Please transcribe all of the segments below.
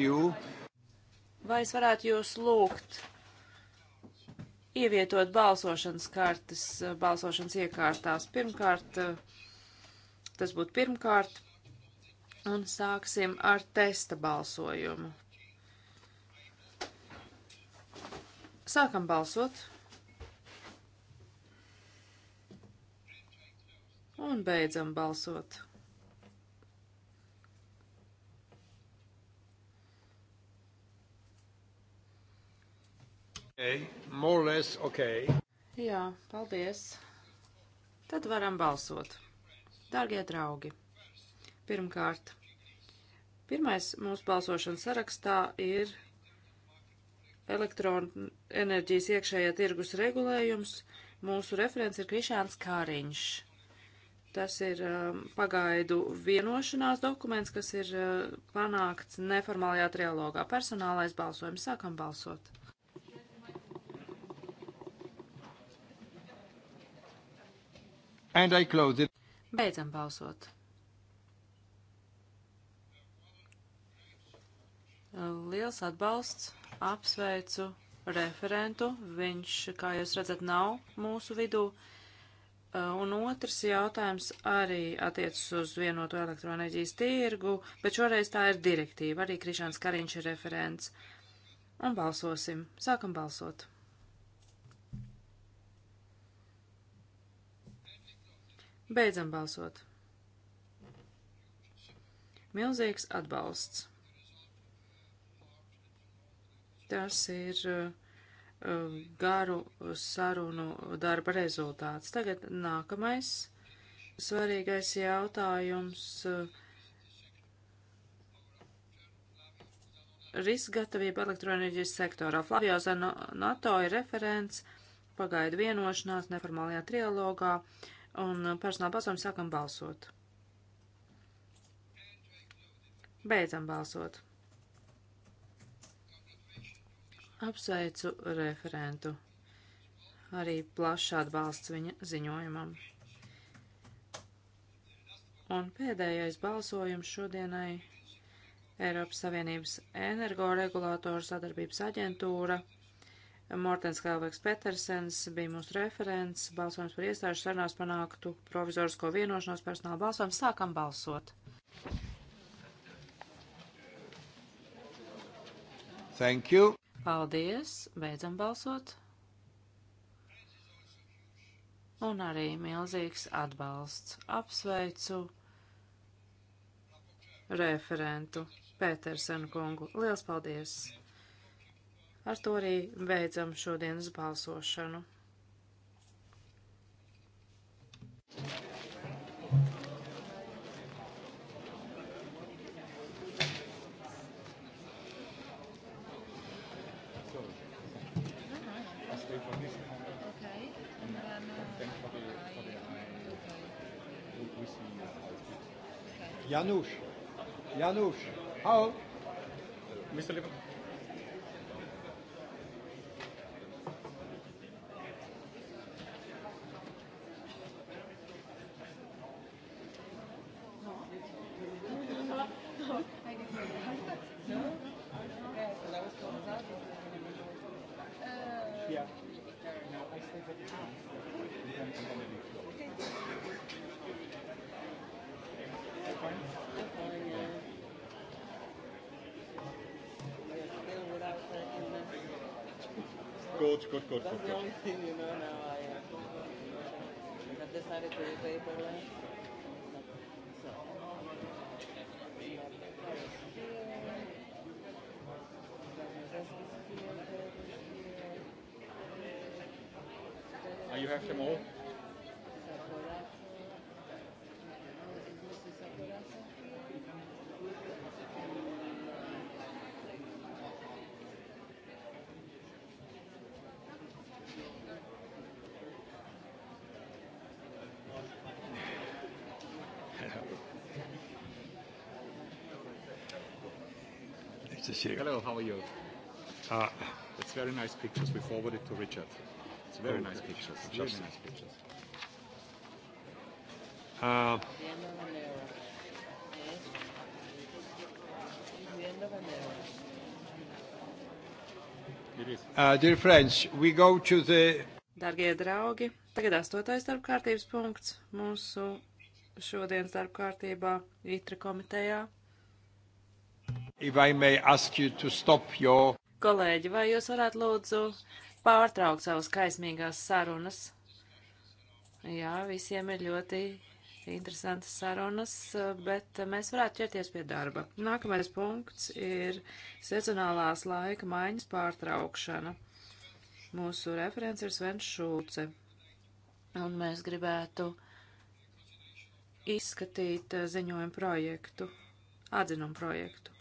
you... Vai es varētu jūs lūgt ievietot balsošanas kartes eh, balsošanas iekārtās? Pirmkārt, eh, tas būtu pirmkārt, un sāksim ar testa balsojumu. Sākam balsot. Un beidzam balsot. Okay. More or less okay. Jā, paldies. Tad varam balsot. Dargie draugi, pirmkārt, pirmais mūsu balsošanas sarakstā ir elektroenerģijas iekšējā tirgus regulējums. Mūsu referents ir Krišāns Kāriņš. Tas ir um, pagaidu vienošanās dokuments, kas ir uh, panākts neformālajā trialogā. Personālais balsojums. Sākam balsot. And I close it. Beidzam balsot. Liels atbalsts. Apsveicu referentu. Viņš, kā jūs redzat, nav mūsu vidū. Un otrs jautājums arī attiecas uz vienoto elektroenerģijas tirgu, bet šoreiz tā ir direktīva. Arī Krišāns Kariņš ir referents. Un balsosim. Sākam balsot. Beidzam balsot. Milzīgs atbalsts. Tas ir uh, garu sarunu darba rezultāts. Tagad nākamais svarīgais jautājums. Uh, Riska gatavība elektroenerģijas sektorā. Flavio Zanato ir referents pagaidu vienošanās neformālajā trialogā. Uh, un uh, personāla balsojumu sākam balsot. Beidzam balsot. Apsveicu referentu. Arī plašs atbalsts viņa ziņojumam. Un pēdējais balsojums šodienai Eiropas Savienības energoregulātoru sadarbības aģentūra Mortens Helveks Petersens bija mūsu referents. Balsojums par iestāžu sarunās panāktu provizorisko vienošanos personāla balsojumu. Sākam balsot. Thank you. Paldies. Beidzam balsot. Un arī milzīgs atbalsts. Apsveicu referentu Petersenu kungu. Liels paldies! Ar to arī beidzam šodienas balsošanu. Janusz. Janusz. How? Mr. Lipton. good. That's good, the good. only thing you know now. I uh, have decided to repay Berlin. So. Oh, you have them all? Nice to see you. Hello, how are you? Uh, it's very nice pictures. We forwarded to Richard. It's very oh, nice pictures. Just really nice pictures. Uh, Uh, dear friends, we go to the... Dargie draugi, tagad astotais darba kārtības punkts mūsu šodienas darba kārtībā ITRA komitejā. Your... Kolēģi, vai jūs varētu lūdzu pārtraukt savas kaismīgās sarunas? Jā, visiem ir ļoti interesantas sarunas, bet mēs varētu ķerties pie darba. Nākamais punkts ir sezonālās laika maiņas pārtraukšana. Mūsu referents ir Svens Šulce, un mēs gribētu izskatīt ziņojumu projektu, atzinumu projektu.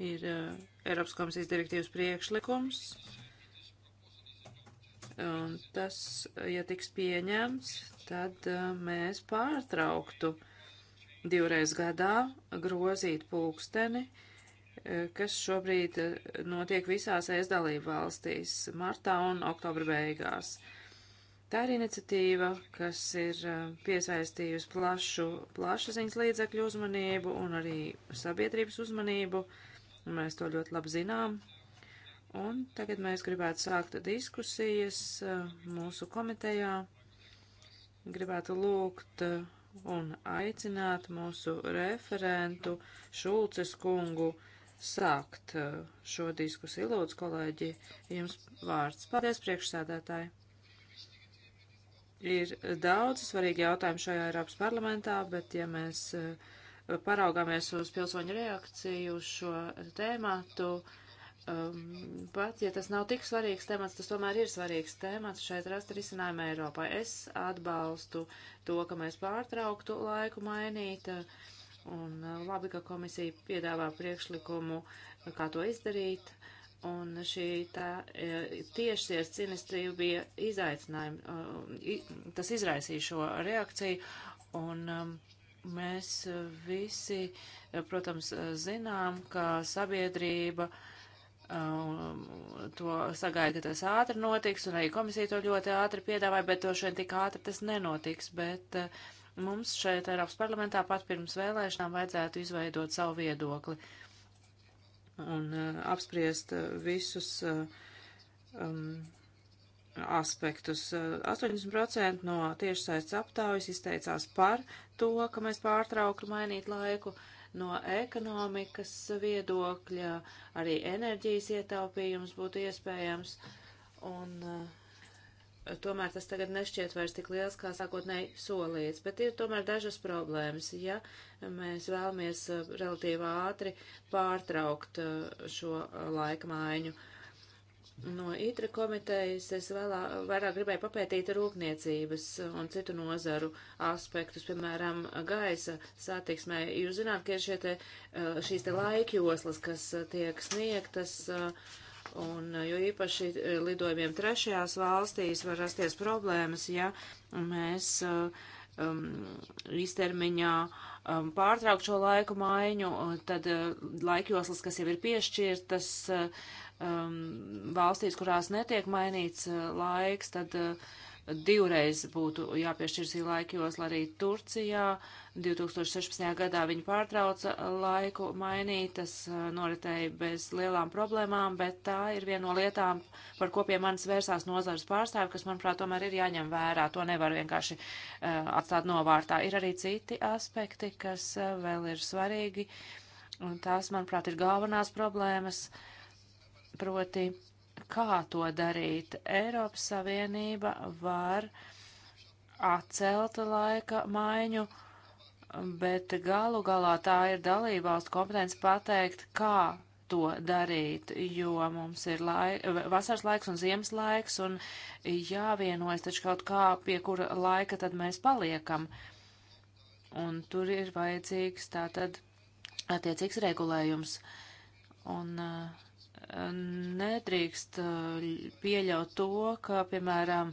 ir uh, Eiropas komisijas direktīvas priekšlikums. Un tas, ja tiks pieņemts, tad uh, mēs pārtrauktu divreiz gadā grozīt pulksteni, uh, kas šobrīd notiek visās ēstdalību valstīs martā un oktobra beigās. Tā ir iniciatīva, kas ir piesaistījusi plašu plašsaziņas līdzekļu uzmanību un arī sabiedrības uzmanību. Uh, Mēs to ļoti labi zinām. Un tagad mēs gribētu sākt diskusijas uh, mūsu komitejā. Gribētu lūgt uh, un aicināt mūsu referentu Šulces kungu sākt uh, šo diskusiju. Lūdzu, kolēģi, jums vārds. Paldies, priekšsēdētāji. Ir daudz svarīgi jautājumi šajā Eiropas parlamentā, bet ja mēs uh, paraugāmies uz pilsoņu reakciju uz šo tēmatu, um, pat ja tas nav tik svarīgs temats, tas tomēr ir svarīgs temats šeit rast risinājumu Eiropai. Es atbalstu to, ka mēs pārtrauktu laiku mainīt, un uh, labi, ka komisija piedāvā priekšlikumu, kā to izdarīt. Un šī tā e, tiešsies cinistrība bija izaicinājuma, uh, tas izraisīja šo reakciju, un um, Mēs eh, visi, eh, protams, eh, zinām, ka sabiedrība to sagaida, ka tas ātri notiks, un arī komisija to ļoti ātri piedāvāja, bet to šodien tik ātri tas nenotiks. Bet mums šeit Eiropas parlamentā pat pirms vēlēšanām vajadzētu izveidot savu viedokli un apspriest visus um, aspektus. 80% eh, no tiešsaistes aptaujas izteicās par to, ka mēs pārtrauktu mainīt laiku no ekonomikas viedokļa, arī enerģijas ietaupījums būtu iespējams. Un, eh, Tomēr tas tagad nešķiet vairs tik liels, kā sākotnēji solīts, bet ir tomēr dažas problēmas, ja mēs vēlamies eh, relatīvi ātri pārtraukt šo laika maiņu. Uh, No ITRA komitejas es vēlā, vairāk gribēju papētīt rūpniecības un citu nozaru aspektus, piemēram, gaisa satiksmē. Jūs zināt, ka ir šie te, eh, šīs te laikjoslas, kas eh, tiek sniegtas, eh, un jo īpaši lidojumiem trešajās valstīs var rasties problēmas, ja mēs um, īstermiņā um, pārtraukt šo laiku maiņu, tad uh, laikjoslas, kas jau ir piešķirtas, uh, um, valstīs, kurās netiek mainīts uh, laiks, tad uh, divreiz būtu jāpiešķir šī laika josla arī Turcijā. 2016. gadā viņi pārtrauca laiku mainīt, tas uh, noritēja bez lielām problēmām, bet tā ir viena no lietām, par ko pie manis vērsās nozares pārstāvi, kas, manuprāt, tomēr ir jāņem vērā. To nevar vienkārši uh, atstāt novārtā. Ir arī citi aspekti, kas uh, vēl ir svarīgi, un tās, manuprāt, ir galvenās problēmas. Uh, proti, kā to darīt. Eiropas Savienība var atcelt laika maiņu, bet galu galā tā ir dalībvalstu kompetence pateikt, kā to darīt, jo mums ir laik, vasaras laiks un ziemas laiks, un jāvienojas taču kaut kā, pie kura laika tad mēs paliekam. Un tur ir vajadzīgs tātad attiecīgs regulējums. Un uh, nedrīkst uh, pieļaut to, ka, piemēram,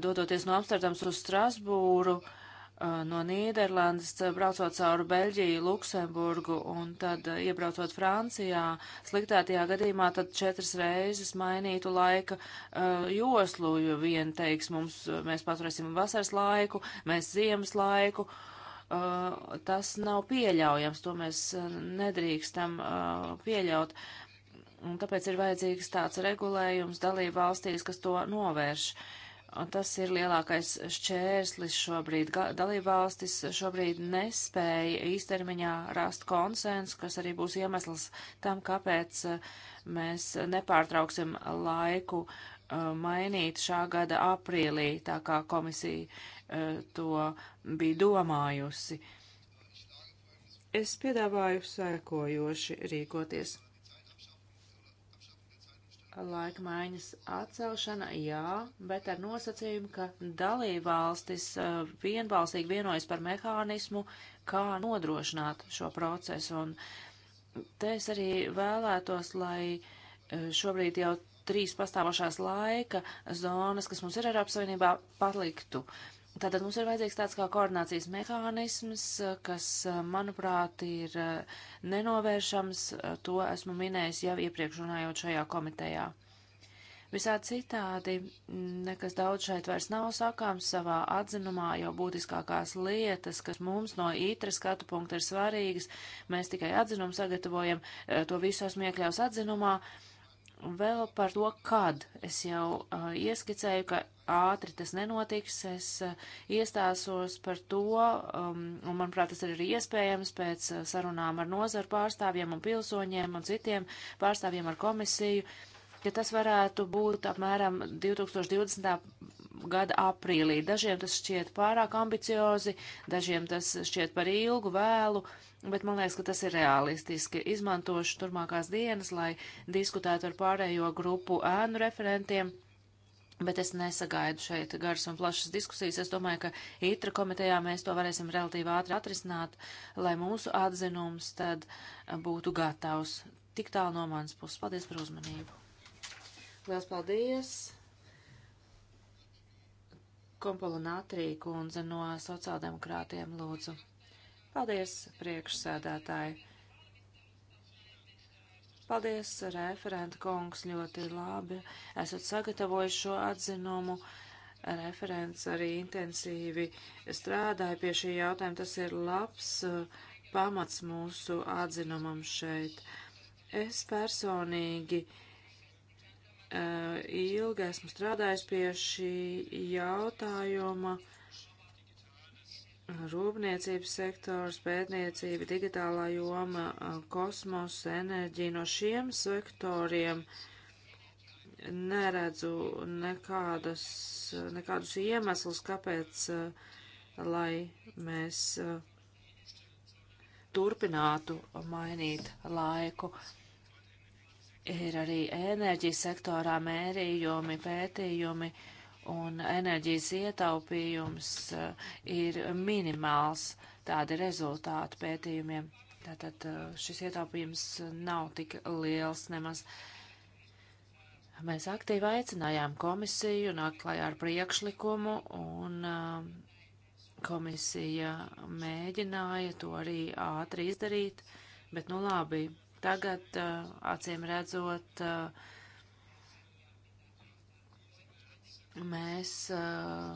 dodoties no Amsterdams uz Strasbūru, uh, no Nīderlandes, uh, braucot cauri Beļģiju, Luksemburgu un tad iebraucot Francijā, sliktātajā gadījumā tad četras reizes mainītu laika uh, joslu, jo vien teiks mums, mēs paturēsim vasaras laiku, mēs ziemas laiku. Uh, tas nav pieļaujams, to mēs nedrīkstam uh, pieļaut. Uh, Un tāpēc ir vajadzīgs tāds regulējums dalību valstīs, kas to novērš. Un tas ir lielākais šķērslis šobrīd. Dalībvalstis šobrīd nespēja īstermiņā rast konsensu, kas arī būs iemesls tam, kāpēc eh, mēs nepārtrauksim laiku eh, mainīt šā gada aprīlī, tā kā komisija eh, to bija domājusi. Es piedāvāju sēkojoši rīkoties laika maiņas atcelšana, jā, bet ar nosacījumu, ka dalībvalstis uh, vienbalsīgi vienojas par mehānismu, kā nodrošināt šo procesu. Un te es arī vēlētos, lai uh, šobrīd jau trīs pastāvošās laika zonas, kas mums ir Eiropas Savienībā, paliktu. Uh, Tātad mums ir vajadzīgs tāds kā koordinācijas mehānisms, kas, eh, manuprāt, ir eh, nenovēršams. Eh, to esmu minējis jau iepriekš runājot šajā komitejā. Visā citādi mm, nekas daudz šeit vairs nav sakāms savā atzinumā, jo būtiskākās lietas, kas mums no itra e skatu punkta ir svarīgas, mēs tikai atzinumu sagatavojam, to visu esmu iekļaus atzinumā. Uh, Vēl par to, kad es jau uh, ieskicēju, ka ātri tas nenotiks, es uh, iestāsos par to, um, un manuprāt, tas ir arī iespējams pēc uh, sarunām ar nozaru pārstāvjiem un pilsoņiem un citiem pārstāvjiem ar komisiju, ka tas varētu būt apmēram 2020 gada aprīlī. Dažiem tas šķiet pārāk ambiciozi, dažiem tas šķiet par ilgu, vēlu, bet man liekas, ka tas ir realistiski. Izmantošu turmākās dienas, lai diskutētu ar pārējo grupu ēnu referentiem. Bet es nesagaidu šeit garas un plašas diskusijas. Es domāju, ka ITRA komitejā mēs to varēsim relatīvi ātri atrisināt, lai mūsu atzinums tad būtu gatavs. Tik tālu no manas puses. Paldies par uzmanību. Lielas paldies! Kumpula Nātrī kundze no sociāldemokrātiem lūdzu. Paldies, priekšsēdētāji. Paldies, referenta kungs, ļoti labi. Esat sagatavojuši šo atzinumu. Referents arī intensīvi strādāja pie šī jautājuma. Tas ir labs uh, pamats mūsu atzinumam šeit. Es personīgi uh, Eh, ilgi esmu strādājis pie šī jautājuma. Rūpniecības sektors, pētniecība, digitālā joma, eh, kosmos, enerģija no šiem sektoriem neredzu nekādas, nekādus iemeslus, kāpēc, eh, lai mēs turpinātu mainīt laiku. Ir arī enerģijas sektorā mērījumi, pētījumi, un enerģijas ietaupījums eh, ir minimāls tādi rezultāti pētījumiem. Tātad eh, šis ietaupījums nav tik liels nemaz. Mēs aktīvi aicinājām komisiju nākt klajā ar priekšlikumu, un eh, komisija mēģināja to arī ātri izdarīt, bet nu labi, Tagad, uh, acīm redzot, uh, mēs uh,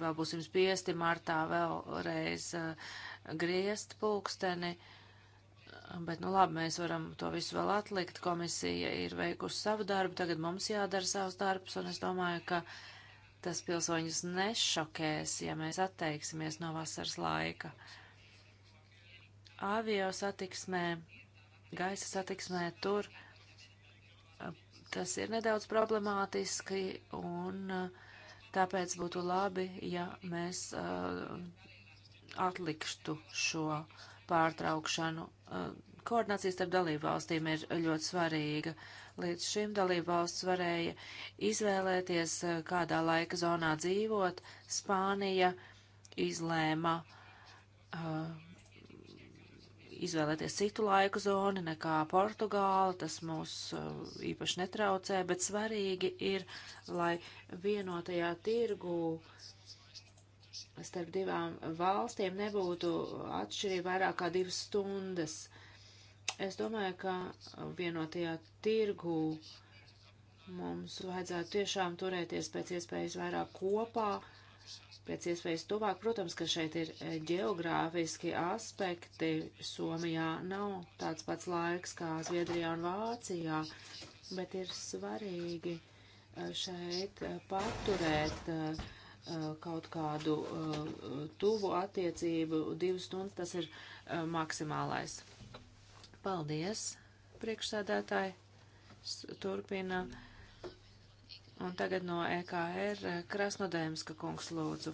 vēl būsim spiesti martā vēlreiz griezt pulksteni. Bet, nu labi, mēs varam to visu vēl atlikt. Komisija ir veikusi savu darbu, tagad mums jādara savs darbs, un es domāju, ka tas pilsoņus nešokēs, ja mēs atteiksimies no vasaras laika. Uh, avio satiksmē, gaisa satiksmē, tur tas ir nedaudz problemātiski un tāpēc būtu labi, ja mēs atlikštu šo pārtraukšanu. Koordinācija starp dalību valstīm ir ļoti svarīga. Līdz šim dalību valsts varēja izvēlēties, kādā laika zonā dzīvot. Spānija izlēma uh, izvēlēties citu laiku zoni nekā Portugāla, tas mūs uh, īpaši netraucē, bet svarīgi ir, lai vienotajā tirgū starp divām valstīm nebūtu atšķirība vairāk kā divas stundas. Es domāju, ka vienotajā tirgū mums vajadzētu tiešām turēties pēc iespējas vairāk kopā pēc iespējas tuvāk. Protams, ka šeit ir eh, geogrāfiski aspekti. Somijā nav tāds pats laiks kā Zviedrijā un Vācijā, bet ir svarīgi eh, šeit eh, paturēt kaut kādu tuvu attiecību. Divas stundas tas ir maksimālais. Paldies, priekšsēdētāji. Turpina. Mm. Un tagad no EKR Krasnodēmska kungs lūdzu.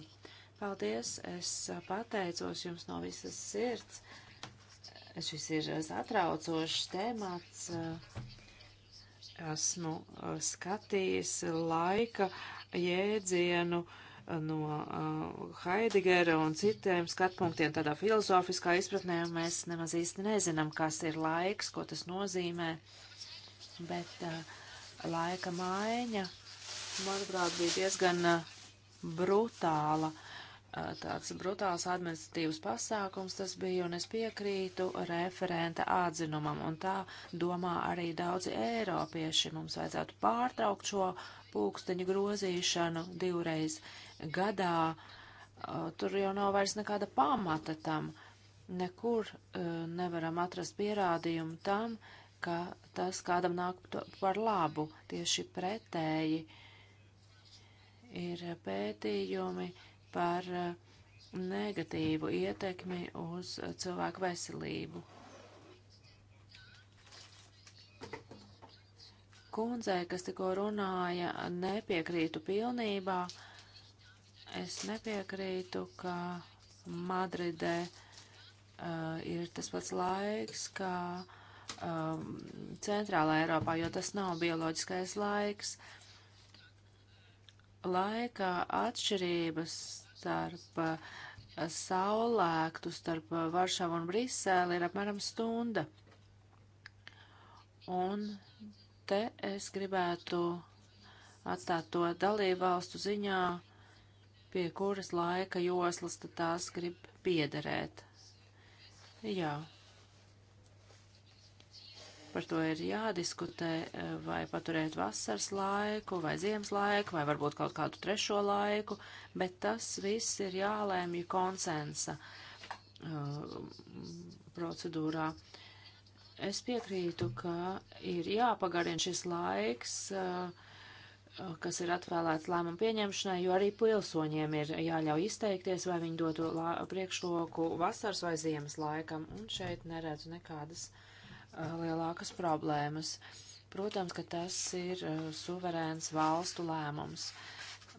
Paldies, es pateicos jums no visas sirds. Šis ir satraucošs tēmats. Esmu skatījis laika jēdzienu no Haidegera uh, un citiem skatpunktiem tādā filozofiskā izpratnē, un mēs nemaz īsti nezinām, kas ir laiks, ko tas nozīmē. Bet uh, laika maiņa manuprāt, bija diezgan uh, brutāla. Uh, tāds brutāls administratīvs pasākums tas bija, un es piekrītu referenta atzinumam, un tā domā arī daudzi eiropieši. Mums vajadzētu pārtraukt šo pūksteņu grozīšanu divreiz gadā. Uh, tur jau nav vairs nekāda pamata tam. Nekur nevaram atrast pierādījumu tam, ka tas kādam nāk par labu. Tieši pretēji uh, ir pētījumi par eh, negatīvu ietekmi uz cilvēku veselību. Kundzei, kas tikko runāja, nepiekrītu pilnībā. Es nepiekrītu, ka Madridē uh, ir tas pats laiks, kā um, eh, Centrālā Eiropā, jo tas nav bioloģiskais laiks. Uh, laikā atšķirības starp eh, saulēktu starp eh, Varšavu un Briseli ir apmēram stunda. Un te es gribētu atstāt to dalību valstu ziņā, pie kuras laika joslas tad tās grib piederēt. Jā. Par to ir jādiskutē, eh, vai paturēt vasaras laiku, vai ziemas laiku, vai varbūt kaut kādu trešo laiku, bet tas viss ir jālēmj konsensa uh, procedūrā. Es piekrītu, ka ir jāpagarina šis laiks, uh, kas ir atvēlēts lēmumu pieņemšanai, jo arī pilsoņiem ir jāļauj izteikties, vai viņi dotu priekšroku vasaras vai ziemas laikam, un šeit neredzu nekādas lielākas problēmas. Protams, ka tas ir suverēns valstu lēmums.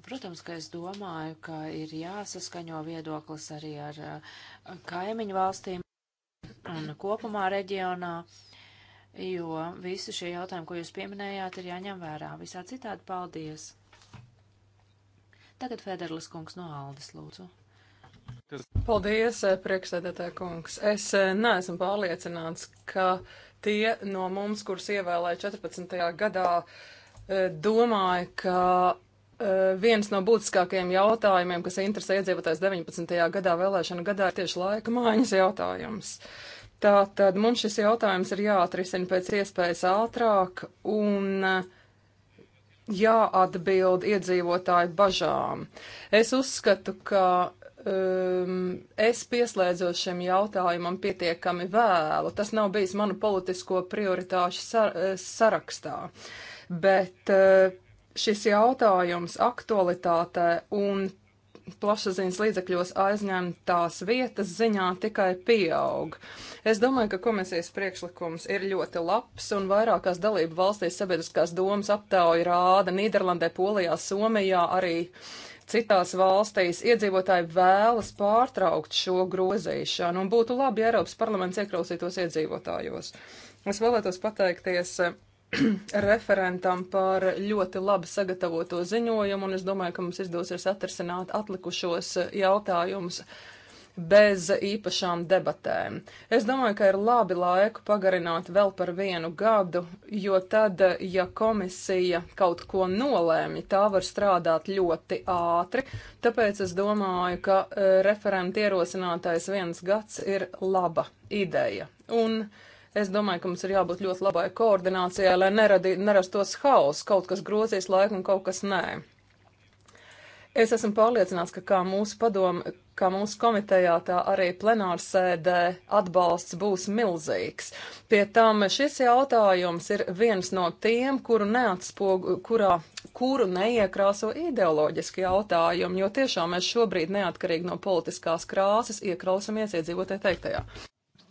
Protams, ka es domāju, ka ir jāsaskaņo viedoklis arī ar kaimiņu valstīm un kopumā reģionā, jo visi šie jautājumi, ko jūs pieminējāt, ir jāņem vērā. Visā citādi paldies. Tagad Federlis kungs no Aldes, lūdzu. Paldies, eh, priekšsēdētāja kungs. Es eh, neesmu pārliecināts, ka tie no mums, kurus ievēlēja 14. gadā, eh, domāja, ka viens no būtiskākajiem jautājumiem, kas interesē iedzīvotājs 19. gadā vēlēšana gadā, ir tieši laika mājas jautājums. Tātad mums šis jautājums ir jāatrisina pēc iespējas ātrāk un jāatbild iedzīvotāju bažām. Es uzskatu, ka um, es pieslēdzos šim jautājumam pietiekami vēlu. Tas nav bijis manu politisko prioritāšu sar eh, sarakstā. Bet uh, šis jautājums aktualitātē un plašsaziņas līdzekļos aizņemtās vietas ziņā tikai pieaug. Es domāju, ka komisijas priekšlikums ir ļoti labs un vairākās dalību valstīs sabiedriskās domas aptauja rāda Nīderlandē, Polijā, Somijā arī uh, citās valstīs iedzīvotāji vēlas pārtraukt šo grozīšanu, un būtu labi, ja Eiropas parlaments ieklausītos iedzīvotājos. Es vēlētos pateikties eh, referentam par ļoti labi sagatavoto ziņojumu, un es domāju, ka mums izdosies atrisināt atlikušos eh, jautājumus bez īpašām debatēm. Es domāju, ka ir labi laiku pagarināt vēl par vienu gadu, jo tad, ja komisija kaut ko nolēmja, tā var strādāt ļoti ātri, tāpēc es domāju, ka e, referenta ierosinātais viens gads ir laba ideja. Un Es domāju, ka mums ir jābūt ļoti labai koordinācijai, lai neradi, nerastos haoss, kaut kas grozīs laiku un kaut kas nē. Es esmu pārliecināts, ka kā mūsu padomu, kā mūsu komitejā, tā arī plenārsēdē atbalsts būs milzīgs. Pie tam šis jautājums ir viens no tiem, kuru neatspogu, kurā, kuru neiekrāso ideoloģiski jautājumi, jo tiešām mēs šobrīd neatkarīgi no politiskās krāsas iekrausamies iedzīvotāju teiktajā.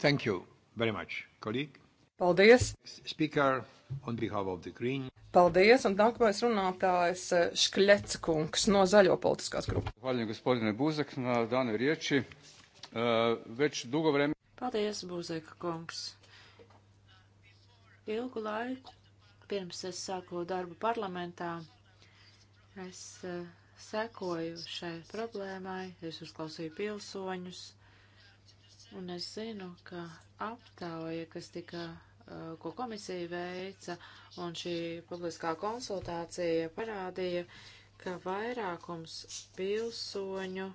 Thank you very much, kolīgi. Paldies! Speaker. Paldies, un nākamais runātājs eh, Škļets kungs no Zaļo politiskās grupas. Eh, Paldies, Būzeka kungs. Ilgu laiku pirms es sāku darbu parlamentā, es eh, sekoju šai problēmai, es uzklausīju pilsoņus, un es zinu, ka aptauja, kas tika Eh, ko komisija veica, un šī publiskā konsultācija parādīja, ka vairākums pilsoņu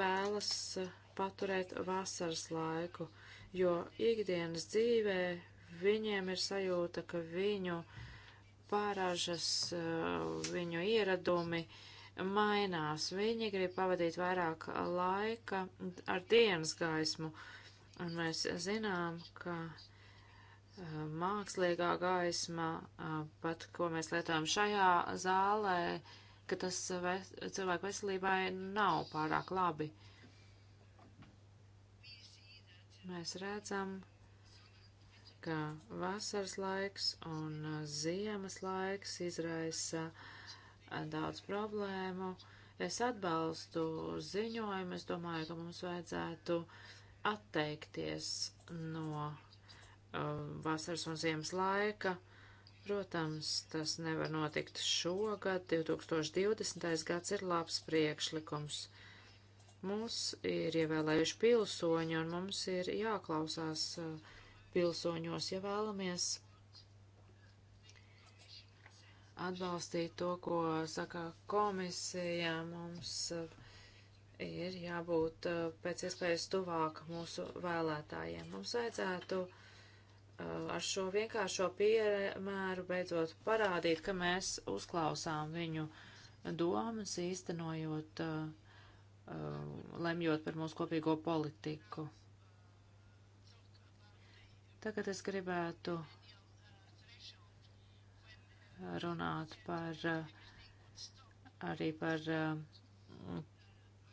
vēlas eh, paturēt vasaras laiku, jo ikdienas dzīvē viņiem ir sajūta, ka viņu pārāžas, eh, viņu ieradumi mainās. Viņi grib pavadīt vairāk laika ar dienas gaismu, un mēs zinām, ka mākslīgā gaisma, pat ko mēs lietojam šajā zālē, ka tas ves cilvēku veselībai nav pārāk labi. Mēs redzam, ka vasaras laiks un ziemas laiks izraisa daudz problēmu. Es atbalstu ziņojumu, es domāju, ka mums vajadzētu atteikties no Uh, vasaras un ziemas laika. Protams, tas nevar notikt šogad. 2020. gads ir labs priekšlikums. Mums ir ievēlējuši pilsoņi, un mums ir jāklausās uh, pilsoņos, ja vēlamies atbalstīt to, ko saka komisija. Mums uh, ir jābūt pēc iespējas tuvāk mūsu vēlētājiem. Mums vajadzētu uh, ar šo vienkāršo piemēru beidzot parādīt, ka mēs uzklausām viņu domas, īstenojot, uh, uh, lemjot par mūsu kopīgo politiku. Tagad es gribētu runāt par uh, arī par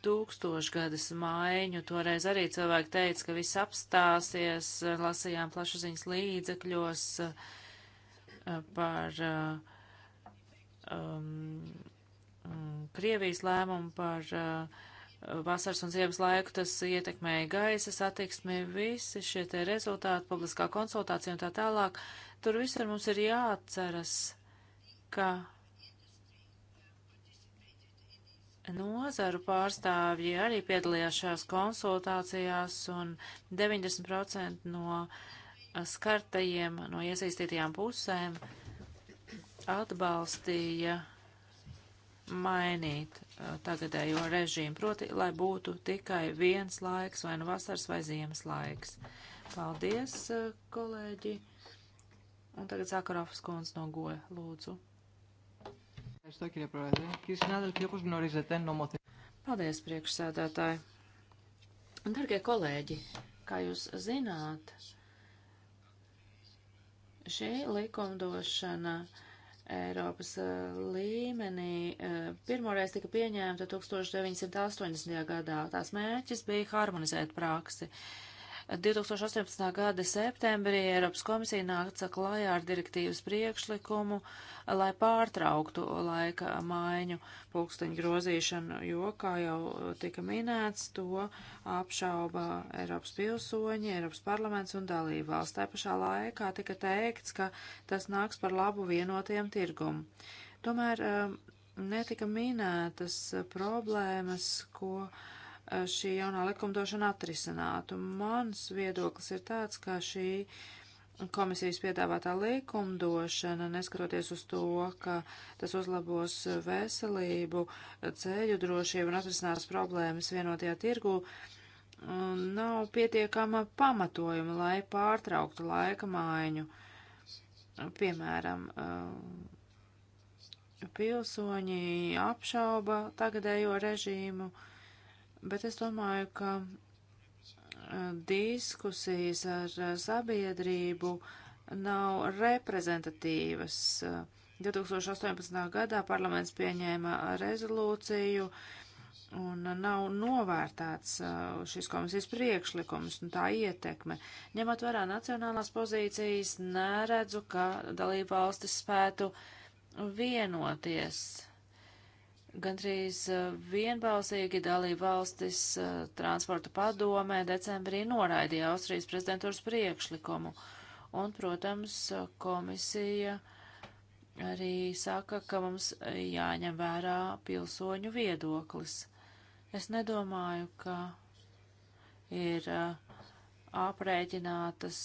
tūkstošgadas maiņu. Toreiz arī cilvēki teica, ka viss apstāsies, lasījām plašsaziņas līdzekļos eh, par eh, um, mm, Krievijas lēmumu par uh, vasaras un ziemas laiku, tas ietekmēja gaisa satiksmi, visi šie te rezultāti, publiskā konsultācija un tā tālāk. Tur visur mums ir jāatceras, ka Nozaru pārstāvji arī piedalījās šajās konsultācijās, un 90% no skartajiem, no iesaistītajām pusēm atbalstīja mainīt tagadējo režīmu, proti, lai būtu tikai viens laiks, vai nu vasaras vai ziemas laiks. Paldies, kolēģi! Un tagad Zakarovs kundze no Goja, lūdzu. Ευχαριστώ, κύριε Πρόεδρε. Κύριοι συνάδελφοι, όπως γνωρίζετε, νομοθε... Paldies, priekšsēdētāji. Dargie kolēģi, kā jūs zināt, šī likumdošana Eiropas eh, līmenī eh, pirmoreiz tika pieņemta 1980. gadā. Tās mērķis bija harmonizēt praksi. Uh, 2018. gada septembrī Eiropas komisija nāca klājā ar direktīvas priekšlikumu, lai pārtrauktu laika maiņu pulksteņu grozīšanu, jo, kā jau tika minēts, to apšauba Eiropas pilsoņi, Eiropas parlaments un dalība valsts. Tā pašā laikā tika teikts, ka tas nāks par labu vienotiem tirgumu. Tomēr eh, netika minētas problēmas, ko Eh, šī jaunā likumdošana atrisinātu. Mans viedoklis ir tāds, ka šī komisijas piedāvātā likumdošana, neskatoties uz to, ka tas uzlabos veselību, ceļu drošību un atrisinās problēmas vienotajā tirgu, mm, nav pietiekama pamatojuma, lai pārtrauktu laika maiņu. Piemēram, eh, pilsoņi apšauba tagadējo režīmu, uh, Bet es domāju, ka e, diskusijas ar e, sabiedrību nav reprezentatīvas. 2018. E, gadā parlaments pieņēma rezolūciju un nav novērtēts šis komisijas priekšlikums un tā ietekme. Ņemot vērā nacionālās pozīcijas, neredzu, ka dalība valstis spētu vienoties Gandrīz eh, vienbalsīgi dalība valstis eh, transporta padomē decembrī noraidīja Austrijas prezidentūras priekšlikumu. Un, protams, komisija arī saka, ka mums jāņem vērā pilsoņu viedoklis. Es nedomāju, ka ir eh, aprēķinātas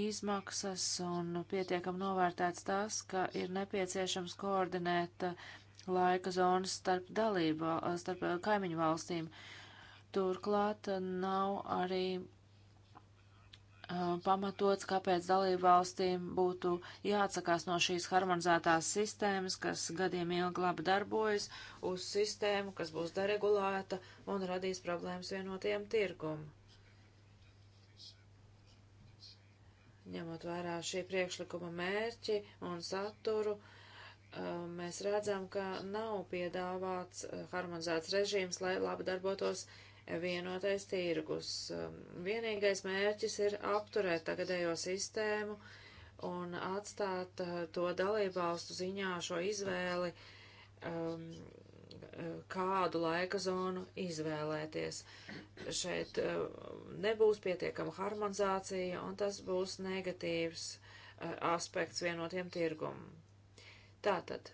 izmaksas un pietiekam novērtēts tas, ka ir nepieciešams koordinēt laika zonas starp dalību, starp eh, kaimiņu valstīm. Turklāt eh, nav arī uh, pamatots, kāpēc dalību valstīm būtu jāatsakās no šīs harmonizētās sistēmas, kas gadiem ilgi labi darbojas, uz sistēmu, kas būs deregulēta un radīs problēmas vienotajam tirgumam. Ņemot vērā šī priekšlikuma mērķi un saturu, uh, mēs redzam, ka nav piedāvāts harmonizēts režīms, lai labi darbotos vienotais tirgus. Vienīgais mērķis ir apturēt tagadējo sistēmu un atstāt to dalībvalstu ziņā šo izvēli, kādu laika zonu izvēlēties. Šeit nebūs pietiekama harmonizācija, un tas būs negatīvs aspekts vienotiem tirgumam. Tātad,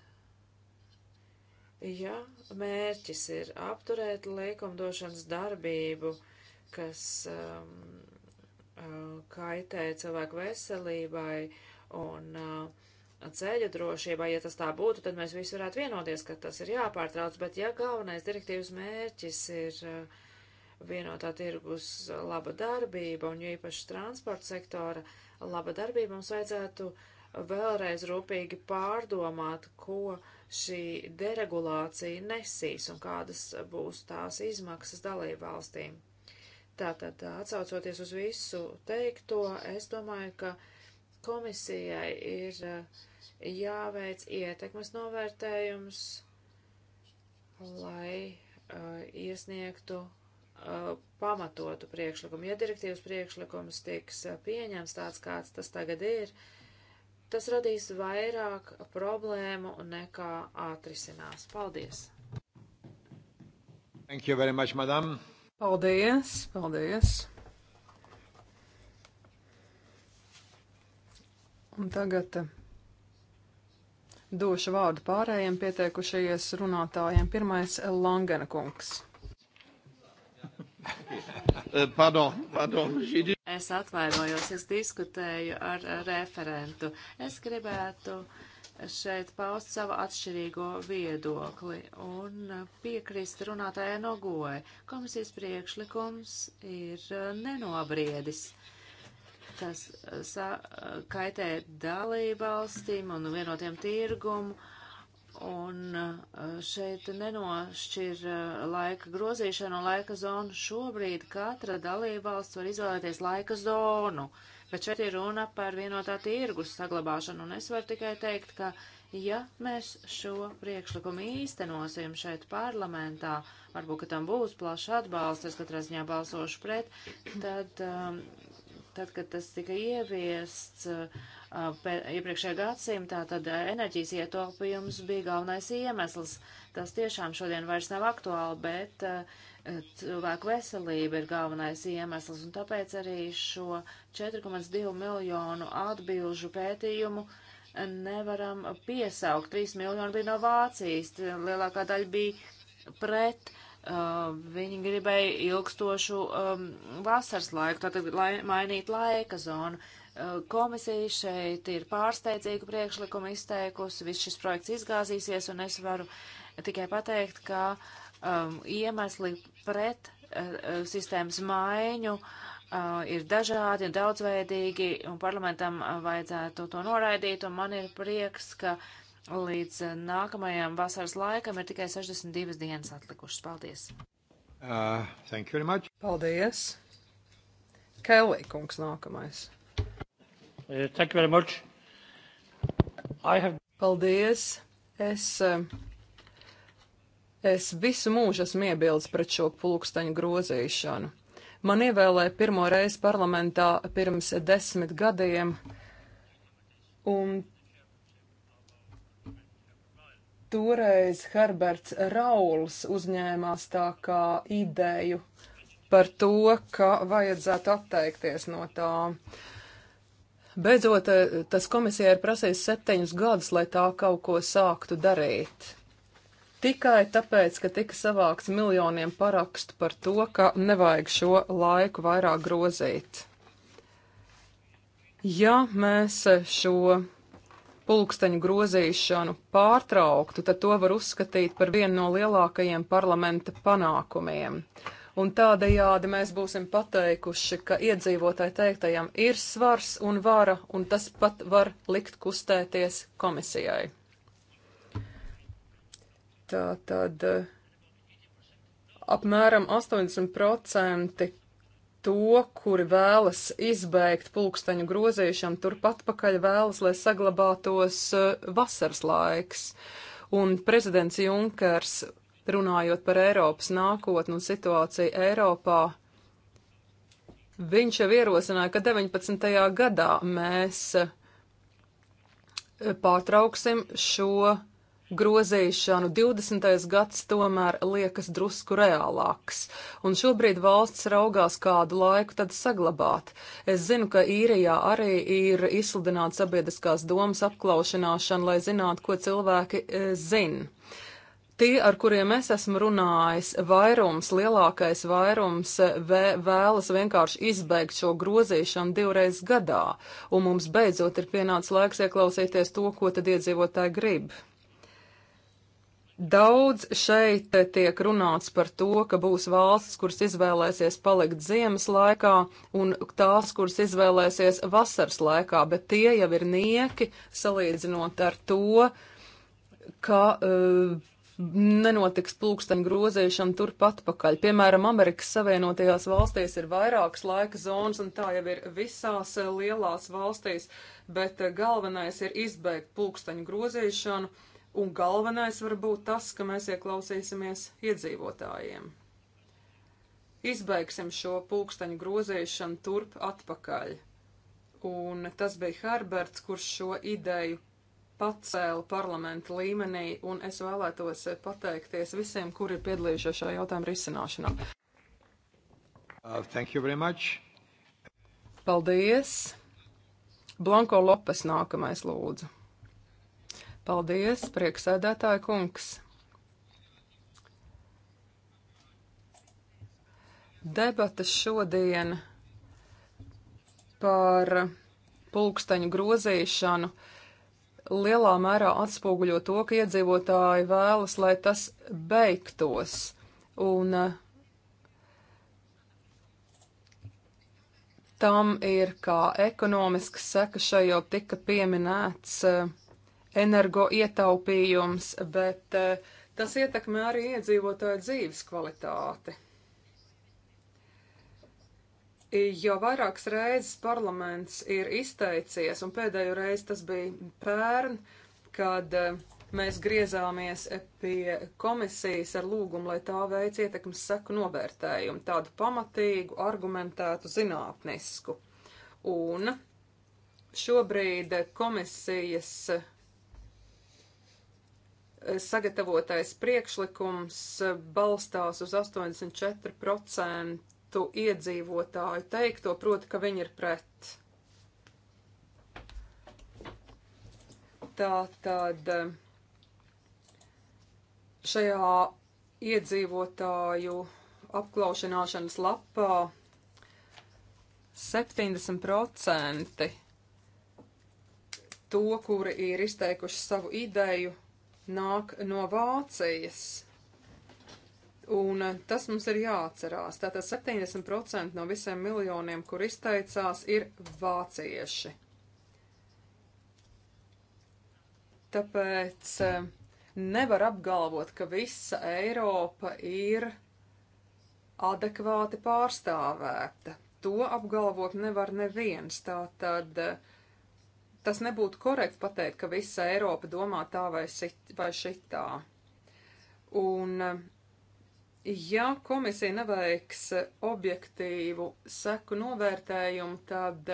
ja mērķis ir apturēt likumdošanas darbību, kas um, uh, kaitē cilvēku veselībai un uh, ceļa drošībai, ja tas tā būtu, tad mēs visi varētu vienoties, ka tas ir jāpārtrauc, bet ja galvenais direktīvas mērķis ir uh, vienotā tirgus laba darbība un jo īpaši transporta sektora laba darbība, mums vajadzētu uh, vēlreiz rūpīgi pārdomāt, ko šī deregulācija nesīs un kādas būs tās izmaksas dalībvalstīm. Tātad, atsaucoties uz visu teikto, es domāju, ka komisijai ir eh, jāveic ietekmes novērtējums, lai uh, iesniegtu uh, pamatotu priekšlikumu. Ja direktīvas priekšlikums tiks pieņemts tāds, kāds tas tagad ir, uh, tas radīs vairāk problēmu nekā atrisinās. Paldies! Thank you very much, madam! Paldies! Paldies! Un tagad eh, došu vārdu pārējiem pieteikušajies runātājiem. Pirmais eh, - Langena kungs. Eh, pardon, pardon. Es atvainojos, es diskutēju ar referentu. Es gribētu šeit paust savu atšķirīgo viedokli un piekrist runātājai nogoja. Komisijas priekšlikums ir nenobriedis. Tas uh, uh, kaitē dalībvalstīm un vienotiem tirgumu Un eh, šeit nenošķir eh, laika grozīšanu un laika zonu. Šobrīd katra dalībvalsts var izvēlēties laika zonu, bet šeit ir runa par vienotā tirgus saglabāšanu. Un es varu tikai teikt, ka ja mēs šo priekšlikumu īstenosim šeit parlamentā, varbūt, ka tam būs plaša atbalsts, es katrā ziņā balsošu pret, tad, eh, tad kad tas tika ieviests, Uh, iepriekšējā gadsimtā, tad uh, enerģijas ietaupījums bija galvenais iemesls. Tas tiešām šodien vairs nav aktuāli, bet uh, cilvēku veselība ir galvenais iemesls, un tāpēc arī šo 4,2 miljonu atbilžu pētījumu nevaram piesaukt. 3 miljoni bija no Vācijas, lielākā daļa bija pret. Uh, viņi gribēja ilgstošu um, vasaras laiku, tātad lai, mainīt laika zonu. Uh, Eh, komisija šeit ir pārsteidzīgu priekšlikumu izteikusi, viss šis projekts izgāzīsies, un es varu tikai pateikt, ka um, iemesli pret uh, sistēmas maiņu uh, ir dažādi un daudzveidīgi, un parlamentam vajadzētu to noraidīt, un man ir prieks, ka līdz nākamajam vasaras laikam ir tikai 62 dienas atlikušas. Paldies! Uh, thank you very much. Paldies! Kelly kungs nākamais. Uh, thank you very much. I have... Paldies. Es, eh, es visu mūžu esmu iebildes pret šo pulksteņu grozīšanu. Man ievēlēja pirmo reizi parlamentā pirms desmit gadiem, un toreiz Herberts Rauls uzņēmās tā kā ideju par to, ka vajadzētu atteikties no tām. Uh, Beidzot, eh, tas komisijai ir prasījis septiņus gadus, lai tā kaut ko sāktu darīt. Tikai tāpēc, ka tika savākts miljoniem parakstu par to, ka nevajag šo laiku vairāk grozīt. Ja mēs šo pulksteņu grozīšanu pārtrauktu, tad to var uzskatīt par vienu no lielākajiem parlamenta panākumiem. Uh, un tādējādi mēs būsim pateikuši, ka iedzīvotāji teiktajam ir svars un vara, un tas pat var likt kustēties komisijai. Tā tad eh, apmēram 80% to, kuri vēlas izbeigt pulksteņu grozīšanu, turpat pakaļ vēlas, lai saglabātos eh, vasaras laiks. Un prezidents Junkers runājot par Eiropas nākotnu un situāciju Eiropā, viņš jau ierosināja, ka 19. gadā mēs eh, pārtrauksim šo grozīšanu. 20. gads tomēr liekas drusku reālāks, un šobrīd valsts raugās kādu laiku tad saglabāt. Es zinu, ka īrijā arī ir izsludināta sabiedriskās domas apklaušanāšana, lai zinātu, ko cilvēki e, eh, zina. Tie, ar kuriem es esmu runājis, vairums, lielākais vairums vē, vēlas vienkārši izbeigt šo grozīšanu divreiz gadā, un mums beidzot ir pienācis laiks ieklausīties to, ko tad iedzīvotāji grib. Daudz šeit tiek runāts par to, ka būs valstis, kuras izvēlēsies palikt ziemas laikā, un tās, kuras izvēlēsies vasaras laikā, bet tie jau ir nieki salīdzinot ar to, ka uh, nenotiks pulksteņu grozēšana turpat pakaļ. Piemēram, Amerikas Savienotajās valstīs ir vairākas laika zonas, un tā jau ir visās eh, lielās valstīs, bet eh, galvenais ir izbeigt pulksteņu grozēšanu, un galvenais var būt tas, ka mēs ieklausīsimies iedzīvotājiem. Izbeigsim šo pulksteņu grozēšanu turp atpakaļ. Un tas bija Herberts, kurš šo ideju pacēla parlamenta līmenī, un es vēlētos pateikties visiem, kuri ir piedalījušies šajā jautājuma risināšanā. Uh, thank you very much. Paldies. Blanko Lopes nākamais lūdzu. Paldies, prieksēdētāja kungs. Debatas šodien par pulksteņu grozīšanu. Uh, lielā mērā atspoguļo to, ka iedzīvotāji vēlas, lai tas beigtos. Un eh, tam ir kā ekonomiska seka, šeit jau tika pieminēts eh, energo ietaupījums, bet eh, tas ietekmē arī iedzīvotāju dzīves kvalitāti. Jau vairākas reizes parlaments ir izteicies, un pēdējo reizi tas bija pērn, kad eh, mēs griezāmies pie komisijas ar lūgumu, lai tā veic ietekmes seku novērtējumu, tādu pamatīgu, argumentētu, zinātnisku. Un šobrīd komisijas eh, sagatavotais priekšlikums balstās uz 84% citu iedzīvotāju teikto, proti, ka viņi ir pret. Tā tad šajā iedzīvotāju apklaušanāšanas lapā 70% to, kuri ir izteikuši savu ideju, nāk no Vācijas. Un eh, tas mums ir jāatcerās. Tātad 70% no visiem miljoniem, kur izteicās, ir vācieši. Tāpēc eh, nevar apgalvot, ka visa Eiropa ir adekvāti pārstāvēta. To apgalvot nevar neviens. Tātad eh, tas nebūtu korekti pateikt, ka visa Eiropa domā tā vai, sit, vai šitā. Un Ja komisija neveiks objektīvu seku novērtējumu, tad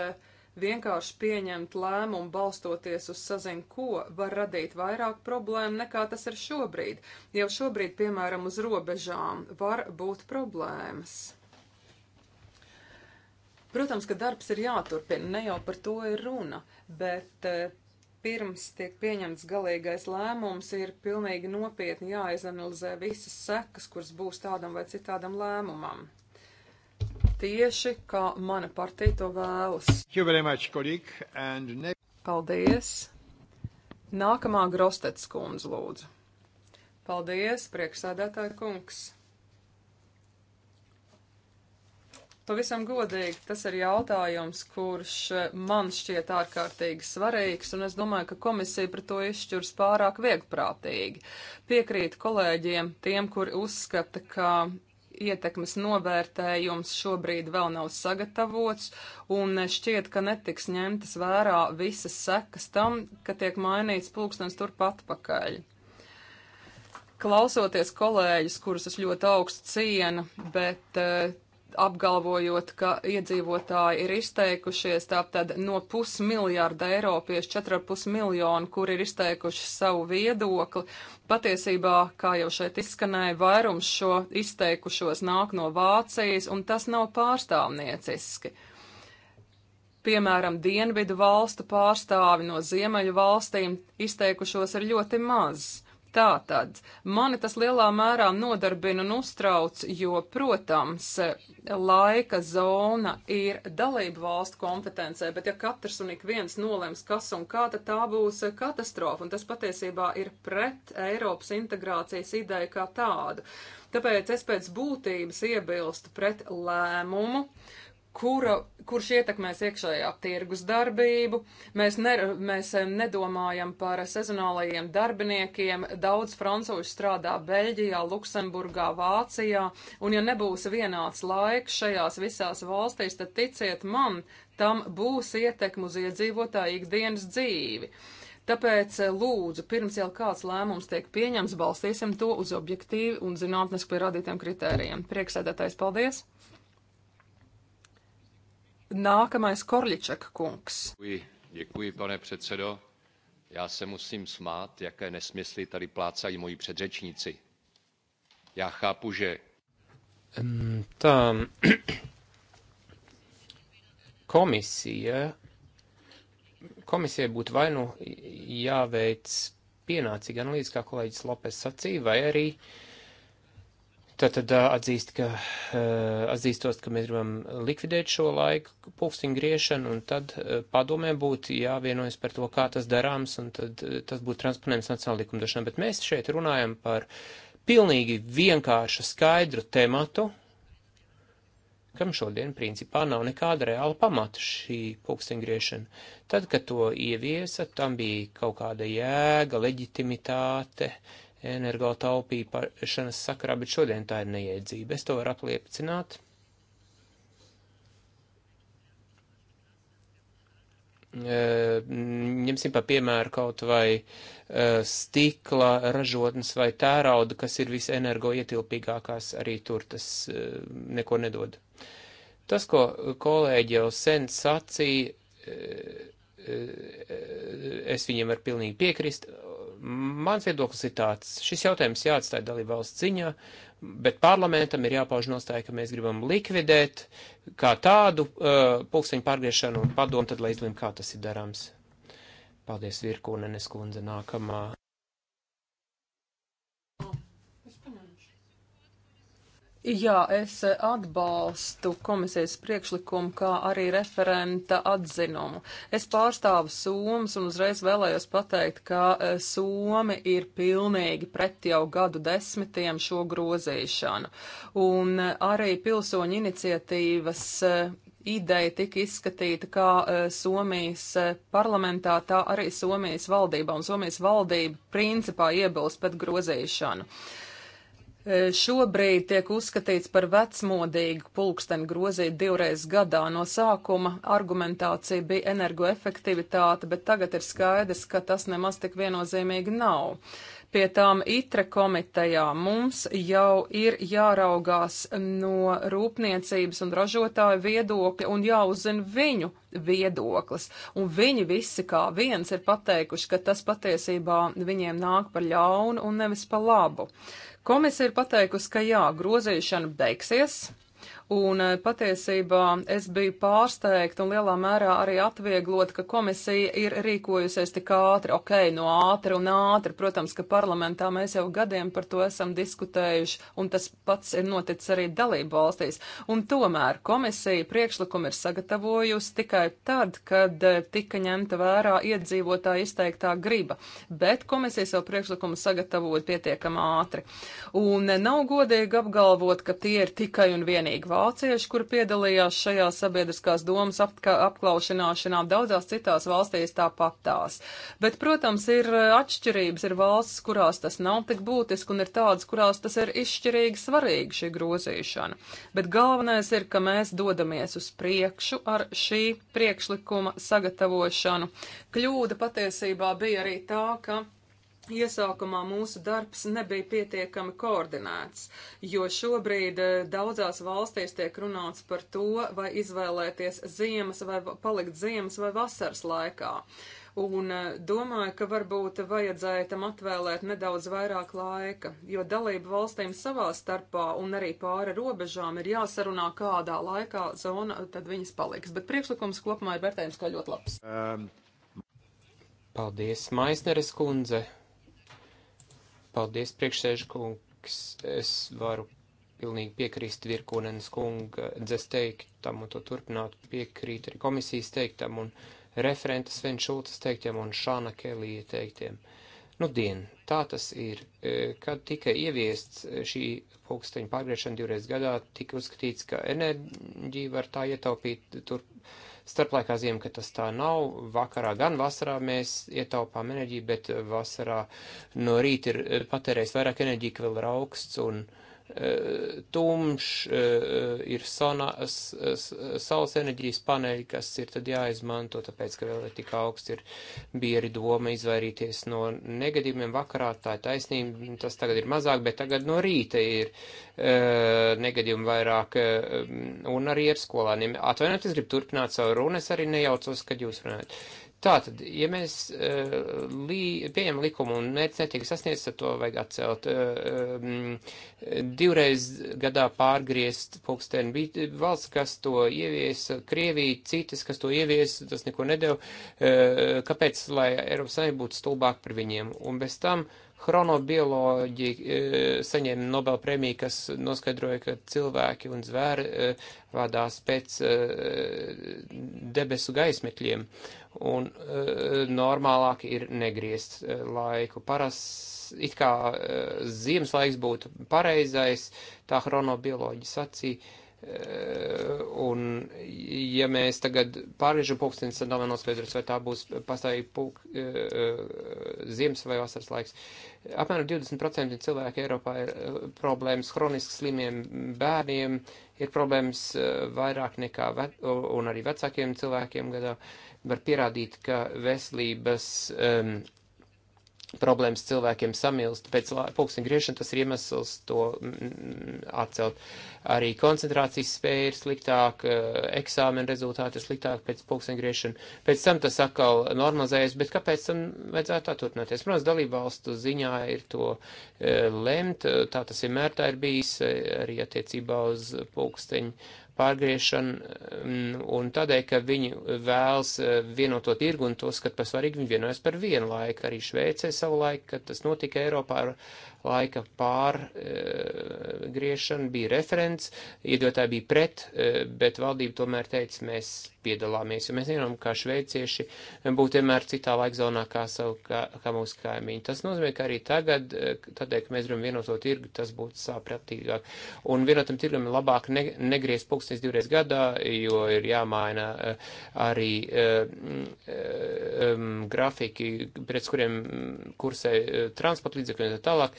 vienkārši pieņemt lēmumu balstoties uz sazin ko var radīt vairāk problēmu nekā tas ir šobrīd. Jau šobrīd, piemēram, uz robežām var būt problēmas. Protams, ka darbs ir jāturpina, ne jau par to ir runa, bet eh, pirms tiek pieņemts galīgais lēmums, ir pilnīgi nopietni jāizanalizē visas sekas, kuras būs tādam vai citādam lēmumam. Tieši kā mana partija to vēlas. Much, and... Paldies! Nākamā Grostets kundze lūdzu. Paldies, prieksēdētāja kungs! Pavisam godīgi, tas ir jautājums, kurš eh, man šķiet ārkārtīgi svarīgs, un es domāju, ka komisija par to izšķirs pārāk viegprātīgi. Piekrītu kolēģiem, tiem, kuri uzskata, ka ietekmes novērtējums šobrīd vēl nav sagatavots, un šķiet, ka netiks ņemtas vērā visas sekas tam, ka tiek mainīts pulkstens turpat pakaļ. Klausoties kolēģis, kurus es ļoti augstu cienu, bet uh, apgalvojot, ka iedzīvotāji ir izteikušies tātad no pusmiljārda eiropiešu 4,5 miljonu, kur ir izteikuši savu viedokli. Patiesībā, kā jau šeit izskanēja, vairums šo izteikušos nāk no Vācijas, un tas nav pārstāvnieciski. Piemēram, dienvidu valstu pārstāvi no ziemeļu valstīm izteikušos ir ļoti maz. Tātad, mani tas lielā mērā nodarbina un uztrauc, jo, protams, laika zona ir dalību valstu kompetencē, bet ja katrs un ik viens nolems, kas un kā, tad tā būs katastrofa, un tas patiesībā ir pret Eiropas integrācijas ideju kā tādu. Tāpēc es pēc būtības iebilstu pret lēmumu, uh, kura, kurš ietekmēs iekšējā tirgus darbību. Mēs, ne, mēs nedomājam par sezonālajiem darbiniekiem. Daudz francūžu strādā Beļģijā, Luksemburgā, Vācijā, un ja nebūs vienāds laiks šajās visās valstīs, tad ticiet man, tam būs ietekme uz iedzīvotāju ikdienas dzīvi. Tāpēc eh, lūdzu, pirms jau kāds lēmums tiek pieņemts, balstīsim to uz objektīvi un zinātniski pierādītiem kritērijiem. Prieksēdētājs, paldies! Nākamais Korļičak kungs. Děkuji, děkuji, pane předsedo. Já se musím smát, jaké nesmysly tady plácají moji předřečníci. Já chápu, že... Tā komisija, komisija būtu vai nu jāveic pienācīga analīze, kā kolēģis Lopes sacīja, vai arī uh, Tātad atzīst, ka, atzīstos, ka mēs gribam likvidēt šo laiku pulksteņu griešanu, un tad padomē būtu jāvienojas par to, kā tas darāms, un tad tas būtu transponējums nacionāla likumdošana. Bet mēs šeit runājam par pilnīgi vienkāršu, skaidru tematu, kam šodien principā nav nekāda reāla pamata šī pulksteņgriešana. Tad, kad to ieviesa, tam bija kaut kāda jēga, leģitimitāte, uh, energo taupīšanas sakarā, bet šodien tā ir neiedzība. Es to varu apliecināt. E, ņemsim par piemēru kaut vai e, stikla ražotnes vai tērauda, kas ir visenergoietilpīgākās, arī tur tas e, neko nedod. Tas, ko kolēģi jau sen sacīja, es viņiem varu pilnīgi piekrist, Mans viedoklis ir tāds, šis jautājums jāatstāja dalībvalsts ziņā, bet parlamentam ir jāpauž nostāja, ka mēs gribam likvidēt kā tādu uh, pulksteņu pārgriešanu un padomu, tad lai izlēm, kā tas ir darāms. Paldies, Virkūnenes kundze, nākamā. Jā, es atbalstu komisijas priekšlikumu, kā arī referenta atzinumu. Es pārstāvu Somas un uzreiz vēlējos pateikt, ka eh, Somi ir pilnīgi pret jau gadu desmitiem šo grozīšanu. Un eh, arī pilsoņu iniciatīvas eh, ideja tika izskatīta kā uh, Somijas parlamentā, tā arī Somijas valdībā, un Somijas valdība principā iebilst pret grozīšanu. Uh, E, šobrīd tiek uzskatīts par vecmodīgu pulksteni grozīt divreiz gadā. No sākuma argumentācija bija energoefektivitāte, bet tagad ir skaidrs, ka tas nemaz tik viennozīmīgi nav. Pie tām ITRE komitejā mums jau ir jāraugās no rūpniecības un ražotāju viedokļa un jāuzzina viņu viedoklis. Un viņi visi kā viens ir pateikuši, ka tas patiesībā viņiem nāk par ļaunu un nevis par labu. Komisija ir pateikusi, ka jā, grozīšana beigsies, Un eh, patiesībā es biju pārsteigta un lielā mērā arī atvieglot, ka komisija ir rīkojusies tik ātri, ok, no ātri un ātri. Protams, ka parlamentā mēs jau gadiem par to esam diskutējuši, un tas pats ir noticis arī dalību valstīs. Un tomēr komisija priekšlikumu ir sagatavojusi tikai tad, kad eh, tika ņemta vērā iedzīvotāja izteiktā griba. Bet komisija savu priekšlikumu sagatavoja pietiekam ātri. Un eh, nav godīgi apgalvot, ka tie ir tikai un vienīgi valsts vācieši, kuri piedalījās šajā sabiedriskās domas apklaušanāšanā, daudzās citās valstīs tāpatās. Bet, protams, ir e, atšķirības, ir valsts, kurās tas nav tik būtiski, un ir tādas, kurās tas ir izšķirīgi svarīgi šī grozīšana. Bet galvenais ir, ka mēs dodamies uz priekšu ar šī priekšlikuma sagatavošanu. Kļūda patiesībā bija arī tā, ka Iesākumā mūsu darbs nebija pietiekami koordinēts, jo šobrīd eh, daudzās valstīs tiek runāts par to, vai izvēlēties ziemas vai palikt ziemas vai vasaras laikā. Un eh, domāju, ka varbūt vajadzēja tam atvēlēt nedaudz vairāk laika, jo dalību valstīm savā starpā un arī pāri robežām ir jāsarunā, kādā laikā zona eh, tad viņas paliks. Bet priekšlikums kopumā ir vērtējums kā ļoti labs. Um. Paldies, Maisneres kundze! Paldies, priekšsēžu kungs. Es varu pilnīgi piekrīst Virkūnenes kunga dzes teiktam un to turpināt piekrīt arī komisijas teiktam un referenta Sven Šultas teiktiem un Šāna Kelija teiktiem. Nu, dien, tā tas ir. E, kad tika ieviests šī pulksteņa pārgriešana divreiz gadā, tika uzskatīts, ka enerģiju var tā ietaupīt tur Starplaikā zīmē, ka tas tā nav. Vakarā gan vasarā mēs ietaupām enerģiju, bet vasarā no rīta ir patērējis vairāk enerģiju, ka vēl ir augsts un uh, Eh, tumšs, eh, ir sona, saules enerģijas paneļi, kas ir tad jāizmanto, tāpēc, ka vēl ir tik augsts, ir bieri doma izvairīties no negadījumiem vakarā, tā ir taisnība, tas tagad ir mazāk, bet tagad no rīta ir uh, negadījumi vairāk, uh, un arī ar skolāniem. Atvainojiet, es gribu turpināt savu runu, es arī nejaucos, kad jūs runājat. Uh, Tātad, ja mēs uh, li, pieņemam likumu un mērķis netiek sasniegts, tad to vajag atcelt. Uh, um, divreiz gadā pārgriezt pulksteni. Bija valsts, kas to ievies, Krievija, citas, kas to ievies, tas neko nedēv. Uh, kāpēc, lai Eiropas Savienība būtu stulbāk par viņiem? Un bez tam chronobioloģi uh, saņēma Nobel prēmiju, kas noskaidroja, ka cilvēki un zvēri uh, vadās pēc uh, debesu gaismetļiem un e, normālāk ir negriezt e, laiku. Paras, it kā e, ziemas laiks būtu pareizais, tā chronobioloģi sacīja, e, un ja mēs tagad pārviežam pulkstenis, tad nav noskaidrs, vai tā būs pastāvīgi pulk, e, e, ziemas vai vasaras laiks. Apmēram 20% cilvēku Eiropā ir problēmas hroniski slimiem bērniem, ir problēmas vairāk nekā, ve un arī vecākiem cilvēkiem gadā. E, var pierādīt, ka veselības um, problēmas cilvēkiem samilst pēc pulksten griešana, tas ir iemesls to atcelt. Arī koncentrācijas spēja ir sliktāk, eh, eksāmena rezultāti ir sliktāk pēc pulksten griešana. Pēc tam tas atkal normalizējas, bet kāpēc tam vajadzētu tā turpināties? Protams, dalībvalstu ziņā ir to eh, lemt, tā tas vienmēr tā ir bijis eh, arī attiecībā uz pulksteņu pārgriešanu, mm, un tādēļ, ka viņi vēlas eh, vienoto tirgu un to skat par svarīgu, viņi vienojas par vienu laiku. Arī Šveicē savu laiku, kad tas notika Eiropā ar laika pārgriešana e, bija referents, iedzīvotāji bija pret, e, bet valdība tomēr teica, mēs piedalāmies, jo mēs zinām, kā šveicieši būtu vienmēr citā laikzonā kā, savu, kā, kā mūsu kaimiņi. Tas nozīmē, ka arī tagad, e, tādēļ, ka mēs gribam vienoto tirgu, tas būtu sāpratīgāk. Un vienotam tirgam ir labāk ne, negriez pulkstens divreiz gadā, jo ir jāmaina arī um, um, grafiki, pret kuriem kursē transporta līdzekļi un tā tālāk.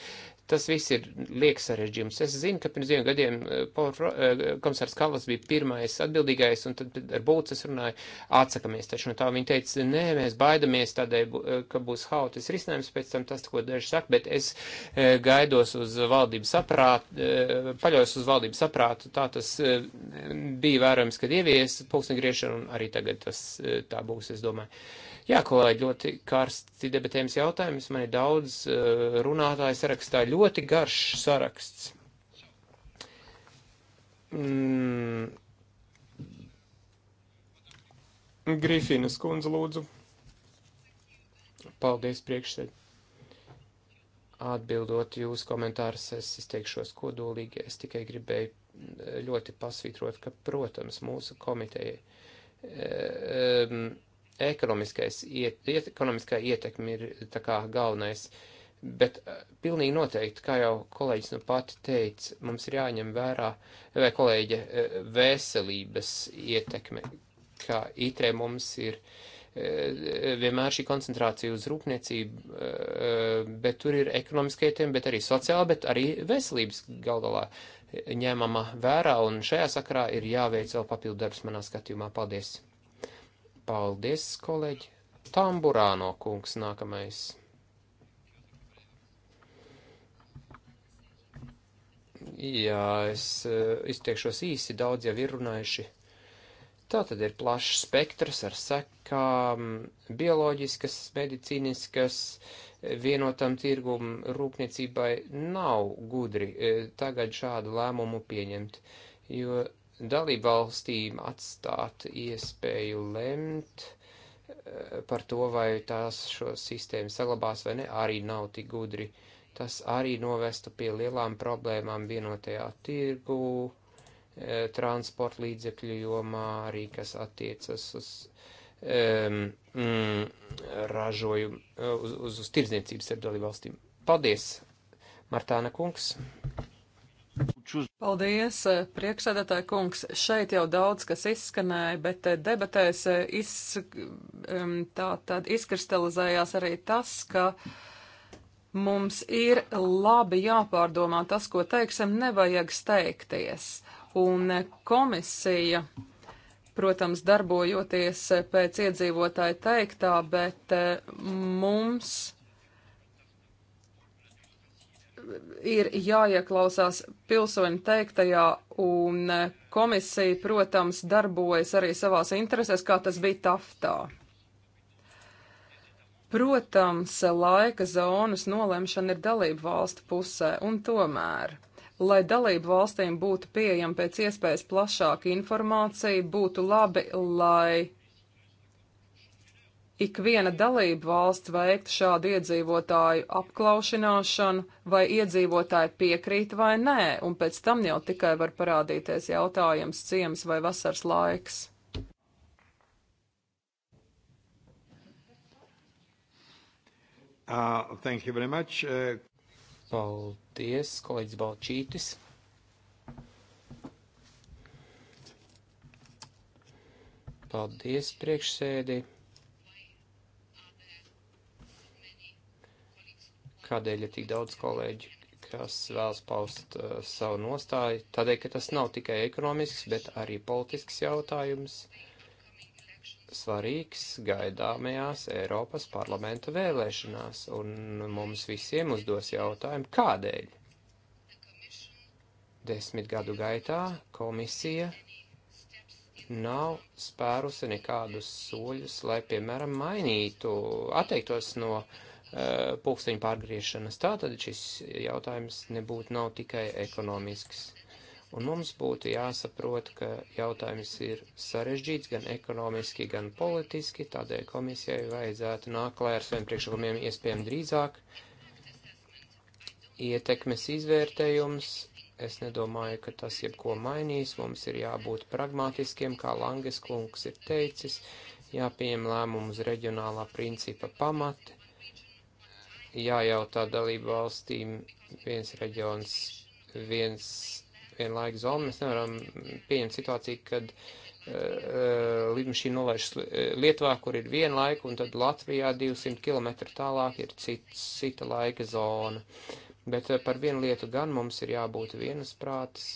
Tas viss ir liekas sarežģījums. Es zinu, ka pirms diviem gadiem eh, eh, komisārs Kallas bija pirmais atbildīgais, un tad ar būces runāja, atsakamies taču no tā. Viņa teica, nē, mēs baidamies tādēļ, eh, ka būs hautis risinājums, pēc tam tas, ko daži saka, bet es gaidos uz valdības saprātu, paļaus uz valdības saprātu. Tā tas bija vērojams, kad ievies pulsni griešana, un arī tagad tas tā būs, es domāju. Jā, kolēģi, ļoti karsti debatējums jautājums. Man ir daudz eh, runātāju sarakstā, ļoti garš saraksts. Mm. Grifinas kundze, lūdzu. Paldies priekšsēd. Atbildot jūsu komentārus, es izteikšos kodolīgi. Es tikai gribēju eh, ļoti pasvītrot, ka, protams, mūsu komitejai. E, eh, e, ekonomiskais, iet, ekonomiskā ietekme ir tā kā galvenais. Bet eh, pilnīgi noteikti, kā jau kolēģis nu pati teica, mums ir jāņem vērā, vai kolēģa eh, veselības ietekme, kā itrē mums ir eh, vienmēr šī koncentrācija uz rūpniecību, bet tur ir ekonomiskā ietekme, bet arī sociāla, bet arī veselības gal galā ņēmama vērā, un šajā sakarā ir jāveic vēl papildu darbs manā skatījumā. Paldies! Paldies, kolēģi. Tamburāno kungs nākamais. Jā, es eh, izteikšos īsi, daudz jau ir runājuši. Tā tad ir plašs spektrs ar sekām, bioloģiskas, medicīniskas, vienotam tirgum rūpniecībai nav gudri eh, tagad šādu lēmumu pieņemt, jo dalībvalstīm atstāt iespēju lemt eh, par to, vai tās šo sistēmu saglabās vai ne, arī nav tik gudri. Tas arī novestu pie lielām problēmām vienotajā tirgu, eh, transporta līdzekļu jomā, arī kas attiecas uz um, mm, ražojumu, eh, uz, uz, uz tirdzniecības ar dalībvalstīm. Paldies, Martāna kungs! Paldies, eh, priekšsēdētāji kungs. Šeit jau daudz kas izskanēja, bet eh, debatēs eh, iz, tā, tad izkristalizējās arī tas, ka mums ir labi jāpārdomā tas, ko teiksim, nevajag steigties. Un komisija, protams, darbojoties pēc iedzīvotāja teiktā, bet mums ir jāieklausās pilsoņu teiktajā, un komisija, protams, darbojas arī savās interesēs, kā tas bija taftā. Protams, laika zonas nolemšana ir dalību valstu pusē, un tomēr, lai dalību valstīm būtu pieejama pēc iespējas plašāka informācija, būtu labi, lai ikviena dalība valsts veikt šādu iedzīvotāju apklaušināšanu, vai iedzīvotāji piekrīt vai nē, un pēc tam jau tikai var parādīties jautājums ciems vai vasaras laiks. Uh, thank you very much. Uh... Paldies, kolēģis Balčītis. Paldies, priekšsēdēji. kādēļ ir tik daudz kolēģi, kas vēlas paust uh, savu nostāju. Tādēļ, ka tas nav tikai ekonomisks, bet arī politisks jautājums, svarīgs gaidāmajās Eiropas parlamenta vēlēšanās, un mums visiem uzdos jautājumu, kādēļ. Desmit gadu gaitā komisija nav spērusi nekādus soļus, lai, piemēram, mainītu, atteiktos no uh, Eh, pulksteņu pārgriešanas. Tātad šis jautājums nebūtu nav tikai ekonomisks. Un mums būtu jāsaprot, ka jautājums ir sarežģīts gan ekonomiski, gan politiski, tādēļ komisijai vajadzētu nākt klāt ar saviem priekšlikumiem iespējami drīzāk. Ietekmes izvērtējums, es nedomāju, ka tas jebko mainīs, mums ir jābūt pragmatiskiem, kā Langes kungs ir teicis, jāpieņem lēmumus reģionālā principa pamati, jājautā dalību valstīm viens reģions, viens vienlaika zona. Mēs nevaram pieņemt situāciju, kad uh, lidmašīna nolaižas eh, Lietuvā, kur ir viena laika, un tad Latvijā 200 km tālāk ir cits, cita laika zona. Bet par vienu lietu gan mums ir jābūt vienas prātas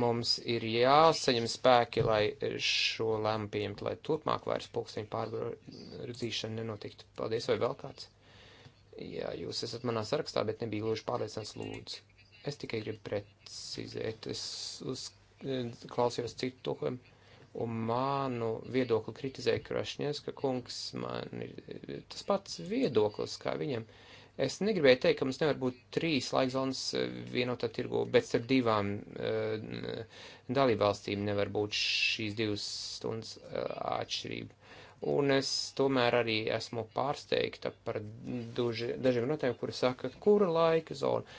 Mums ir jāsaņem spēki, lai šo lēmu pieņemtu, lai turpmāk vairs pulksteņu pārgrūdzīšana nenotiktu. Paldies, vai vēl kāds? Jā, jūs esat manā sarakstā, bet nebija gluži pārliecināts lūdzu. Es tikai gribu precizēt, es uz, klausījos citu tulkojumu, un manu viedokli kritizēja Krašņevska kungs, man ir tas pats viedoklis kā viņam. Uh, Es negribēju teikt, ka mums nevar būt trīs laikzonas eh, vienotā tirgu, bet starp divām uh, dalībvalstīm nevar būt šīs divas stundas uh, atšķirība. Un es tomēr arī esmu pārsteigta par duži, dažiem runātājiem, kuri saka, kura laika zona.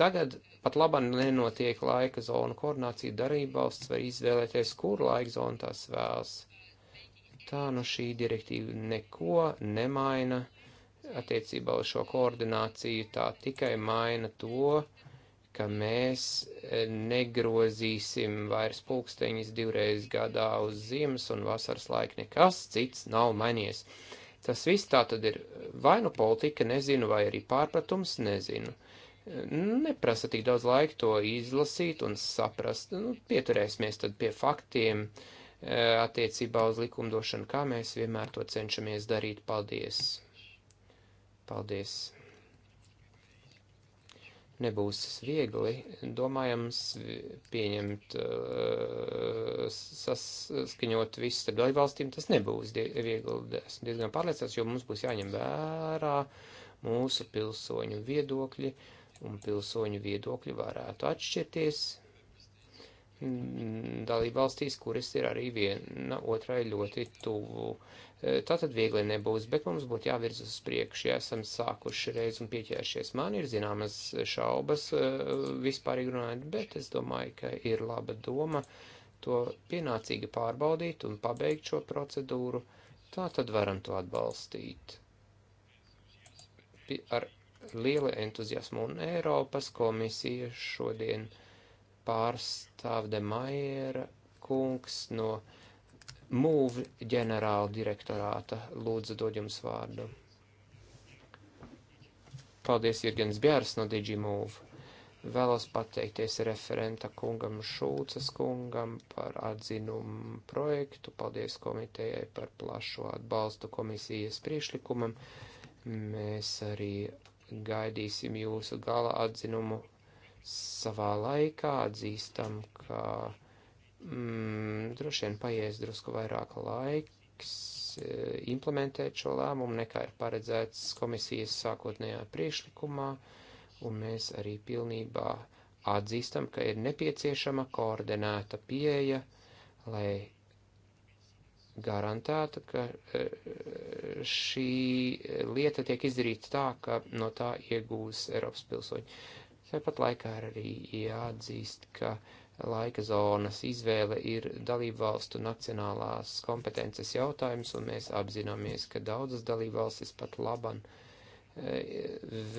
Tagad pat labam nenotiek laika zonu koordinācija, darībvalsts var izvēlēties, kuru laika zonu tās vēlas. Tā nu šī direktīva neko nemaina. Uh, attiecībā uz šo koordināciju, tā tikai maina to, ka mēs e, negrozīsim vairs pulksteņus divreiz gadā uz ziemas un vasaras laiku. Nekas cits nav mainījies. Tas viss tā tad ir vai nu politika, nezinu, vai arī pārpratums, nezinu. Neprasa tik daudz laika to izlasīt un saprast. Nu, pieturēsimies tad pie faktiem e, attiecībā uz likumdošanu, kā mēs vienmēr to cenšamies darīt. Paldies! Paldies! Nebūs viegli, domājams, pieņemt, eh, saskaņot visus ar dalībvalstīm. Tas nebūs viegli, esmu diezgan pārliecināts, jo mums būs jāņem vērā mūsu pilsoņu viedokļi, un pilsoņu viedokļi varētu atšķirties dalībvalstīs, kuras ir arī viena otrai ļoti tuvu. Uh, Eh, tā tad viegli nebūs, bet mums būtu jāvirz uz priekšu, ja esam sākuši reiz un pieķēršies. Man ir zināmas šaubas eh, vispār runājot, bet es domāju, ka ir laba doma to pienācīgi pārbaudīt un pabeigt šo procedūru. Tā tad varam to atbalstīt. Ar lielu entuziasmu un Eiropas komisija šodien pārstāv de Maiera kungs no uh, MUV ģenerāla direktorāta. Lūdzu, dod jums vārdu. Paldies, Jurgens Bjārs no DigiMUV. Vēlos pateikties referenta kungam Šulcas kungam par atzinumu projektu. Paldies komitejai par plašo atbalstu komisijas priešlikumam. Mēs arī gaidīsim jūsu gala atzinumu savā laikā. Atzīstam, ka mm, droši vien paies drusku vairāk laiks e, implementēt šo lēmumu, nekā ir paredzēts komisijas sākotnējā priekšlikumā, un mēs arī pilnībā atzīstam, ka ir nepieciešama koordinēta pieeja, lai garantētu, ka e, šī lieta tiek izdarīta tā, ka no tā iegūs Eiropas pilsoņi. Tāpat laikā arī jāatzīst, ka uh, laika zonas izvēle ir dalībvalstu nacionālās kompetences jautājums, un mēs apzināmies, ka daudzas dalībvalstis pat laban e,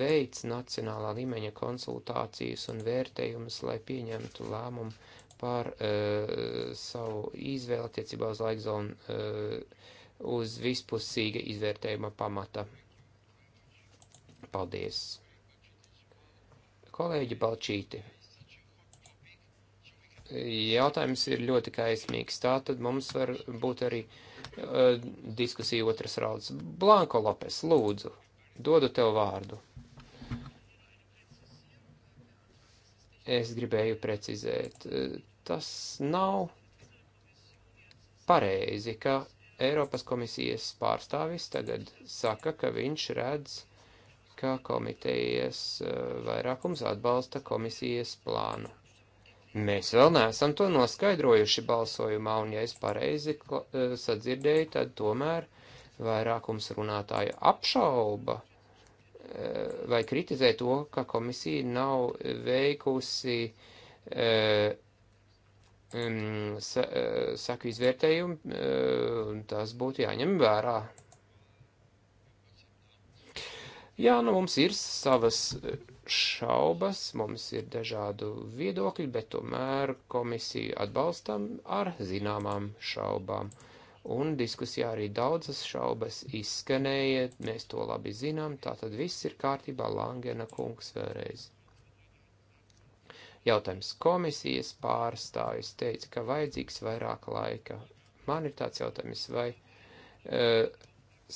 veic nacionālā līmeņa konsultācijas un vērtējumus, lai pieņemtu lēmumu par uh, savu izvēli attiecībā uz laika zonu uh, uz vispusīga izvērtējuma pamata. Paldies! Kolēģi Balčīti! jautājums ir ļoti kaismīgs. Tā tad mums var būt arī uh, diskusija otras raudas. Blanko Lopes, lūdzu, dodu tev vārdu. Es gribēju precizēt. Eh, tas nav pareizi, ka Eiropas komisijas pārstāvis tagad saka, ka viņš redz, ka komitejas eh, vairākums atbalsta komisijas plānu Mēs vēl neesam to noskaidrojuši balsojumā, un ja es pareizi e, sadzirdēju, tad tomēr vairākums runātāju apšauba e, vai kritizē to, ka komisija nav veikusi e, mm, saku izvērtējumu, tas būtu jāņem vērā. Jā, nu mums ir savas eh, šaubas, mums ir dažādu viedokļu, bet tomēr komisiju atbalstam ar zināmām šaubām. Un diskusijā arī daudzas šaubas izskanēja, mēs to labi zinām, tātad viss ir kārtībā, Langena kungs vēlreiz. Jautājums komisijas pārstāvis teica, ka vajadzīgs vairāk laika. Man ir tāds jautājums, vai uh,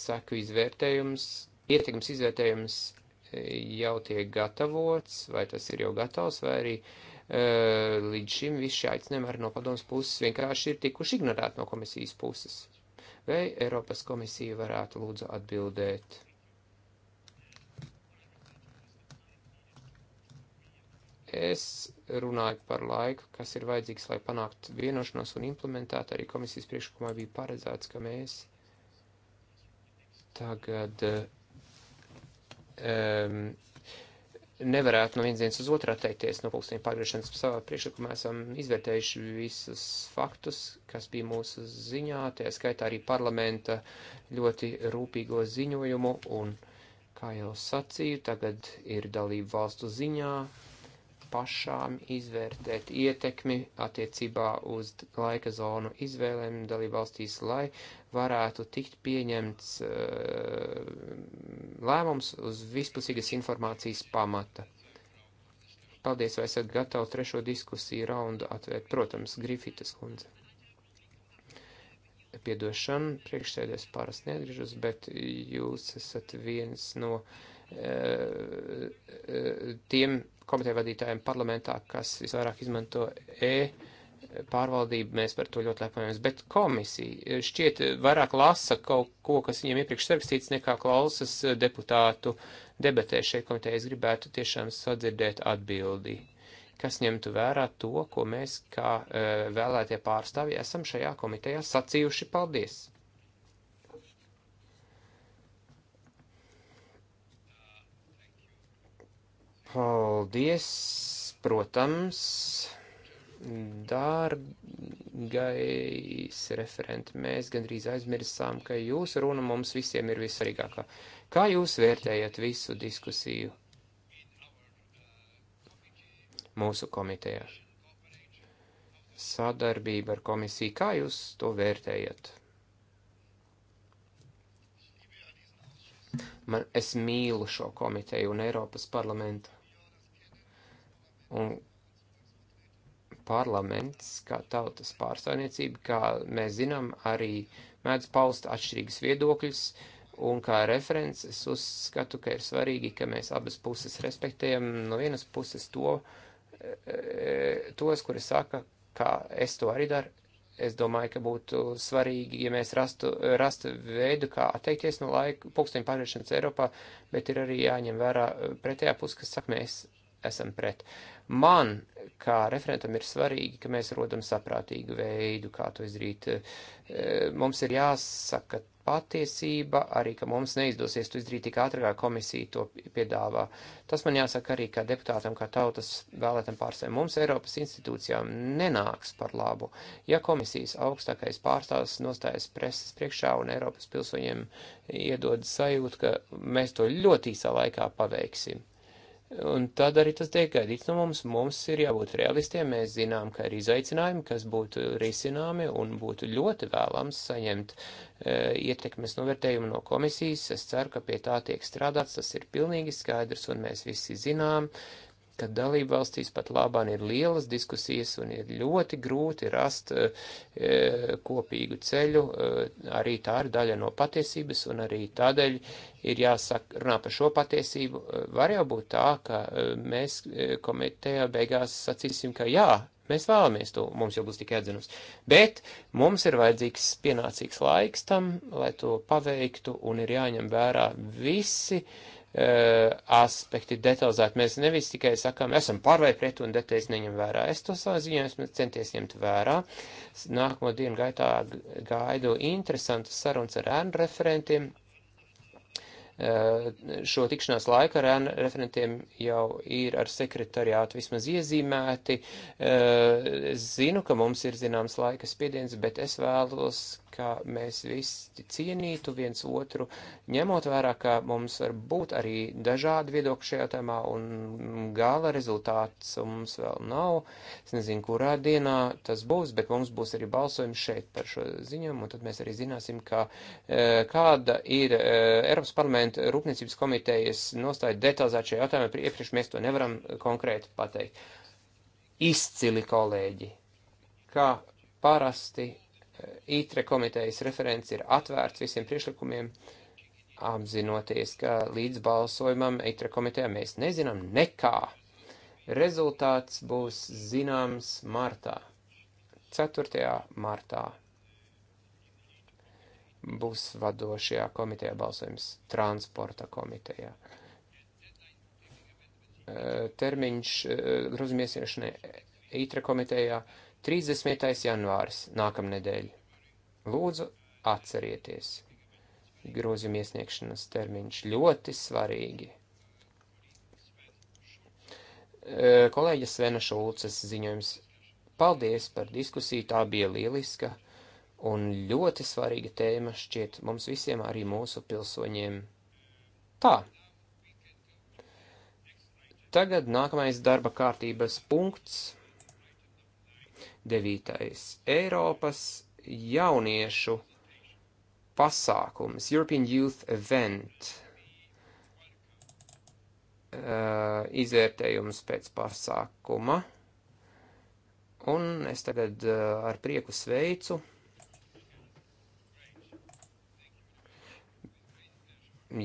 saku izvērtējums Ietekmes izvērtējums e, jau tiek gatavots, vai tas ir jau gatavs, vai arī uh, līdz šim viss šie aicinājumi arī no padomas puses vienkārši ir tikuši ignorēti no komisijas puses. Vai Eiropas komisija varētu lūdzu atbildēt? es runāju par laiku, kas ir vajadzīgs, lai panāktu vienošanos un implementētu. Arī komisijas priekšlikumā bija paredzēts, ka mēs tagad e, um, nevarētu no vienas dienas uz otru atteikties no pulksteņa pārgriešanas. Savā priekšlikumā esam izvērtējuši visus faktus, kas bija mūsu ziņā, tajā skaitā arī parlamenta ļoti rūpīgo ziņojumu, un, kā jau sacīju, tagad ir dalība valstu ziņā pašām izvērtēt ietekmi attiecībā uz laika zonu izvēlēm dalībvalstīs, lai varētu tikt pieņemts uh, lēmums uz vispusīgas informācijas pamata. Paldies, vai esat gatavi trešo diskusiju raundu atvērt? Protams, Grifitas kundze. Piedošana, priekšsēdēs parasti neatgriežas, bet jūs esat viens no uh, tiem komiteja vadītājiem parlamentā, kas visvairāk izmanto e pārvaldību, mēs par to ļoti lepojamies, bet komisija šķiet vairāk lasa kaut ko, kas viņiem iepriekš sarakstīts, nekā klausas deputātu debatē šeit komiteja. Es gribētu tiešām sadzirdēt atbildi, kas ņemtu vērā to, ko mēs kā eh, vēlētie pārstāvji esam šajā komitejā sacījuši. Paldies! Paldies, protams, dārgais referenti. Mēs gandrīz aizmirsām, ka jūsu runa mums visiem ir vissvarīgākā. Kā jūs vērtējat visu diskusiju mūsu komitejā? Sadarbība ar komisiju, kā jūs to vērtējat? Man, es mīlu šo komiteju un Eiropas parlamentu. Un parlaments, kā tautas pārstāvniecība, kā mēs zinām, arī mēdz paust atšķirīgus viedokļus, un kā referents es uzskatu, ka ir svarīgi, ka mēs abas puses respektējam no vienas puses to, eh, tos, kuri saka, kā es to arī daru. Es domāju, ka būtu svarīgi, ja mēs rastu, rastu veidu, kā atteikties no laika pulksteņu pārvēršanas Eiropā, bet ir arī jāņem vērā pretējā puse, kas saka, mēs esam pret. Uh, Man, kā referentam, ir svarīgi, ka mēs rodam saprātīgu veidu, kā to izdarīt. Eh, mums ir jāsaka patiesība, arī, ka mums neizdosies to izdarīt tik ātri, kā komisija to piedāvā. Tas man jāsaka arī, kā deputātam, kā tautas vēlētam pārstāvim. Mums Eiropas institūcijām nenāks par labu, ja komisijas augstākais pārstāvs nostājas preses priekšā un Eiropas pilsoņiem iedod sajūtu, ka mēs to ļoti īsā laikā paveiksim. Un tad arī tas tiek gaidīts no mums. Mums ir jābūt realistiem. Mēs zinām, ka ir izaicinājumi, kas būtu risināmi un būtu ļoti vēlams saņemt e, ietekmes novērtējumu no komisijas. Es ceru, ka pie tā tiek strādāts. Tas ir pilnīgi skaidrs un mēs visi zinām, ka dalība valstīs pat labāk ir lielas diskusijas un ir ļoti grūti rast e, kopīgu ceļu. E, arī tā ir daļa no patiesības un arī tādēļ ir jāsaka runā par šo patiesību. E, var jau būt tā, ka e, mēs e, komitejā beigās sacīsim, ka jā, mēs vēlamies to, mums jau būs tikai atzinums. Bet mums ir vajadzīgs pienācīgs laiks tam, lai to paveiktu un ir jāņem vērā visi. Uh, Eh, aspekti detalizēti. Mēs nevis tikai sakām, esam pār vai pret un detaļas neņem vērā. Es to savā ziņojums centies ņemt vērā. Nākamo dienu gaitā gaidu interesantas sarunas ar ēnu referentiem. Eh, šo tikšanās laika ar ēnu referentiem jau ir ar sekretariātu vismaz iezīmēti. Eh, es zinu, ka mums ir zināms laika spiediens, bet es vēlos, ka mēs visi cienītu viens otru, ņemot vērā, ka mums var būt arī dažādi viedokļi šajā tēmā, un gala rezultāts mums vēl nav. Es nezinu, kurā dienā tas būs, bet mums būs arī balsojums šeit par šo ziņojumu, un tad mēs arī zināsim, ka, e, kāda ir e, Eiropas parlamenta rūpniecības komitejas nostāja detalizēt šajā jautājumā, iepriekš mēs to nevaram konkrēti pateikt. Izcili kolēģi, kā parasti ITRE komitejas referents ir atvērts visiem priešlikumiem, apzinoties, ka līdz balsojumam ITRE komitejā mēs nezinām nekā. Rezultāts būs zināms martā, 4. martā. Būs vadošajā komitejā balsojums transporta komitejā. Termiņš eh, grozumiesiešanai ITRE komitejā uh, 30. janvāris nākamnedēļ. Lūdzu, atcerieties! Grozījuma iesniegšanas termiņš ļoti svarīgi. Kolēģis Svena Šulces ziņojums. Paldies par diskusiju, tā bija lieliska un ļoti svarīga tēma šķiet mums visiem, arī mūsu pilsoņiem. Tā. Tagad nākamais darba kārtības punkts Devītais - Eiropas jauniešu pasākums, European Youth Event, uh, izvērtējums pēc pasākuma. Un es tagad uh, ar prieku sveicu.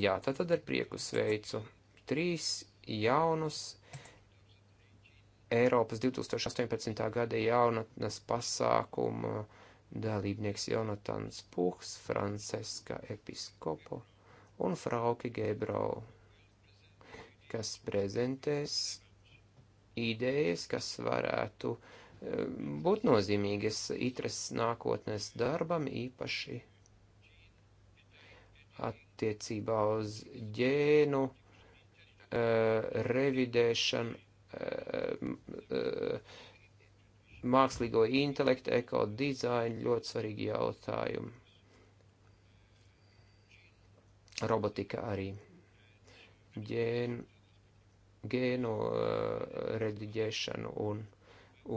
Jā, tad, tad ar prieku sveicu trīs jaunus Eiropas 2018. gada jaunatnes pasākuma dalībnieks Jonatans Puhs, Franceska Episkopo un Frauki Gebrau, kas prezentēs idejas, kas varētu eh, būt nozīmīgas itres nākotnes darbam īpaši attiecībā uz ģēnu uh, revidēšanu mākslīgo intelektu, ekodizainu, ļoti svarīgi jautājumi. Robotika arī. Gēnu, gēnu eh, rediģēšanu un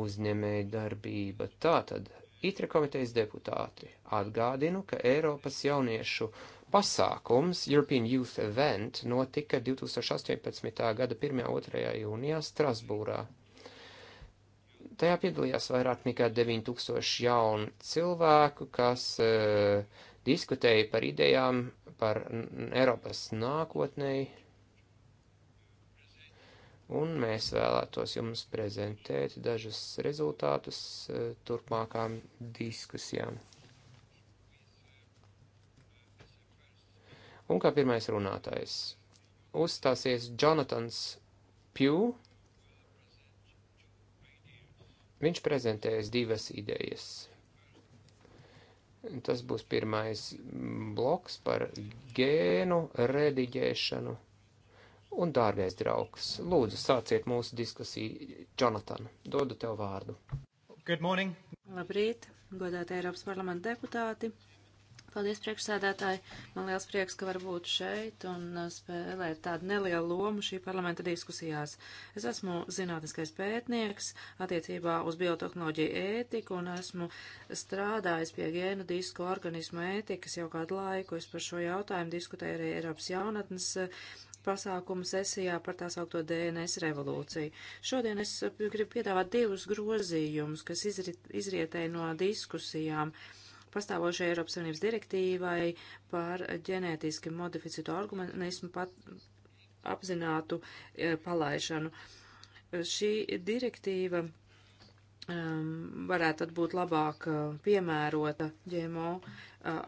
uzņēmēju darbība. Tātad, ITRE komitejas deputāti, atgādinu, ka Eiropas jauniešu pasākums, European Youth Event, notika 2018. gada 1.2. jūnijā Strasbūrā. Tajā piedalījās vairāk nekā 9000 jaunu cilvēku, kas uh, diskutēja par idejām, par Eiropas nākotnei. Un mēs vēlētos jums prezentēt dažus rezultātus uh, turpmākām diskusijām. Un kā pirmais runātājs uzstāsies Jonatans Pju. Viņš prezentēs divas idejas. Tas būs pirmais bloks par gēnu rediģēšanu. Un, dārgais draugs, lūdzu, sāciet mūsu diskusiju. Jonathan, dodu tev vārdu. Good morning! Labrīt, godātie Eiropas parlamenta deputāti! Paldies, priekšsēdētāji. Man liels prieks, ka var būt šeit un uh, spēlēt tādu nelielu lomu šī parlamenta diskusijās. Es esmu zinātniskais pētnieks attiecībā uz biotehnoloģiju ētiku un esmu strādājis pie gēnu disku organismu ētikas jau kādu laiku. Es par šo jautājumu diskutēju arī Eiropas jaunatnes uh, pasākumu sesijā par tā saukto DNS revolūciju. Šodien es uh, gribu piedāvāt divus grozījumus, kas izrietēja no diskusijām. Uh, pastāvošai Eiropas Savienības direktīvai par ģenētiski modificētu organismu pat apzinātu e, palaišanu. Šī direktīva um, e, varētu tad būt labāk e, piemērota ģēmo uh,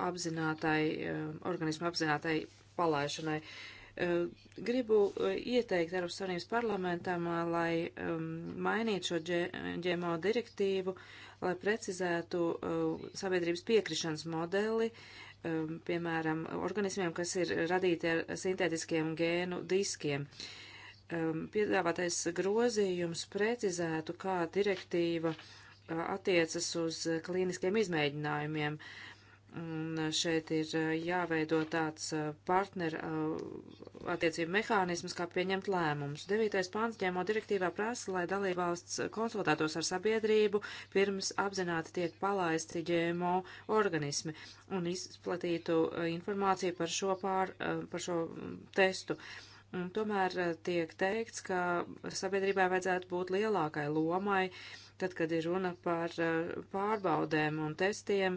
apzinātai, uh, organismu apzinātai palaišanai. Uh, gribu ieteikt Eiropas Savienības parlamentam, lai um, mainītu šo ģēmo direktīvu, lai precizētu uh, sabiedrības piekrišanas modeli, um, piemēram, organismiem, kas ir radīti ar sintētiskiem gēnu diskiem. Um, piedāvātais grozījums precizētu, kā direktīva uh, attiecas uz uh, klīniskiem izmēģinājumiem. Uh, Un šeit ir eh, jāveido tāds eh, partneru eh, attiecību mehānisms, kā pieņemt lēmumus. Devītais pāns ģēmo direktīvā prasa, lai dalībvalsts konsultētos ar sabiedrību, pirms apzināti tiek palaisti ģēmo organismi un izplatītu informāciju par šo, pār, par šo mm, testu. Uh, Un tomēr eh, tiek teikts, ka sabiedrībai vajadzētu būt lielākai lomai, tad, kad ir runa par eh, pārbaudēm un testiem,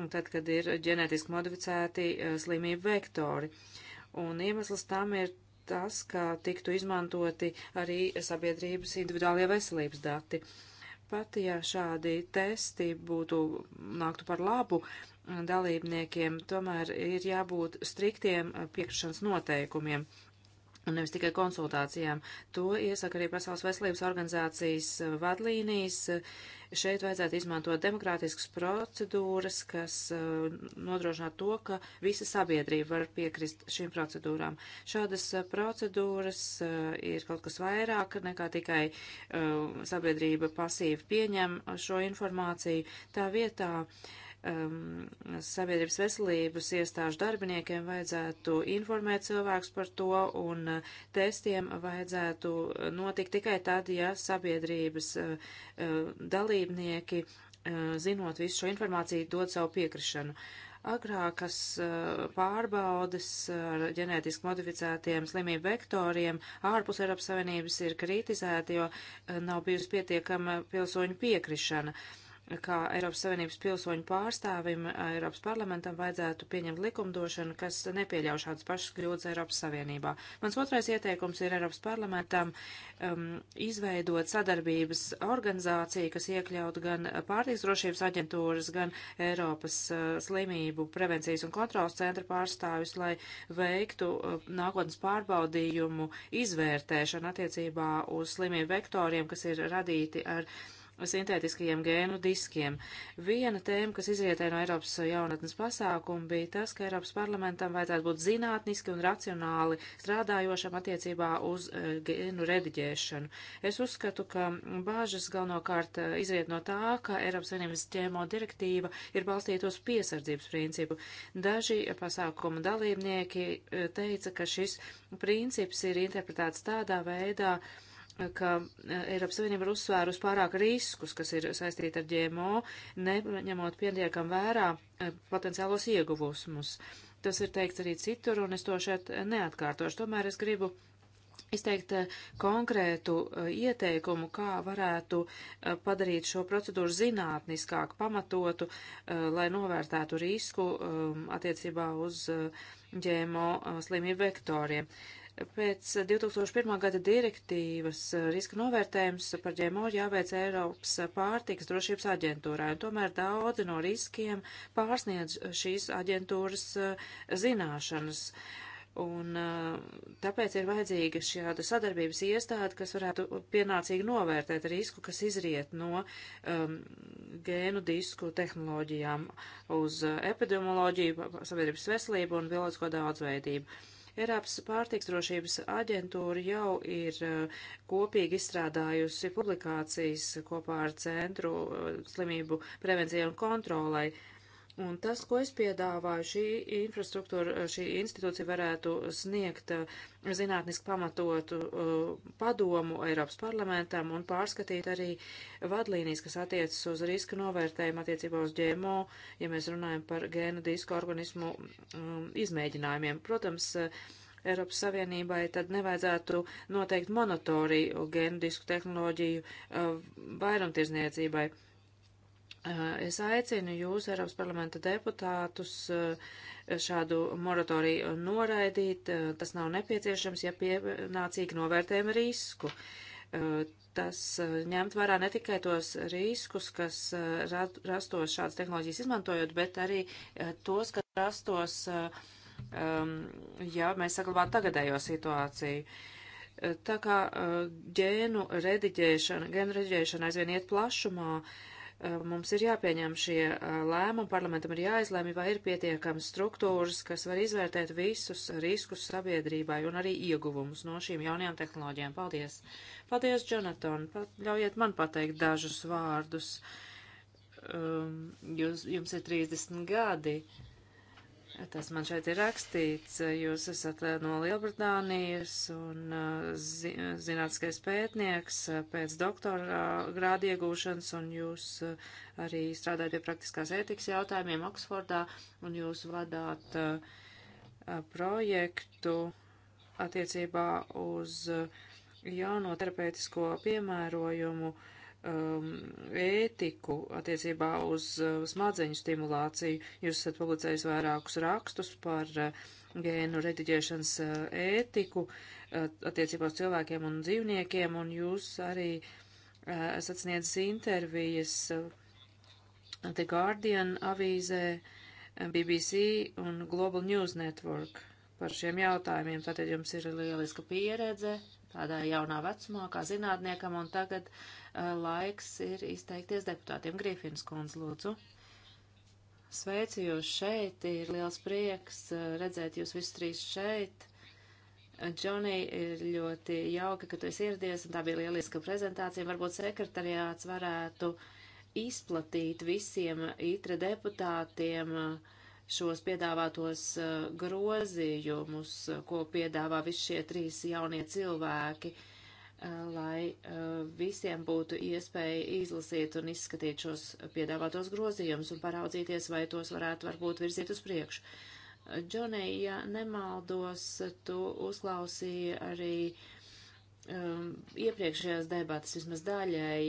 un tad, kad ir ģenētiski modificēti eh, slimību vektori. Un iemesls tam ir tas, ka tiktu izmantoti arī sabiedrības individuālie veselības dati. Pat ja šādi testi būtu nāktu par labu mm, dalībniekiem, tomēr ir jābūt striktiem piekrišanas noteikumiem un nevis tikai konsultācijām. To iesaka arī Pasaules veselības organizācijas eh, vadlīnijas. Šeit vajadzētu izmantot demokrātiskas procedūras, kas eh, nodrošinātu to, ka visa sabiedrība var piekrist šīm procedūrām. Šādas eh, procedūras ir kaut kas vairāk nekā tikai sabiedrība pasīvi pieņem šo informāciju. Tā vietā um, sabiedrības veselības iestāžu darbiniekiem vajadzētu informēt cilvēkus par to, un uh, testiem vajadzētu notikt tikai tad, ja sabiedrības uh, uh, dalībnieki, uh, zinot visu šo informāciju, dod savu piekrišanu. Agrākas uh, pārbaudes ar ģenētiski modificētiem slimību vektoriem ārpus Eiropas Savienības ir kritizēti, jo uh, nav bijusi pietiekama pilsoņu piekrišana. Uh, kā Eiropas Savienības pilsoņu pārstāvim eh, Eiropas parlamentam vajadzētu pieņemt likumdošanu, kas nepieļauj šādas pašas kļūdas Eiropas Savienībā. Mans otrais ieteikums ir Eiropas parlamentam um, izveidot sadarbības organizāciju, kas iekļaut gan pārtīks drošības aģentūras, gan Eiropas uh, slimību prevencijas un kontrolas centra pārstāvis, lai veiktu uh, nākotnes pārbaudījumu izvērtēšanu attiecībā uz slimību vektoriem, kas ir radīti ar uh, sintētiskajiem gēnu diskiem. Viena tēma, kas izrietē no Eiropas jaunatnes pasākuma, bija tas, ka Eiropas parlamentam vajadzētu būt zinātniski un racionāli strādājošam attiecībā uz eh, gēnu rediģēšanu. Es uzskatu, ka bāžas galvenokārt eh, izriet no tā, ka Eiropas Savienības ķēmo direktīva ir balstīta uz piesardzības principu. Daži pasākuma dalībnieki eh, teica, ka šis princips ir interpretēts tādā veidā, uh, ka e, Eiropas Savienība ir uzsvērus pārāk riskus, kas ir saistīti ar GMO, neņemot pietiekam vērā e, potenciālos ieguvusmus. Tas ir teikts arī citur, un es to šeit neatkārtošu. Tomēr es gribu izteikt e, konkrētu ieteikumu, kā varētu padarīt šo procedūru zinātniskāku, pamatotu, lai novērtētu risku attiecībā uz ģēmo slimību vektoriem. Pēc 2001. gada direktīvas eh, riska novērtējums par ģēmo jāveic Eiropas pārtikas drošības aģentūrā, un tomēr daudzi no riskiem pārsniedz šīs aģentūras eh, zināšanas. Un eh, tāpēc ir vajadzīga šāda sadarbības iestāde, kas varētu pienācīgi novērtēt risku, kas izriet no um, gēnu disku tehnoloģijām uz epidemioloģiju, sabiedrības veselību un bioloģisko daudzveidību. Uh, Eiropas pārtiksdrošības aģentūra jau ir eh, kopīgi izstrādājusi publikācijas kopā ar Centru eh, slimību prevencijai un kontrolai Un tas, ko es piedāvāju, šī infrastruktūra, šī institūcija varētu sniegt uh, zinātniski pamatotu uh, padomu Eiropas parlamentam un pārskatīt arī vadlīnijas, kas attiecas uz riska novērtējumu attiecībā uz ģēmo, ja mēs runājam par gēnu disku organismu um, izmēģinājumiem. Protams, uh, Eiropas Savienībai tad nevajadzētu noteikt monotoriju gēnu disku tehnoloģiju uh, vairumtirzniecībai. Uh, Eh, es aicinu jūs, Eiropas parlamenta deputātus, eh, šādu moratoriju noraidīt. Eh, tas nav nepieciešams, ja pienācīgi novērtējam risku. Tas ņemt vērā ne tikai tos riskus, kas rastos šādas tehnoloģijas izmantojot, bet arī tos, kas rastos, ja mēs saglabātu tagadējo situāciju tā kā uh, gēnu rediģēšana, gēnu rediģēšana aizvien iet plašumā, Eh, mums ir jāpieņem šie eh, lēmumi, parlamentam ir jāizlēmi, vai ir pietiekams struktūras, kas var izvērtēt visus riskus sabiedrībai un arī ieguvumus no šīm jaunajām tehnoloģijām. Paldies! Paldies, Jonathan! Pat, ļaujiet man pateikt dažus vārdus. Um, jūs, jums ir 30 gadi. Uh, Tas man šeit ir rakstīts. Eh, jūs esat eh, no Lielbritānijas un eh, zi zinātniskais pētnieks pēc doktora grāda iegūšanas, un jūs arī strādājat pie praktiskās ētikas jautājumiem Oksfordā, un jūs vadāt projektu attiecībā uz jauno terapeitisko piemērojumu uh, um, ētiku attiecībā uz uh, smadzeņu stimulāciju. Jūs esat publicējis vairākus rakstus par uh, gēnu rediģēšanas uh, ētiku uh, attiecībā uz cilvēkiem un dzīvniekiem, un jūs arī uh, esat sniedzis intervijas uh, The Guardian avīzē, uh, BBC un Global News Network par šiem jautājumiem. Tātad jums ir lieliska pieredze. Uh, tādā jaunā vecumā, kā zinātniekam, un tagad uh, laiks ir izteikties deputātiem. Grīfins kundz, lūdzu. Sveicu jūs šeit, ir liels prieks uh, redzēt jūs visus trīs šeit. Džonī, ir ļoti jauki, ka tu esi ieradies, un tā bija lieliska prezentācija. Varbūt sekretariāts varētu izplatīt visiem ITRE deputātiem uh, šos piedāvātos eh, grozījumus, ko piedāvā visi šie trīs jaunie cilvēki, eh, lai eh, visiem būtu iespēja izlasīt un izskatīt šos piedāvātos grozījumus un paraudzīties, vai tos varētu varbūt virzīt uz priekšu. Džonija, nemaldos, tu uzklausīji arī uh, um, iepriekšējās debatas vismaz daļēji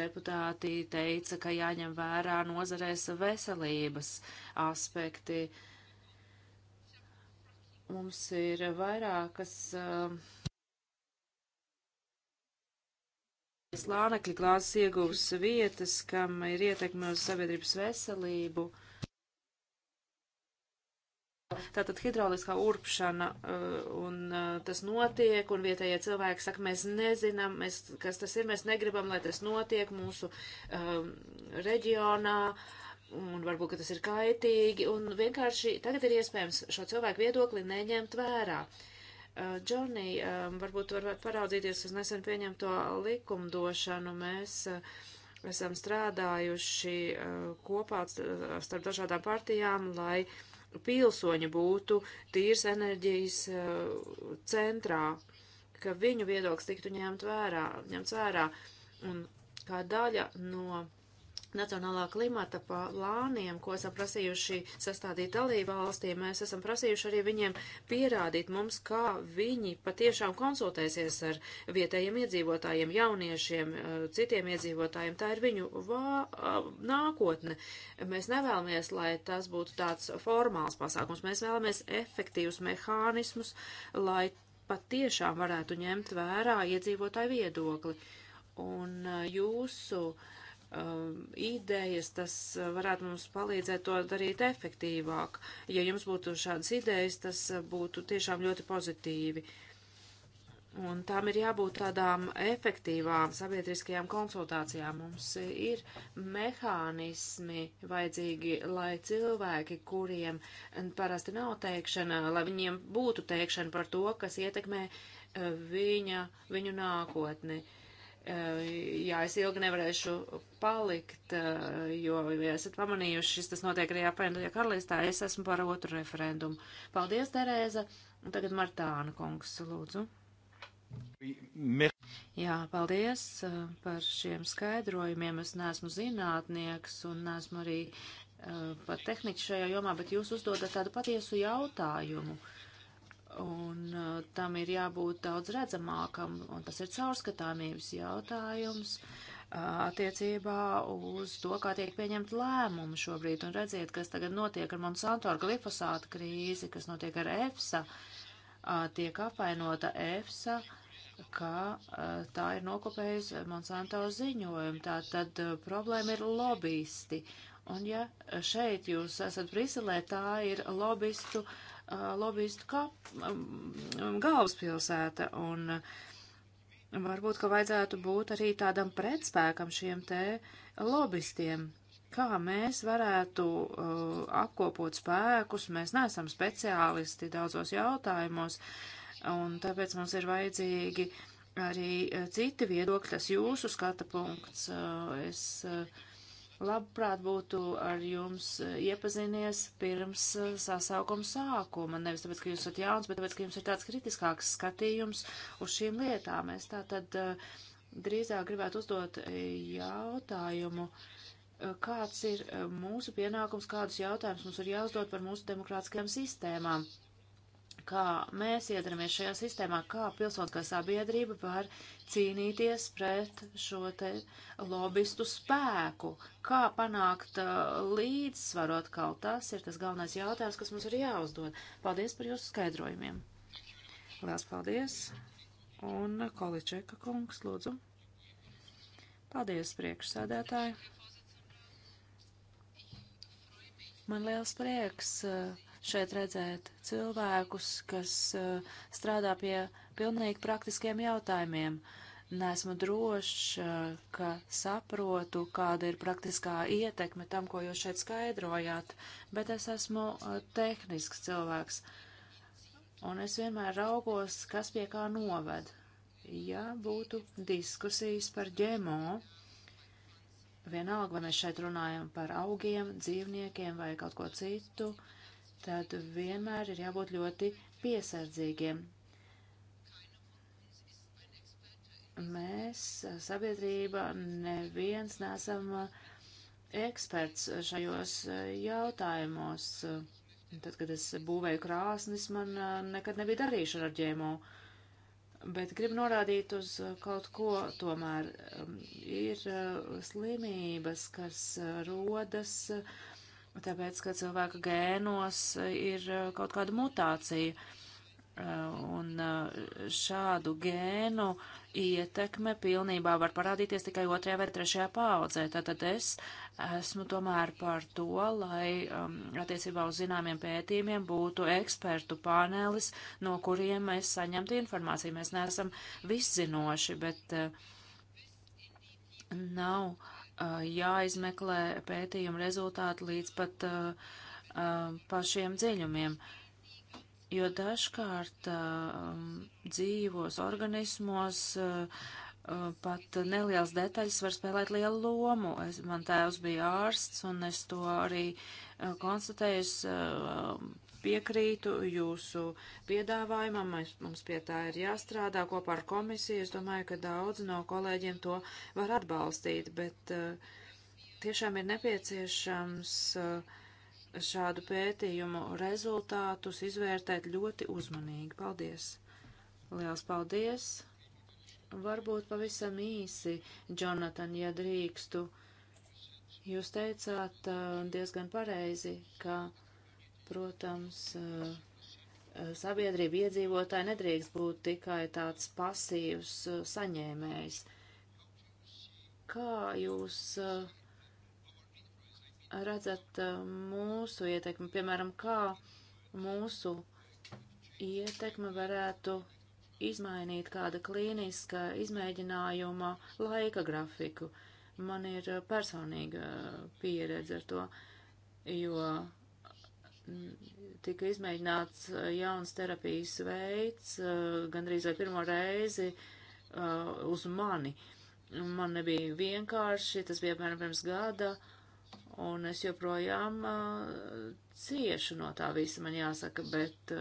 deputāti teica, ka jāņem vērā nozarēs veselības aspekti. Mums ir vairākas. Um, Slānekļa klāsts ieguvis vietas, kam ir ietekme uz sabiedrības veselību. Uh, Tātad hidrauliskā urpšana, uh, un uh, tas notiek, un vietējie cilvēki saka, mēs nezinām, mēs, kas tas ir, mēs negribam, lai tas notiek mūsu um, reģionā, un varbūt, ka tas ir kaitīgi, un vienkārši tagad ir iespējams šo cilvēku viedokli neņemt vērā. Uh, Džonī, uh, um, varbūt varētu paraudzīties uz nesen pieņemto likumdošanu, mēs uh, esam strādājuši uh, kopā starp dažādām partijām, lai uh, pilsoņi būtu tīras enerģijas eh, centrā, ka viņu viedoklis tiktu ņemt vērā, ņemts vērā. Un kā daļa no nacionālā klimata plāniem, ko esam prasījuši sastādīt dalību valstīm, mēs esam prasījuši arī viņiem pierādīt mums, kā viņi patiešām konsultēsies ar vietējiem iedzīvotājiem, jauniešiem, eh, citiem iedzīvotājiem. Tā ir viņu vā, eh, nākotne. Mēs nevēlamies, lai tas būtu tāds formāls pasākums. Mēs vēlamies efektīvus mehānismus, lai patiešām varētu ņemt vērā iedzīvotāju viedokli. Un eh, jūsu uh, um, idejas, tas uh, varētu mums palīdzēt to darīt efektīvāk. Ja jums būtu šādas idejas, tas uh, būtu tiešām ļoti pozitīvi. Un tām ir jābūt tādām efektīvām sabiedriskajām konsultācijām. Mums ir mehānismi vajadzīgi, lai cilvēki, kuriem parasti nav teikšana, lai viņiem būtu teikšana par to, kas ietekmē uh, viņa, viņu nākotni. Uh, Eh, jā, es ilgi nevarēšu palikt, eh, jo, ja esat pamanījuši, šis tas notiek arī apvienotajā karalistā, es esmu par otru referendumu. Paldies, Terēza. Un tagad Martāna kungs, lūdzu. Jā, paldies eh, par šiem skaidrojumiem. Es neesmu zinātnieks un neesmu arī uh, pat tehniķis šajā jomā, bet jūs uzdodat tādu patiesu jautājumu. Uh, Un uh, tam ir jābūt daudz redzamākam, un tas ir caurskatāmības jautājums uh, attiecībā uz to, kā tiek pieņemt lēmumu šobrīd. Un redziet, kas tagad notiek ar Monsanto ar glifosāta krīzi, kas notiek ar EFSA, uh, tiek apvainota EFSA, ka uh, tā ir nokopējusi Monsanto ziņojumu. Tā tad uh, problēma ir lobbyisti. Un ja šeit jūs esat Briselē, tā ir lobbystu uh, Uh, lobbyistu kap, um, um, galvaspilsēta, un uh, varbūt, ka vajadzētu būt arī tādam pretspēkam šiem te lobbystiem. Kā mēs varētu uh, apkopot spēkus, mēs neesam speciālisti daudzos jautājumos, un tāpēc mums ir vajadzīgi arī uh, citi viedokļi, tas jūsu skata punkts. Uh, es, uh, labprāt būtu ar jums eh, iepazinies pirms eh, sasaukuma sākuma. Nevis tāpēc, ka jūs esat jauns, bet tāpēc, ka jums ir tāds kritiskāks skatījums uz šīm lietām. Es tā tad eh, drīzāk gribētu uzdot jautājumu kāds ir mūsu pienākums, kādus jautājumus mums ir jāuzdod par mūsu demokrātiskajām sistēmām kā mēs iedaramies šajā sistēmā, kā pilsoniskā sabiedrība var cīnīties pret šo te lobistu spēku, kā panākt uh, līdzsvaru atkal. Tas ir tas galvenais jautājums, kas mums ir jāuzdod. Paldies par jūsu skaidrojumiem. Lielas paldies. Un uh, Količeka kungs, lūdzu. Paldies, priekšsēdētāji. Man liels prieks. Uh, šeit redzēt cilvēkus, kas uh, strādā pie pilnīgi praktiskiem jautājumiem. Nesmu drošs, uh, ka saprotu, kāda ir praktiskā ietekme tam, ko jūs šeit skaidrojāt, bet es esmu uh, tehnisks cilvēks. Un es vienmēr raugos, kas pie kā noved. Ja būtu diskusijas par ģemo, vienalga, vai mēs šeit runājam par augiem, dzīvniekiem vai kaut ko citu, uh, tad vienmēr ir jābūt ļoti piesardzīgiem. Mēs, sabiedrība, neviens nesam uh, eksperts šajos uh, jautājumos. Tad, kad es būvēju krāsnis, man uh, nekad nebija darīšana ar ģēmo. Bet gribu norādīt uz kaut ko tomēr. Um, ir slimības, kas rodas uh, tāpēc, ka cilvēka gēnos ir uh, kaut kāda mutācija. Uh, un uh, šādu gēnu ietekme pilnībā var parādīties tikai otrajā vai trešajā paaudzē. Tātad es esmu tomēr par to, lai um, attiecībā uz zināmiem pētījumiem būtu ekspertu panelis, no kuriem mēs saņemtu informāciju. Mēs neesam viszinoši, bet uh, nav. Uh, jāizmeklē pētījuma rezultāti līdz pat pašiem dziļumiem, jo dažkārt dzīvos organismos pat nelielas detaļas var spēlēt lielu lomu. Es, man tēvs bija ārsts, un es to arī uh, konstatēju. Es uh, piekrītu jūsu piedāvājumam, mēs, mums pie tā ir jāstrādā kopā ar komisiju. Es domāju, ka daudz no kolēģiem to var atbalstīt, bet uh, tiešām ir nepieciešams uh, šādu pētījumu rezultātus izvērtēt ļoti uzmanīgi. Paldies! Liels paldies! Varbūt pavisam īsi, Jonatan, ja drīkstu. Jūs teicāt uh, diezgan pareizi, ka Protams, eh, eh, sabiedrība iedzīvotāji nedrīkst būt tikai tāds pasīvs eh, saņēmējs. Kā jūs redzat mūsu ietekmi, piemēram, kā mūsu ietekme varētu izmainīt kāda klīniska izmēģinājuma laika grafiku. Man ir personīga pieredze ar to, jo tika izmēģināts uh, jauns terapijas veids, uh, gandrīz vai pirmo reizi uh, uz mani. Man nebija vienkārši, tas bija apmēram pirms gada, un es joprojām ciešu no tā visa, man jāsaka, bet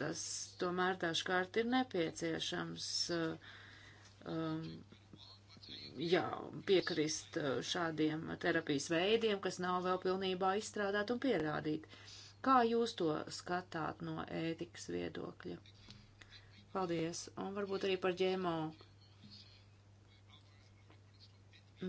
tas tomēr dažkārt ir nepieciešams. Um, jā, piekrist šādiem terapijas veidiem, kas nav vēl pilnībā izstrādāt un pierādīti. Kā jūs to skatāt no ētikas viedokļa? Paldies, un varbūt arī par ģēmo.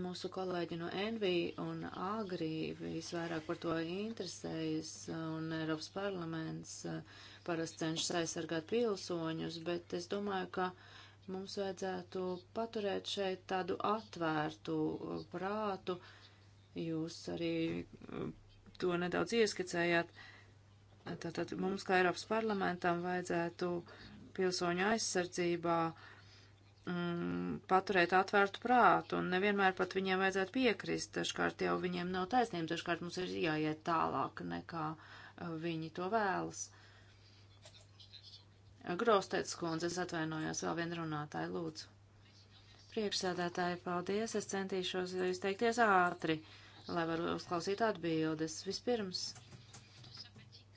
Mūsu kolēģi no Envī un Agri visvairāk par to interesējas, un Eiropas parlaments eh, parasti cenšas aizsargāt pilsoņus, bet es domāju, ka mums vajadzētu paturēt šeit tādu atvērtu eh, prātu. Jūs arī eh, to nedaudz ieskicējāt. Tātad mums, kā Eiropas parlamentam, vajadzētu pilsoņu aizsardzībā mm, paturēt atvērtu prātu, un nevienmēr pat viņiem vajadzētu piekrist. Dažkārt jau viņiem nav taisnība, dažkārt mums ir jāiet tālāk, nekā eh, viņi to vēlas. Graustēts kundze, es atvainojos, vēl vien runātāji, lūdzu. Priekšsēdētāji, paldies, es centīšos izteikties ātri, lai varu uzklausīt atbildes. Vispirms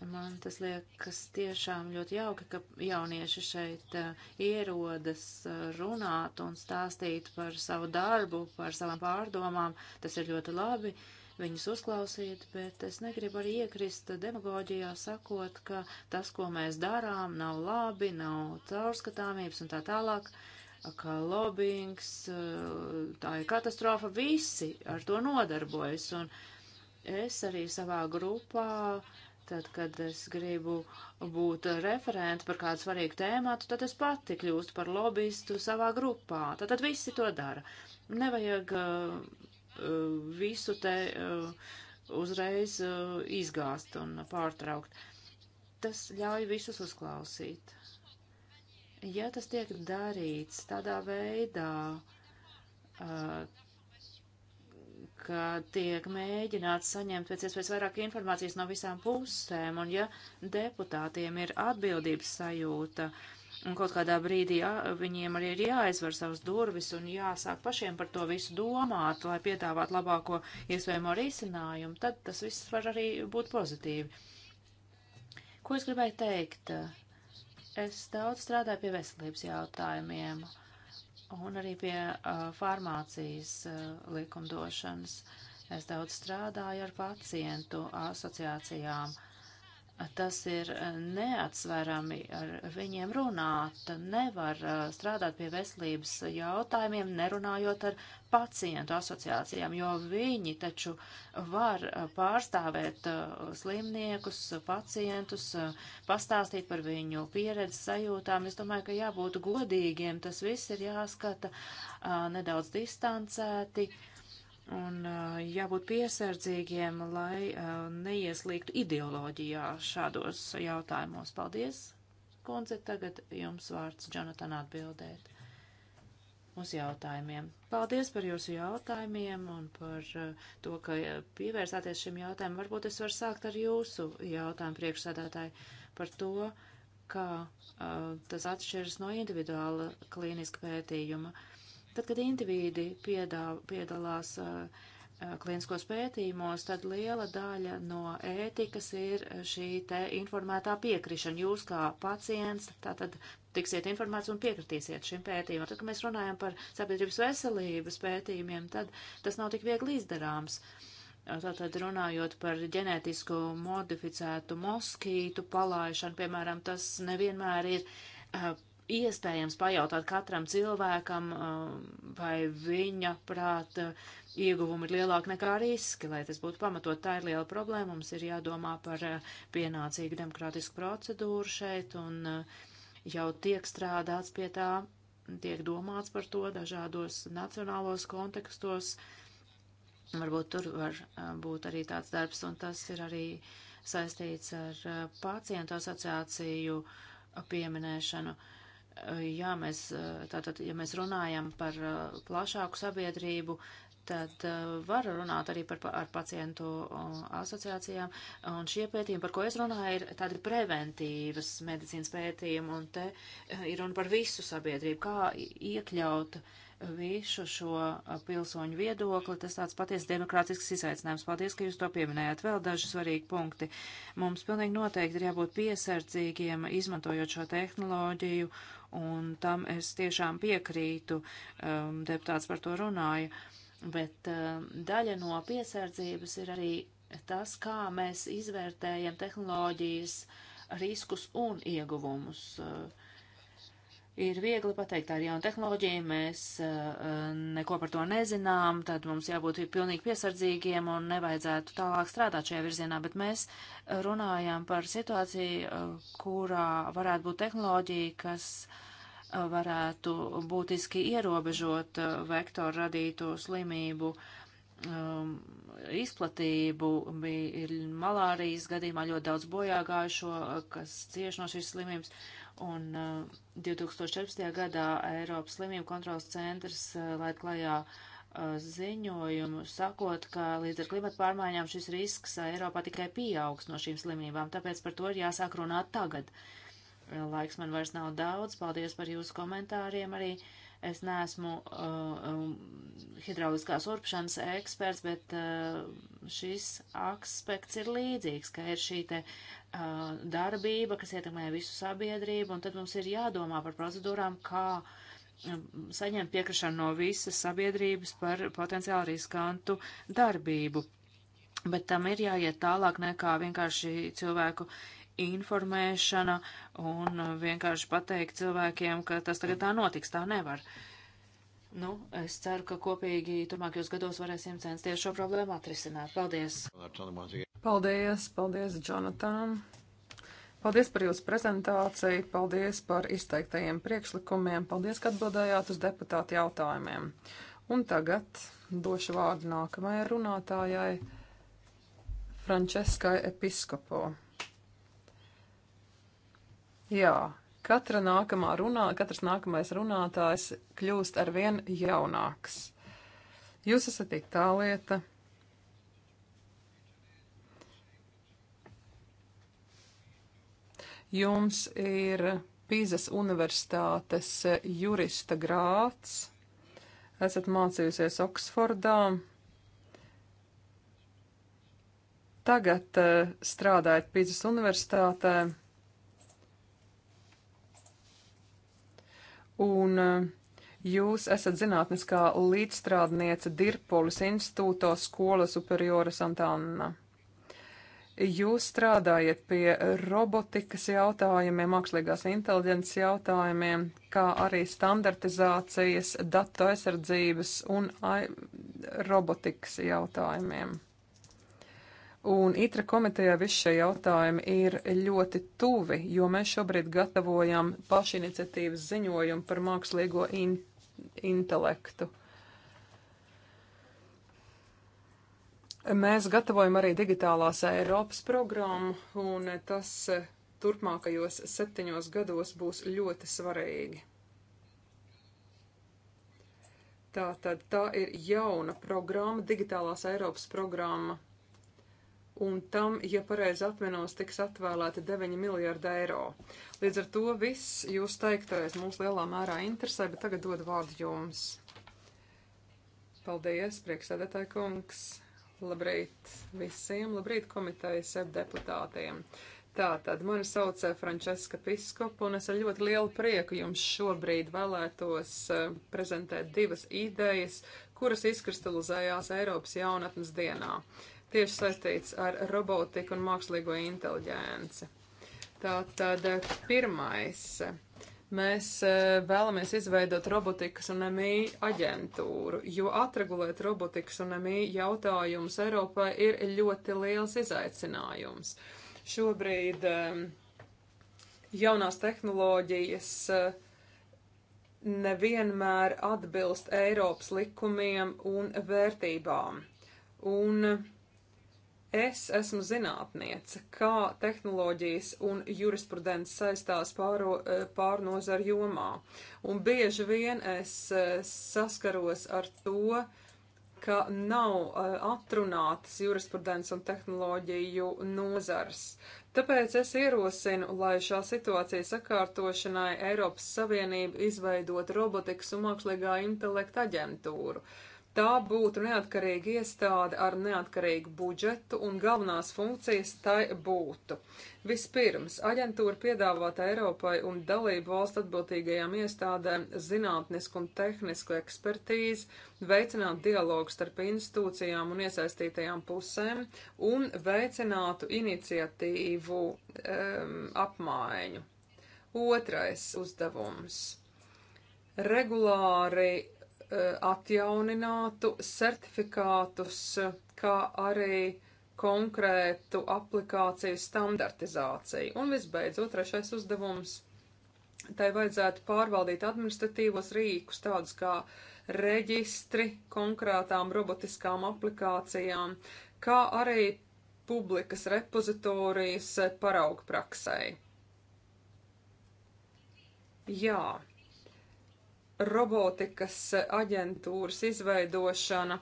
Man tas liekas tiešām ļoti jauki, ka jaunieši šeit eh, ierodas eh, runāt un stāstīt par savu darbu, par savām pārdomām. Tas ir ļoti labi viņus uzklausīt, bet es negribu arī iekrist demagoģijā sakot, ka tas, ko mēs darām, nav labi, nav caurskatāmības un tā tālāk, ka lobbyings, eh, tā ir katastrofa, visi ar to nodarbojas. Un es arī savā grupā uh, Tad, kad es gribu būt referenti par kādu svarīgu tēmātu, tad es pati kļūstu par lobbyistu savā grupā. Tad, tad visi to dara. Nevajag uh, uh, visu te uh, uzreiz uh, izgāzt un pārtraukt. Tas ļauj visus uzklausīt. Ja tas tiek darīts tādā veidā, uh, ka tiek mēģināts saņemt pēc iespējas vairāk informācijas no visām pusēm, un ja deputātiem ir atbildības sajūta, un kaut kādā brīdī jā, viņiem arī ir jāaizver savas durvis un jāsāk pašiem par to visu domāt, lai piedāvātu labāko iespējamo risinājumu, tad tas viss var arī būt pozitīvi. Ko es gribēju teikt? Es daudz strādāju pie veselības jautājumiem. Uh, un arī pie uh, farmācijas uh, likumdošanas. Es daudz strādāju ar pacientu asociācijām. Uh, tas ir eh, neatsverami ar viņiem runāt. Nevar eh, strādāt pie veselības jautājumiem, nerunājot ar pacientu asociācijām, jo viņi taču var eh, pārstāvēt slimniekus, pacientus, pastāstīt par viņu pieredzi, sajūtām. Es domāju, ka jābūt godīgiem. Tas viss ir jāskata nedaudz distancēti. Uh, Un uh, jābūt piesardzīgiem, lai uh, neieslīgtu ideoloģijā šādos jautājumos. Paldies, kundze, tagad jums vārds Jonatan atbildēt uz jautājumiem. Paldies par jūsu jautājumiem un par uh, to, ka pievērsāties šim jautājumam. Varbūt es varu sākt ar jūsu jautājumu priekšsēdētāji par to, kā uh, tas atšķiras no individuāla klīniska pētījuma. Uh, Tad, kad indivīdi piedā, piedalās uh, eh, eh, klientiskos pētījumos, tad liela daļa no ētikas ir eh, šī te informētā piekrišana. Jūs kā pacients tātad tiksiet informēts un piekritīsiet šim pētījumam. Tad, kad mēs runājam par sabiedrības veselības pētījumiem, tad tas nav tik viegli izdarāms. Tātad runājot par ģenētisku modificētu moskītu palaišanu, piemēram, tas nevienmēr ir iespējams pajautāt katram cilvēkam, um, vai viņa prāt uh, ieguvumi ir lielāki nekā riski, lai tas būtu pamatot. Tā ir liela problēma, mums ir jādomā par uh, pienācīgu demokrātisku procedūru šeit, un uh, jau tiek strādāts pie tā, tiek domāts par to dažādos nacionālos kontekstos. Varbūt tur var būt arī tāds darbs, un tas ir arī saistīts ar pacientu asociāciju pieminēšanu. Uh, jā, mēs, eh, tātad, ja mēs runājam par eh, plašāku sabiedrību, tad eh, var runāt arī par, ar pacientu asociācijām. Un šie pētījumi, par ko es runāju, ir tādi preventīvas medicīnas pētījumi, un te ir runa par visu sabiedrību, kā iekļaut visu šo pilsoņu viedokli. Tas tāds patiesi demokrātisks izaicinājums. Paldies, ka jūs to pieminējāt. Vēl daži svarīgi punkti. Mums pilnīgi noteikti ir jābūt piesardzīgiem, izmantojot šo tehnoloģiju un tam es tiešām piekrītu, um, deputāts par to runāja, bet um, daļa no piesardzības ir arī tas, kā mēs izvērtējam tehnoloģijas riskus un ieguvumus. Uh, ir viegli pateikt ar jaunu tehnoloģiju, mēs uh, neko par to nezinām, tad mums jābūt pilnīgi piesardzīgiem un nevajadzētu tālāk strādāt šajā virzienā, bet mēs runājām par situāciju, uh, kurā varētu būt tehnoloģija, kas uh, varētu būtiski ierobežot vektoru radīto slimību um, izplatību. Bija malārijas gadījumā ļoti daudz bojāgājušo, kas cieši no šīs slimības. Uh, Un 2014. Eh, gadā Eiropas slimību kontrolas centrs eh, laid klajā eh, ziņojumu, sakot, ka līdz ar klimatu pārmaiņām šis risks Eiropā tikai pieaugs no šīm slimībām, tāpēc par to ir jāsāk runāt tagad. Laiks man vairs nav daudz, paldies par jūsu komentāriem arī. Uh, Es neesmu uh, um, hidrauliskās urpšanas eksperts, bet uh, šis aspekts ir līdzīgs, ka ir šī te uh, darbība, kas ietekmē visu sabiedrību, un tad mums ir jādomā par procedūrām, kā um, saņemt piekrišanu no visas sabiedrības par potenciāli riskantu darbību. Bet tam ir jāiet tālāk nekā vienkārši cilvēku informēšana un vienkārši pateikt cilvēkiem, ka tas tagad tā notiks, tā nevar. Nu, es ceru, ka kopīgi turmākajos gados varēsim censties šo problēmu atrisināt. Paldies! Paldies, paldies, Jonathan! Paldies par jūsu prezentāciju, paldies par izteiktajiem priekšlikumiem, paldies, ka atbildējāt uz deputātu jautājumiem. Un tagad došu vārdu nākamajai runātājai, Franceskai Episkopo. Jā, katra nākamā runā, katrs nākamais runātājs kļūst ar vien jaunāks. Jūs esat itālieta. Jums ir Pīzes universitātes jurista grāts. Esat mācījusies Oksfordā. Tagad eh, strādājat Pīzes universitātē. un eh, jūs esat zinātniskā līdzstrādniece Dirpolis institūto skola superiora Santāna. Jūs strādājat pie robotikas jautājumiem, mākslīgās inteliģences jautājumiem, kā arī standartizācijas, datu aizsardzības un robotikas jautājumiem. Un ITRA komitejā visi šie jautājumi ir ļoti tuvi, jo mēs šobrīd gatavojam pašiniciatīvas ziņojumu par mākslīgo in intelektu. Mēs gatavojam arī digitālās Eiropas programmu, un tas turpmākajos septiņos gados būs ļoti svarīgi. Tā tad tā ir jauna programma, digitālās Eiropas programma un tam, ja pareizi atminos, tiks atvēlēti 9 miljārdi eiro. Līdz ar to viss jūs teiktais mūs lielā mērā interesē, bet tagad dod vārdu jums. Paldies, priekšsēdētāji kungs. Labrīt visiem, labrīt komitejas deputātiem. Tātad mani sauc Frančiska Piskopa, un es ar ļoti lielu prieku jums šobrīd vēlētos uh, prezentēt divas idejas, kuras izkristalizējās Eiropas jaunatnes dienā. Uh, tieši saistīts ar robotiku un mākslīgo inteliģenci. Tātad pirmais. Mēs eh, vēlamies izveidot robotikas un MI aģentūru, jo atregulēt robotikas un MI jautājumus Eiropā ir ļoti liels izaicinājums. Šobrīd eh, jaunās tehnoloģijas eh, nevienmēr atbilst Eiropas likumiem un vērtībām. Un Es esmu zinātniece, kā tehnoloģijas un jurisprudence saistās pāro, e, pārnozaru jomā, un bieži vien es e, saskaros ar to, ka nav uh, atrunātas jurisprudences un tehnoloģiju nozars. Tāpēc es ierosinu, lai šā situācija sakārtošanai Eiropas Savienība izveidot robotikas un mākslīgā intelekta aģentūru. Tā būtu neatkarīga iestāde ar neatkarīgu budžetu un galvenās funkcijas tai būtu. Vispirms, aģentūra piedāvāta Eiropai un dalību valstu atbildīgajām iestādēm zinātnisku un tehnisku ekspertīzi, veicināt dialogu starp institūcijām un iesaistītajām pusēm un veicinātu iniciatīvu um, apmaiņu. Otrais uzdevums regulāri Eh, atjauninātu certifikātus, kā arī konkrētu aplikāciju standartizāciju. Un visbeidzot, trešais uzdevums. Tai vajadzētu pārvaldīt administratīvos rīkus, tādus kā reģistri konkrētām robotiskām aplikācijām, kā arī publikas repozitorijas eh, paraugpraksai. Jā, robotikas aģentūras izveidošana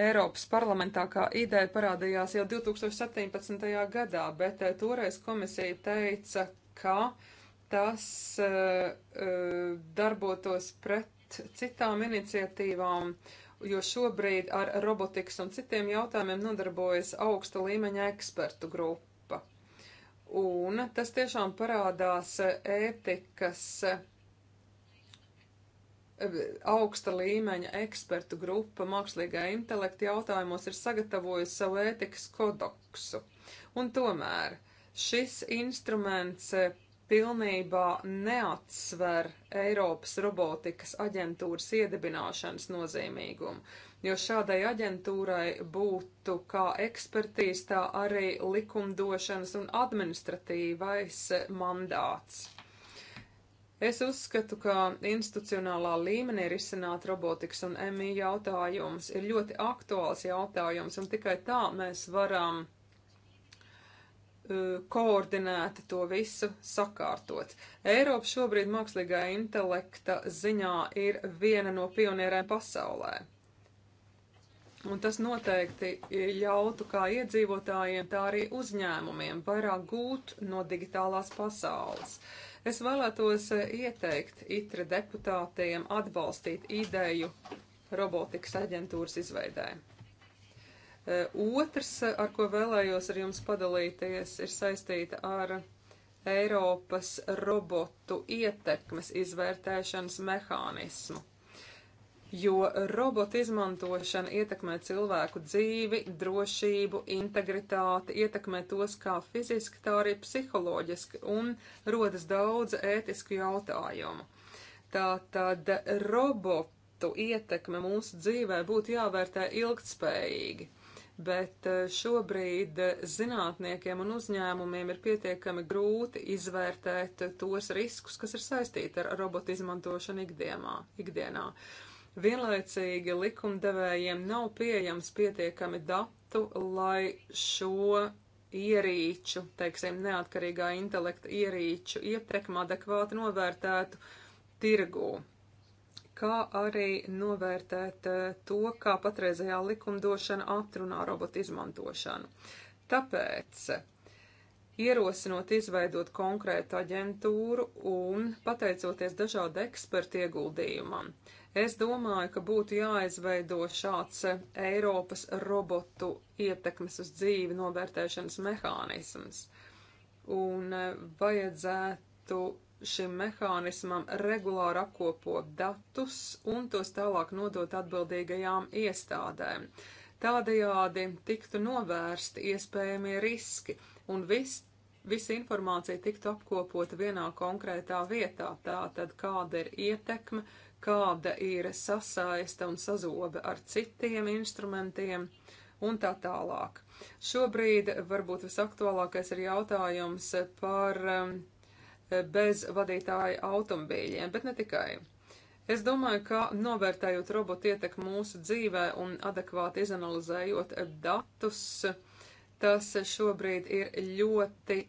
Eiropas parlamentā kā ideja parādījās jau 2017. gadā, bet eh, toreiz komisija teica, ka tas uh, darbotos pret citām iniciatīvām, jo šobrīd ar robotikas un citiem jautājumiem nodarbojas augsta līmeņa ekspertu grupa. Un tas tiešām parādās ētikas. Uh, augsta līmeņa ekspertu grupa mākslīgā intelekta jautājumos ir sagatavojusi savu ētikas kodoksu. Un tomēr šis instruments eh, pilnībā neatsver Eiropas robotikas aģentūras iedibināšanas nozīmīgumu, jo šādai aģentūrai būtu kā ekspertīstā arī likumdošanas un administratīvais eh, mandāts. Es uzskatu, ka institucionālā līmenī ir izsināt robotikas un MI jautājums, ir ļoti aktuāls jautājums, un tikai tā mēs varam uh, koordinēt to visu sakārtot. Eiropa šobrīd mākslīgā intelekta ziņā ir viena no pionierēm pasaulē. Un tas noteikti ļautu kā iedzīvotājiem, tā arī uzņēmumiem vairāk gūt no digitālās pasaules. Uh, Es vēlētos eh, ieteikt itre deputātiem atbalstīt ideju robotikas aģentūras izveidē. Eh, otrs, eh, ar ko vēlējos ar jums padalīties, ir saistīta ar Eiropas robotu ietekmes izvērtēšanas mehānismu jo robotu izmantošana ietekmē cilvēku dzīvi, drošību, integritāti, ietekmē tos kā fiziski, tā arī psiholoģiski un rodas daudz ētisku jautājumu. Tātad robotu ietekme mūsu dzīvē būtu jāvērtē ilgtspējīgi bet eh, šobrīd eh, zinātniekiem un uzņēmumiem ir pietiekami grūti izvērtēt tos riskus, kas ir saistīti ar robotu izmantošanu ikdienā. ikdienā. Vienlaicīgi likumdevējiem nav pieejams pietiekami datu, lai šo ierīču, teiksim, neatkarīgā intelekta ierīču ietekmu adekvāti novērtētu tirgū kā arī novērtēt eh, to, kā patreizējā likumdošana atrunā robotu izmantošanu. Tāpēc, ierosinot izveidot konkrētu aģentūru un pateicoties dažādu ekspertu ieguldījumam, uh, Es domāju, ka būtu jāizveido šāds e, Eiropas robotu ietekmes uz dzīvi novērtēšanas mehānisms. Un e, vajadzētu šim mehānismam regulāri apkopot datus un tos tālāk nodot atbildīgajām iestādēm. Tādējādi tiktu novērsti iespējamie riski un viss. Visa informācija tiktu apkopota vienā konkrētā vietā, tā tad kāda ir ietekme, kāda ir sasaista un sazobe ar citiem instrumentiem un tā tālāk. Šobrīd varbūt visaktuālākais ir jautājums par um, bezvadītāju automobīļiem, bet ne tikai. Es domāju, ka novērtējot robotu ietekmi mūsu dzīvē un adekvāti izanalizējot datus, tas šobrīd ir ļoti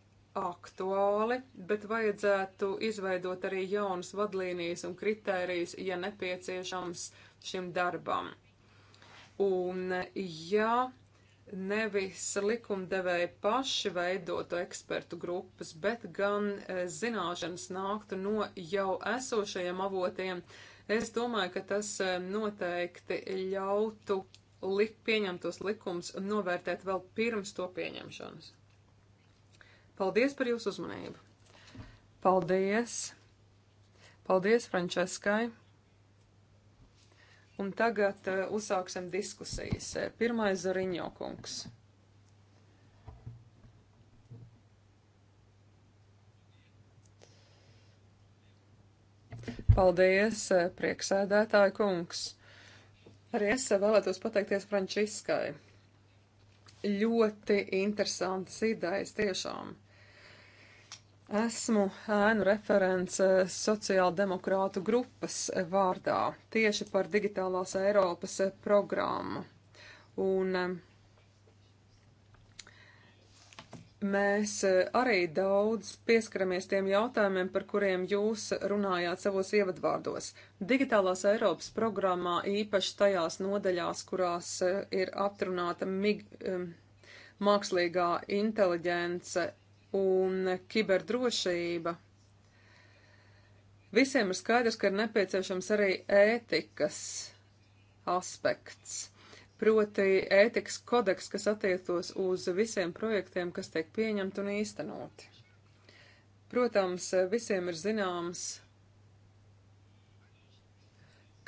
aktuāli, bet vajadzētu izveidot arī jaunas vadlīnijas un kritērijas, ja nepieciešams šim darbam. Un ja nevis likumdevēji paši veidotu ekspertu grupas, bet gan e, zināšanas nāktu no jau esošajiem avotiem, es domāju, ka tas e, noteikti ļautu lik, pieņemtos likums novērtēt vēl pirms to pieņemšanas. Paldies par jūsu uzmanību! Paldies! Paldies Franceskai! Un tagad uh, uzsāksim diskusijas. Eh, pirmais Zariņo kungs. Paldies, eh, prieksēdētāja kungs. Arī es vēlētos pateikties Frančiskai. Ļoti interesantas idejas tiešām. Esmu ēnu referents eh, sociāldemokrātu grupas eh, vārdā tieši par digitālās Eiropas eh, programmu. Un mēs arī daudz pieskaramies tiem jautājumiem, par kuriem jūs runājāt savos ievadvārdos. Digitālās Eiropas programmā īpaši tajās nodaļās, kurās ir aptrunāta mig, mākslīgā inteliģence un kiberdrošība. Visiem ir skaidrs, ka ir nepieciešams arī ētikas aspekts, proti ētikas kodeks, kas attiektos uz visiem projektiem, kas tiek pieņemti un īstenoti. Protams, visiem ir zināms,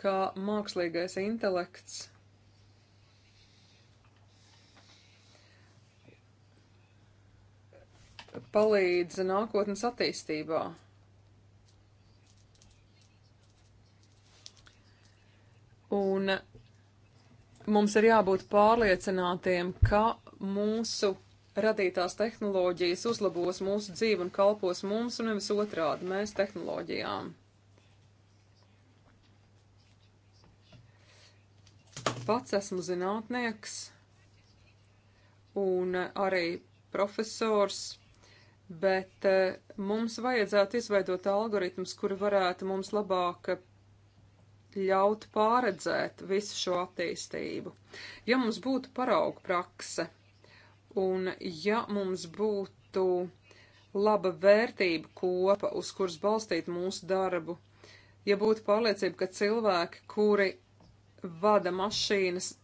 ka mākslīgais intelekts palīdz nākotnes attīstībā. Un mums ir jābūt pārliecinātiem, ka mūsu radītās tehnoloģijas uzlabos mūsu dzīvi un kalpos mums, un nevis otrādi mēs tehnoloģijām. Pats esmu zinātnieks un arī profesors bet eh, mums vajadzētu izveidot algoritmus, kuri varētu mums labāk eh, ļaut pāredzēt visu šo attīstību. Ja mums būtu parauga prakse, un ja mums būtu laba vērtība kopa, uz kuras balstīt mūsu darbu, ja būtu pārliecība, ka cilvēki, kuri vada mašīnas,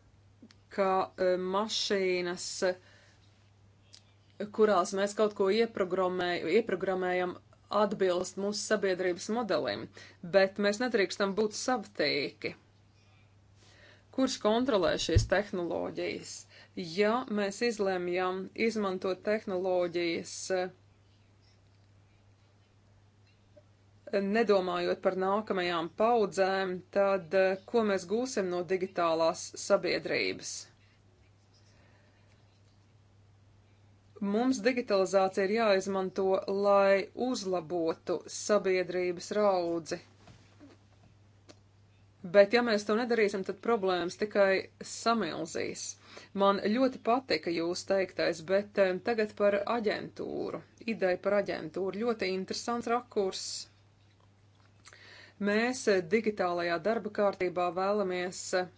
ka eh, mašīnas uh, kurās mēs kaut ko ieprogrammē, ieprogrammējam atbilst mūsu sabiedrības modelim, bet mēs nedrīkstam būt savtīki. Kurš kontrolē šīs tehnoloģijas? Ja mēs izlemjam izmantot tehnoloģijas, nedomājot par nākamajām paudzēm, tad eh, ko mēs gūsim no digitālās sabiedrības? Mums digitalizācija ir jāizmanto, lai uzlabotu sabiedrības raudzi. Bet, ja mēs to nedarīsim, tad problēmas tikai samilzīs. Man ļoti patika jūs teiktais, bet tagad par aģentūru. Ideja par aģentūru ļoti interesants rakurs. Mēs eh, digitālajā darba kārtībā vēlamies eh,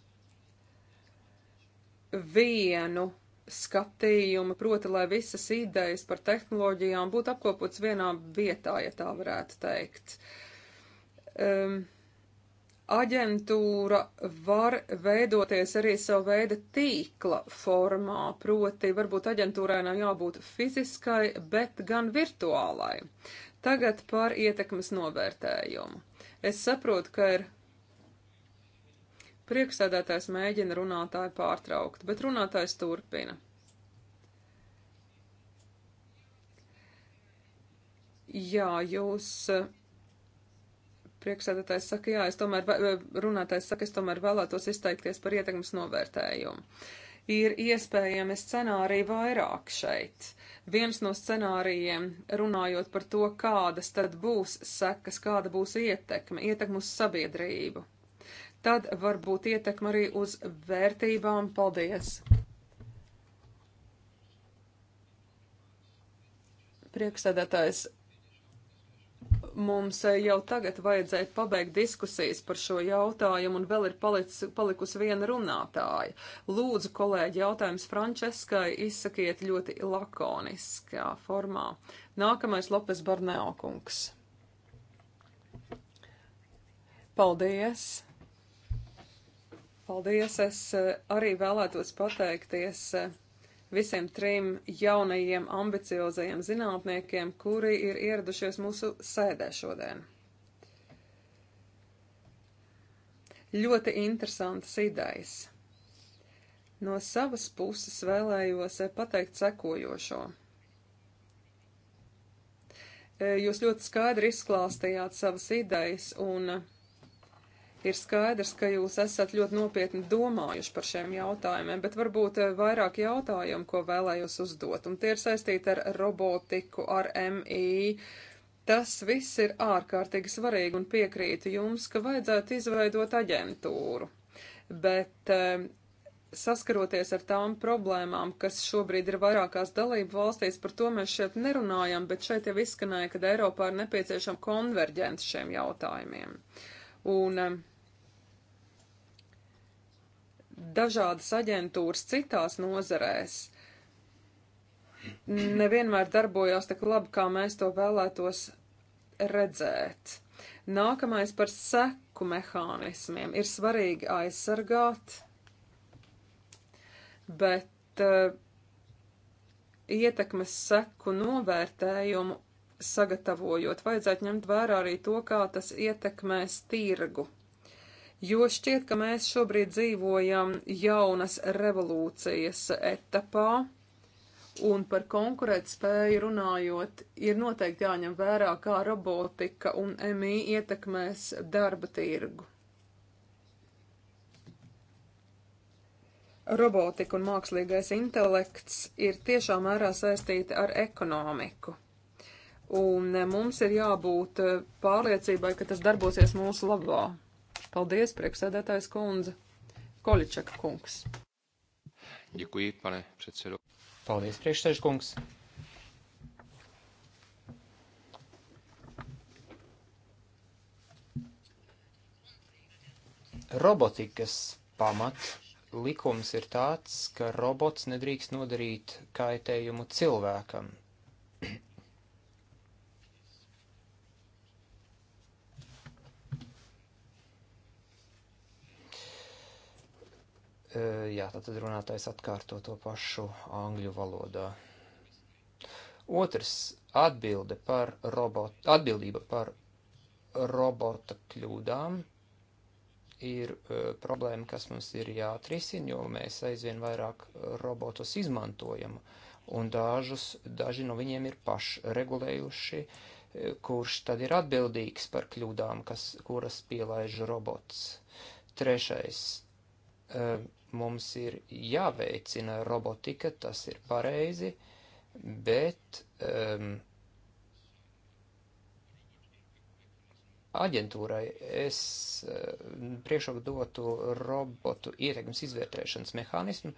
vienu skatījuma, proti, lai visas idejas par tehnoloģijām būtu apkopots vienā vietā, ja tā varētu teikt. Um, aģentūra var veidoties arī savu veidu tīkla formā, proti, varbūt aģentūrai nav jābūt fiziskai, bet gan virtuālai. Tagad par ietekmes novērtējumu. Es saprotu, ka ir Prieksēdētājs mēģina runātāju pārtraukt, bet runātājs turpina. Jā, jūs. Eh, priekšsēdētājs saka, jā, es tomēr, eh, runātājs saka, es tomēr vēlētos izteikties par ietekmes novērtējumu. Ir iespējami scenāriji vairāk šeit. Viens no scenārijiem, runājot par to, kādas tad būs sekas, kāda būs ietekme, ietekme uz sabiedrību tad var būt ietekma arī uz vērtībām. Paldies! Priekšsēdētājs, mums jau tagad vajadzēja pabeigt diskusijas par šo jautājumu, un vēl ir palic, palikusi viena runātāja. Lūdzu, kolēģi, jautājums Franceskai izsakiet ļoti lakoniskā formā. Nākamais Lopes Barneokungs. Paldies! Paldies! Es eh, arī vēlētos pateikties eh, visiem trim jaunajiem ambiciozajiem zinātniekiem, kuri ir ieradušies mūsu sēdē šodien. Ļoti interesantas idejas. No savas puses vēlējos eh, pateikt sekojošo. Jūs ļoti skaidri izklāstījāt savas idejas un ir skaidrs, ka jūs esat ļoti nopietni domājuši par šiem jautājumiem, bet varbūt eh, vairāk jautājumu, ko vēlējos uzdot, un tie ir saistīti ar robotiku, ar MI. Tas viss ir ārkārtīgi svarīgi un piekrītu jums, ka vajadzētu izveidot aģentūru. Bet eh, saskaroties ar tām problēmām, kas šobrīd ir vairākās dalību valstīs, par to mēs šeit nerunājam, bet šeit jau izskanēja, ka Eiropā ir nepieciešama konverģence šiem jautājumiem. Un eh, dažādas aģentūras citās nozarēs nevienmēr darbojās tik labi, kā mēs to vēlētos redzēt. Nākamais par seku mehānismiem ir svarīgi aizsargāt, bet uh, ietekmes seku novērtējumu sagatavojot, vajadzētu ņemt vērā arī to, kā tas ietekmēs tirgu jo šķiet, ka mēs šobrīd dzīvojam jaunas revolūcijas etapā. Un par konkurētspēju runājot, ir noteikti jāņem vērā, kā robotika un MI ietekmēs darba tirgu. Robotika un mākslīgais intelekts ir tiešā mērā saistīti ar ekonomiku. Un mums ir jābūt pārliecībai, ka tas darbosies mūsu labā. Paldies, priekšsēdētājs kundze. Količaka kungs. Děkuji, pane předsedo. Paldies, priekšsēdētājs kungs. Robotikas pamats likums ir tāds, ka robots nedrīkst nodarīt kaitējumu cilvēkam. Jā, tātad runātājs atkārto to pašu angļu valodā. Otrs atbilde par robot, atbildība par robota kļūdām ir uh, problēma, kas mums ir jāatrisina, jo mēs aizvien vairāk robotus izmantojam, un dažus, daži no viņiem ir pašregulējuši, kurš tad ir atbildīgs par kļūdām, kas, kuras pielaiž robots. Trešais. Uh, Mums ir jāveicina robotika, tas ir pareizi, bet um, aģentūrai es uh, priekšroku dotu robotu ietekmes izvērtēšanas mehānismu,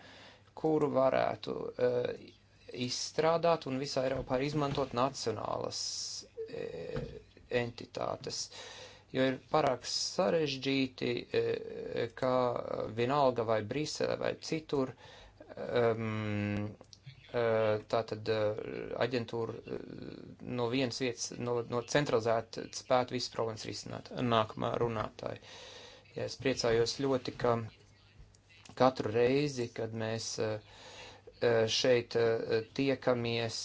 kuru varētu uh, izstrādāt un visā Eiropā izmantot nacionālas uh, entitātes. Uh, jo ir pārāk sarežģīti, e, ka vienalga vai Brisele vai citur, um, tātad e, aģentūra no vienas vietas, no, no centralizēt spētu visas problēmas risināt. Nākamā runātāja. Ja es priecājos ļoti, ka katru reizi, kad mēs šeit tiekamies,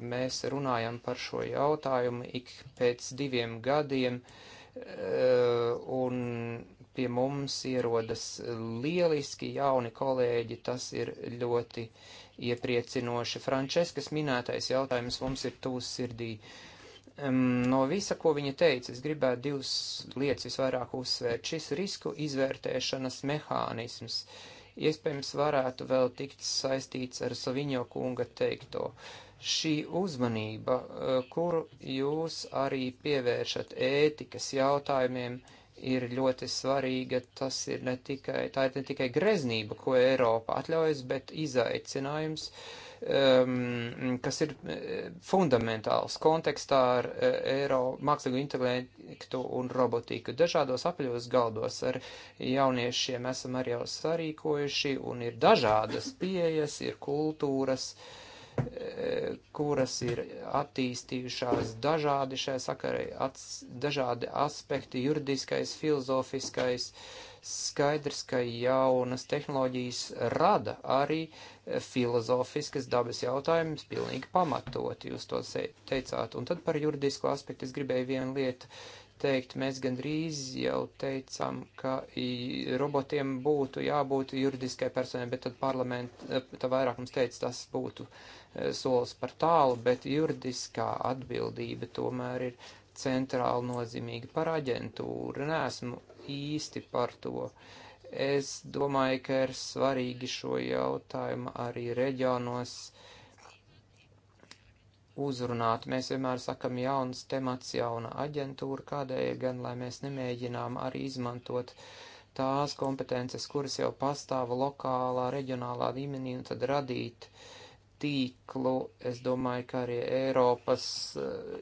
mēs runājam par šo jautājumu ik pēc diviem gadiem. Uh, Eh, un pie mums ierodas lieliski jauni kolēģi, tas ir ļoti iepriecinoši. Frančeskas minētais jautājums mums ir tūs sirdī. No visa, ko viņa teica, es gribētu divas lietas visvairāk uzsvērt. Šis risku izvērtēšanas mehānisms iespējams varētu vēl tikt saistīts ar Saviņo kunga teikto. Uh, šī uzmanība, eh, kuru jūs arī pievēršat ētikas jautājumiem, ir ļoti svarīga. Tas ir ne tikai, tā ir ne tikai greznība, ko Eiropa atļaujas, bet izaicinājums, um, kas ir eh, fundamentāls kontekstā ar eh, eiro mākslīgu intelektu un robotiku. Dažādos apļos galdos ar jauniešiem esam arī jau sarīkojuši un ir dažādas pieejas, ir kultūras. Uh, kuras ir attīstījušās dažādi šai sakarai, ats, dažādi aspekti, juridiskais, filozofiskais, skaidrs, ka jaunas tehnoloģijas rada arī filozofiskas dabas jautājumus pilnīgi pamatot, jūs to teicāt. Un tad par juridisko aspektu es gribēju vienu lietu teikt, mēs gandrīz jau teicām, ka robotiem būtu jābūt juridiskai personai, bet tad parlamenta vairākums teica, tas būtu uh, solis par tālu, bet juridiskā atbildība tomēr ir centrāli nozīmīga par aģentūru. Nesmu īsti par to. Es domāju, ka ir svarīgi šo jautājumu arī reģionos uzrunāt. Mēs vienmēr sakam jauns temats, jauna aģentūra, kādēļ gan, lai mēs nemēģinām arī izmantot tās kompetences, kuras jau pastāv lokālā, reģionālā līmenī un tad radīt uh, tīklu, es domāju, ka arī Eiropas eh,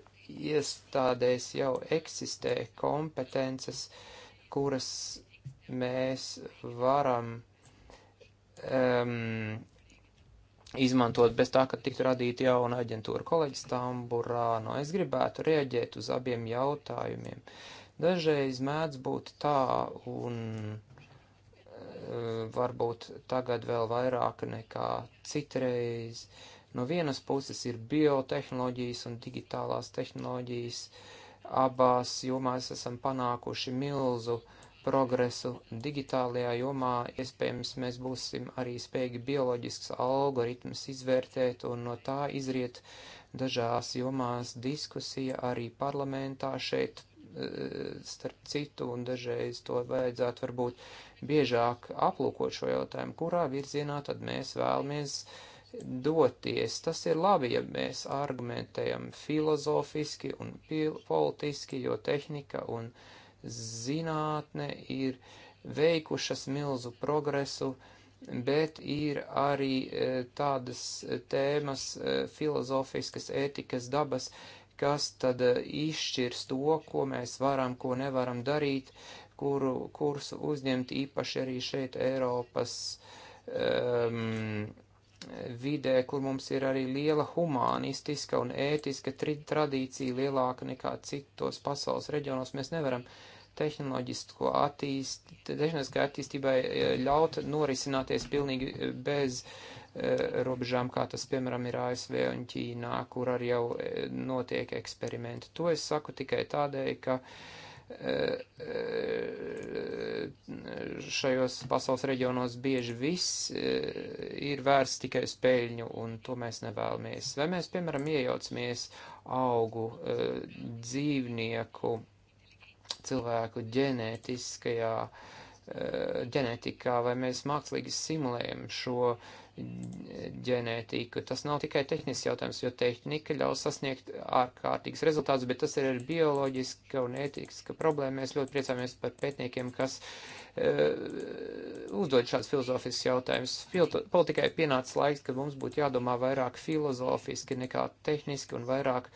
iestādēs jau eksistē kompetences, kuras mēs varam um, izmantot bez tā, ka tiktu radīta jauna aģentūra. Kolēģis Tamburāno, nu, es gribētu rieģēt uz abiem jautājumiem. Dažreiz mēdz būt tā, un Eh, varbūt tagad vēl vairāk nekā citreiz. No vienas puses ir biotehnoloģijas un digitālās tehnoloģijas. Abās jomās esam panākuši milzu progresu. Digitālajā jomā iespējams mēs būsim arī spējīgi bioloģisks algoritms izvērtēt un no tā izriet dažās jomās diskusija arī parlamentā šeit Eh, starp citu, un dažreiz to vajadzētu varbūt biežāk aplūkot šo jautājumu, kurā virzienā tad mēs vēlamies doties. Tas ir labi, ja mēs argumentējam filozofiski un politiski, jo tehnika un zinātne ir veikušas milzu progresu, bet ir arī eh, tādas eh, tēmas filozofiskas, ētikas dabas, uh, kas tad eh, izšķirs to, ko mēs varam, ko nevaram darīt, kuru kursu uzņemt īpaši arī šeit Eiropas um, vidē, kur mums ir arī liela humanistiska un ētiska tradīcija lielāka nekā citos pasaules reģionos. Mēs nevaram tehnoloģisko attīst, tehnoloģiskai attīstībai eh, ļaut norisināties pilnīgi eh, bez uh, Eh, robežām, kā tas, piemēram, ir ASV un Ķīnā, kur arī jau eh, notiek eksperimenti. To es saku tikai tādēļ, ka eh, šajos pasaules reģionos bieži viss ir vērsts tikai uz peļņu, un to mēs nevēlamies. Vai mēs, piemēram, iejaucamies augu, dzīvnieku, cilvēku ģenētiskajā ģenētikā, vai mēs mākslīgi simulējam šo uh, ģenētika. Tas nav tikai tehnisks jautājums, jo tehnika ļaus sasniegt ārkārtīgs rezultāts, bet tas ir ar bioloģiska un ētiska problēma. Mēs ļoti priecāmies par pētniekiem, kas uh, uzdod šāds filozofisks jautājums. Filto, politikai pienāca laiks, kad mums būtu jādomā vairāk filozofiski nekā tehniski un vairāk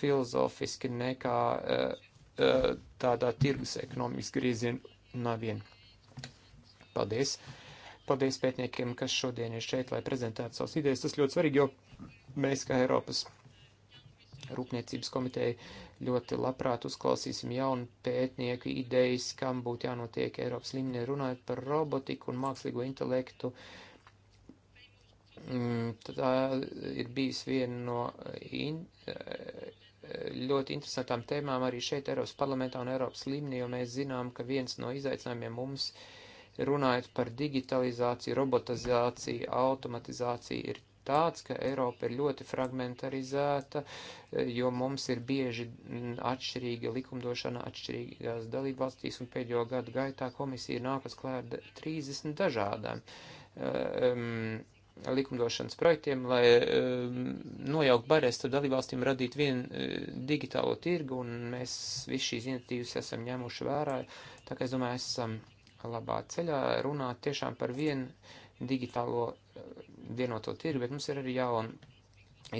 filozofiski nekā uh, uh, tādā tirgus ekonomiski griezienā vien. Paldies! Paldies pētniekiem, kas šodien ir šeit, lai prezentētu savas idejas. Tas ļoti svarīgi, jo mēs kā Eiropas Rūpniecības komiteja ļoti labprāt uzklausīsim jaunu pētnieku idejas, kam būtu jānotiek Eiropas līmenī runājot par robotiku un mākslīgo intelektu. Mm, tā ir bijis viena no in, ļoti interesantām tēmām arī šeit Eiropas parlamentā un Eiropas līmenī, jo mēs zinām, ka viens no izaicinājumiem mums ir runājot par digitalizāciju, robotizāciju, automatizāciju, ir tāds, ka Eiropa ir ļoti fragmentarizēta, jo mums ir bieži atšķirīga likumdošana atšķirīgās dalībvalstīs, un pēdējo gadu gaitā komisija nākas klāt ar 30 dažādām um, likumdošanas projektiem, lai um, nojaukt barēs starp dalībvalstīm radīt vienu uh, digitālo tirgu, un mēs visu šīs iniciatīvas esam ņēmuši vērā, tā kā es domāju, esam. Um, labā ceļā, runāt tiešām par vienu digitālo eh, vienoto tirgu, bet mums ir arī jauna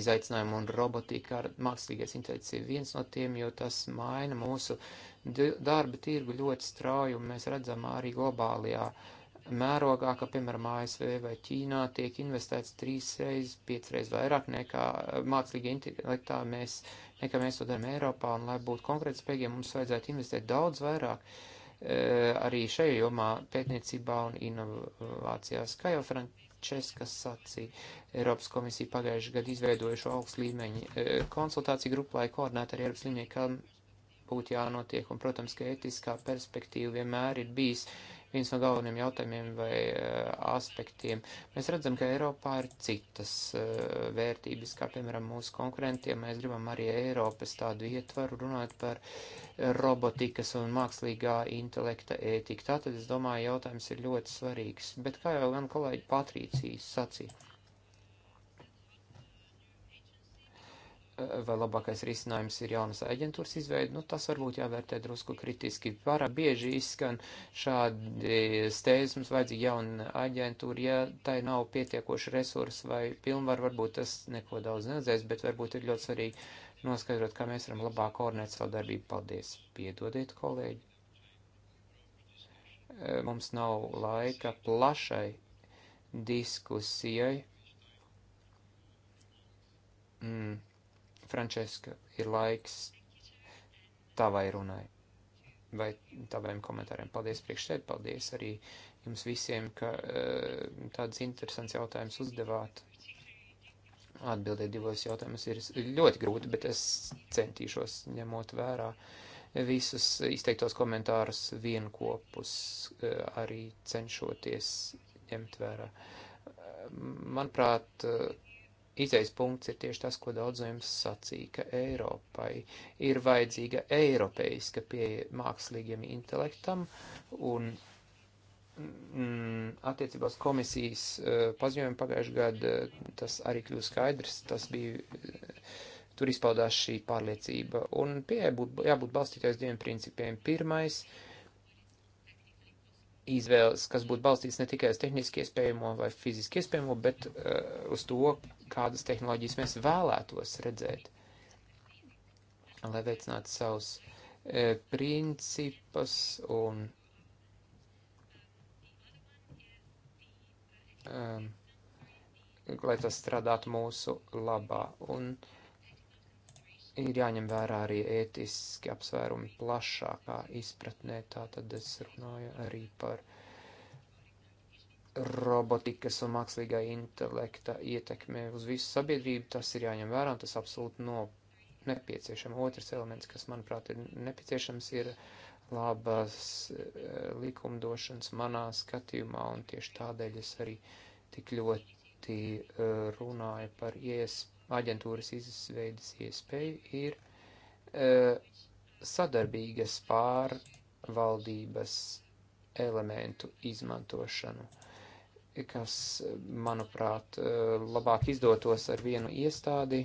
izaicinājuma un robotika ar mākslīgais intelekts ir viens no tiem, jo tas maina mūsu darba tirgu ļoti strauju, un mēs redzam arī globālajā mērogā, ka, piemēram, ASV vai Ķīnā tiek investēts trīsreiz, piecreiz vairāk nekā mākslīgi intelektā mēs, nekā mēs to darām Eiropā, un lai būtu konkrēti spējīgi, mums vajadzētu investēt daudz vairāk. Uh, E, arī šajā jomā pētniecībā un inovācijās. Kā jau Frančeska sacīja, Eiropas komisija pagājuši gadu izveidojuši augstu līmeņu e, konsultāciju grupu, lai koordinētu ar Eiropas līmeni, kam būtu jānotiek. Un, protams, ka etiskā perspektīva vienmēr ir bijis viens no galveniem jautājumiem vai eh, aspektiem. Mēs redzam, ka Eiropā ir citas eh, vērtības, kā piemēram mūsu konkurentiem. Mēs gribam arī Eiropas tādu ietvaru runāt par robotikas un mākslīgā intelekta ētiku. Tātad, es domāju, jautājums ir ļoti svarīgs. Bet kā jau gan kolēģi Patrīcijas sacīja? vai labākais risinājums ir jaunas aģentūras izveida, nu tas varbūt jāvērtē drusku kritiski. Pārāk bieži izskan šādi steidzas, mums vajadzīga jauna aģentūra, ja tai nav pietiekoši resursi vai pilnvar, varbūt tas neko daudz nedzēs, bet varbūt ir ļoti svarīgi noskaidrot, kā mēs varam labāk koordinēt savu darbību. Paldies! Piedodiet, kolēģi! E, mums nav laika plašai diskusijai. Mm. Frančeska, ir laiks tavai runai vai taviem komentāriem. Paldies priekšsēd, paldies arī jums visiem, ka eh, tāds interesants jautājums uzdevāt. Atbildēt divos jautājumus ir ļoti grūti, bet es centīšos ņemot vērā visus izteiktos komentārus vienkopus, eh, arī cenšoties ņemt vērā. Manuprāt, Izejas punkts ir tieši tas, ko daudz no jums sacīja, ka Eiropai ir vajadzīga eiropeiska pieeja mākslīgiem intelektam un mm, attiecībās komisijas eh, paziņojumu pagājušajā gadā eh, tas arī kļūst skaidrs, tas bija, eh, tur izpaudās šī pārliecība un pieeja būtu jābūt balstīties diviem principiem. Pirmais, uh, izvēles, kas būtu balstīts ne tikai uz tehniski iespējamo vai fiziski iespējamo, bet uh, uz to, kādas tehnoloģijas mēs vēlētos redzēt, lai veicinātu savus uh, principus un um, lai tas strādātu mūsu labā. Un uh, ir jāņem vērā arī ētiski apsvērumi plašākā izpratnē, tā tad es runāju arī par robotikas un mākslīgā intelekta ietekmē uz visu sabiedrību, tas ir jāņem vērā, tas absolūti no nepieciešama. Otrs elements, kas, manuprāt, ir nepieciešams, ir labas eh, likumdošanas manā skatījumā, un tieši tādēļ es arī tik ļoti eh, runāju par iespēju aģentūras izveidas iespēju ir e, sadarbīgas pārvaldības elementu izmantošanu, kas, manuprāt, eh, labāk izdotos ar vienu iestādi,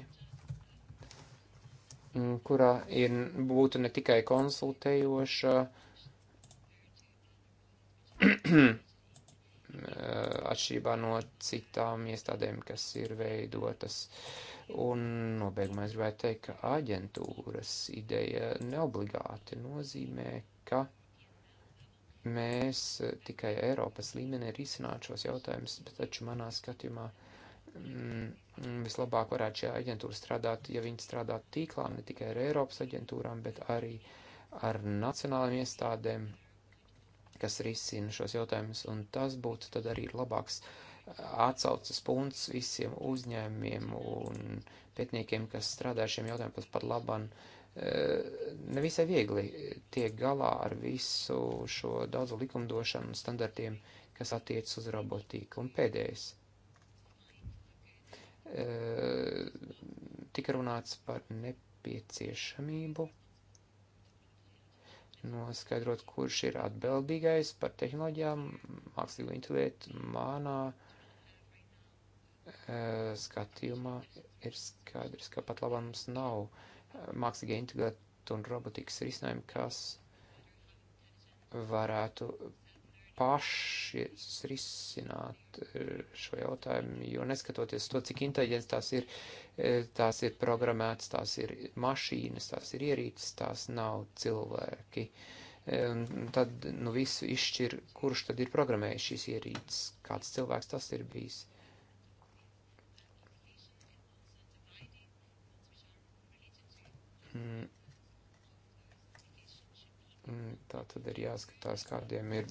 mm, kurā ir, būtu ne tikai konsultējoša, Eh, atšķirībā no citām iestādēm, kas ir veidotas. Un nobeigumā es gribētu teikt, ka aģentūras ideja neobligāti nozīmē, ka mēs tikai Eiropas līmenī risinātu šos jautājumus, bet taču manā skatījumā mm, vislabāk varētu šī aģentūra strādāt, ja viņi strādātu tīklā ne tikai ar Eiropas aģentūrām, bet arī ar nacionālajiem iestādēm kas risina šos jautājumus, un tas būtu tad arī labāks atsaucas punkts visiem uzņēmiem un pētniekiem, kas strādā ar šiem jautājumiem, kas pat laban nevisai viegli tiek galā ar visu šo daudzu likumdošanu un standartiem, kas attiec uz robotīku. Un pēdējais. Tika runāts par nepieciešamību noskaidrot, kurš ir atbildīgais par tehnoloģijām, mākslīgo intelektu, mānā e, skatījumā ir skaidrs, ka pat labāk mums nav mākslīgā intelekta un robotikas risinājumi, kas varētu pašas risināt eh, šo jautājumu, jo neskatoties to, cik inteliģents tās ir, eh, tās ir programmētas, tās ir mašīnas, tās ir ierīces, tās nav cilvēki. Un tad nu visu izšķir, kurš tad ir programmējis šīs ierīces, kāds cilvēks tas ir bijis. Mm Mm, tā tad ir jāskatās, kādiem ir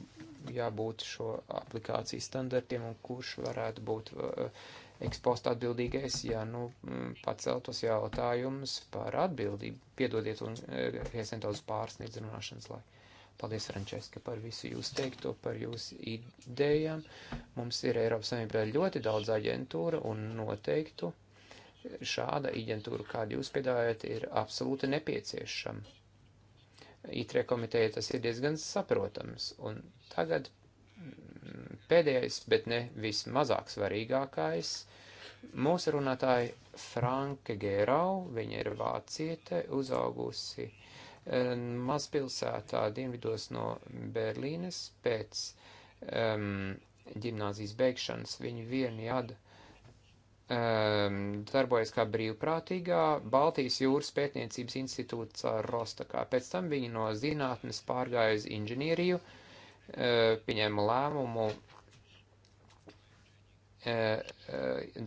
jābūt šo aplikāciju standartiem un kurš varētu būt eh, ekspost atbildīgais, ja nu mm, paceltos jautājums par atbildību. Piedodiet, un eh, es nedaudz pārsniedzu runāšanas laiku. Paldies, Frančeska, par visu jūs teikto, par jūsu idejām. Mums ir Eiropas Savienībā ļoti daudz aģentūra un noteiktu šāda aģentūra, kādu jūs piedāvājat, ir absolūti nepieciešama ITRE komiteja tas ir diezgan saprotams. Un tagad mm, pēdējais, bet ne vismazāk svarīgākais, mūsu runātāja Franka Gerau, viņa ir vāciete, uzaugusi e, mazpilsētā dienvidos no Berlīnes pēc um, ģimnāzijas beigšanas. Viņa vienu jada um, darbojas kā brīvprātīgā Baltijas jūras pētniecības institūts Rostakā. Pēc tam viņa no zinātnes pārgāja uz inženieriju, uh, pieņēma lēmumu uh, uh,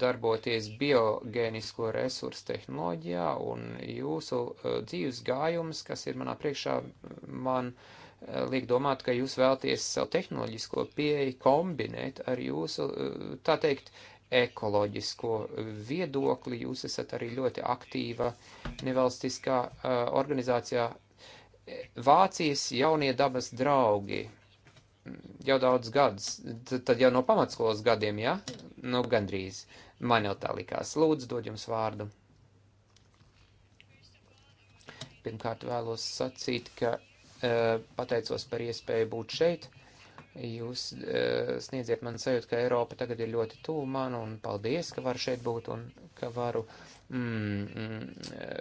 darboties biogēnisko resursu tehnoloģijā, un jūsu uh, dzīves gājums, kas ir manā priekšā, man uh, liek domāt, ka jūs vēlties savu tehnoloģisko pieeju kombinēt ar jūsu, uh, tā teikt, uh, ekoloģisko viedokli. Jūs esat arī ļoti aktīva nevalstiskā uh, organizācijā Vācijas jaunie dabas draugi. Jau daudz gadus, tad, tad jau no pamatskolas gadiem, jā? Ja? Nu, gandrīz. Man jau tā likās. Lūdzu, dod jums vārdu. Pirmkārt vēlos sacīt, ka uh, pateicos par iespēju būt šeit. Uh, Jūs uh, sniedziet man sajūtu, ka Eiropa tagad ir ļoti tuvu man, un paldies, ka varu šeit būt, un ka varu mm, mm,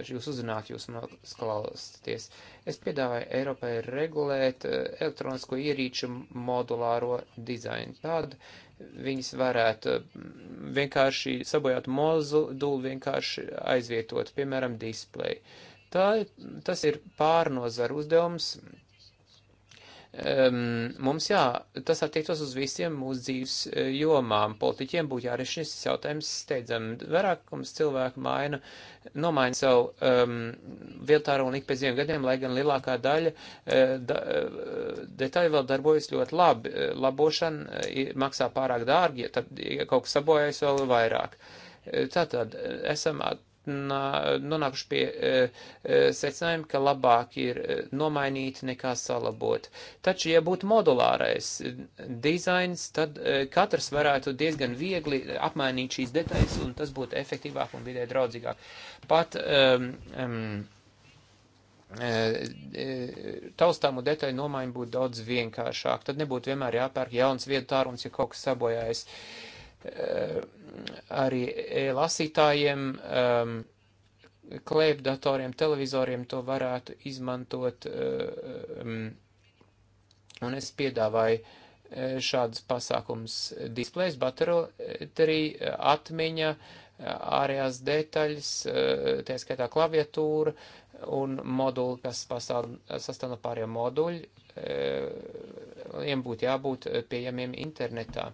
jūs uzzināt, jūs man klausties. Es piedāvāju Eiropai regulēt uh, elektronisko ierīču modulāro dizainu. Tad viņas varētu mm, vienkārši sabojāt modulu, vienkārši aizvietot, piemēram, displeju. Tā, tas ir pārnozaru uzdevums, um, mums jā, tas attiektos uz visiem mūsu dzīves e, jomām. Politiķiem būtu jārisina šis jautājums steidzam. Vairākums cilvēku maina, nomaina savu um, vietāru un ik pēc diviem gadiem, lai gan lielākā daļa uh, da, uh, e, detaļu vēl darbojas ļoti labi. Labošana uh, maksā pārāk dārgi, ja tad ja kaut kas sabojas vēl vairāk. Tātad esam at, nonākuši pie e, e, secinājuma, ka labāk ir e, nomainīt nekā salabot. Taču, ja būtu modulārais dizains, tad katrs varētu diezgan viegli apmainīt šīs detaļas, un tas būtu efektīvāk un vidē draudzīgāk. Pat um, um, taustāmu detaļu nomaiņu būtu daudz vienkāršāk. Tad nebūtu vienmēr jāpērk jauns vietu tārums, ja kaut kas sabojājas. Uh, arī e-lasītājiem, um, klēpdatoriem, televizoriem to varētu izmantot, uh, um, un es piedāvāju uh, šādas pasākums displejs, baterija, atmiņa, ārējās detaļas, uh, tā skaitā klaviatūra un moduli, kas pastāv, sastāv no pāriem moduļu, viņiem būtu jābūt pieejamiem internetā.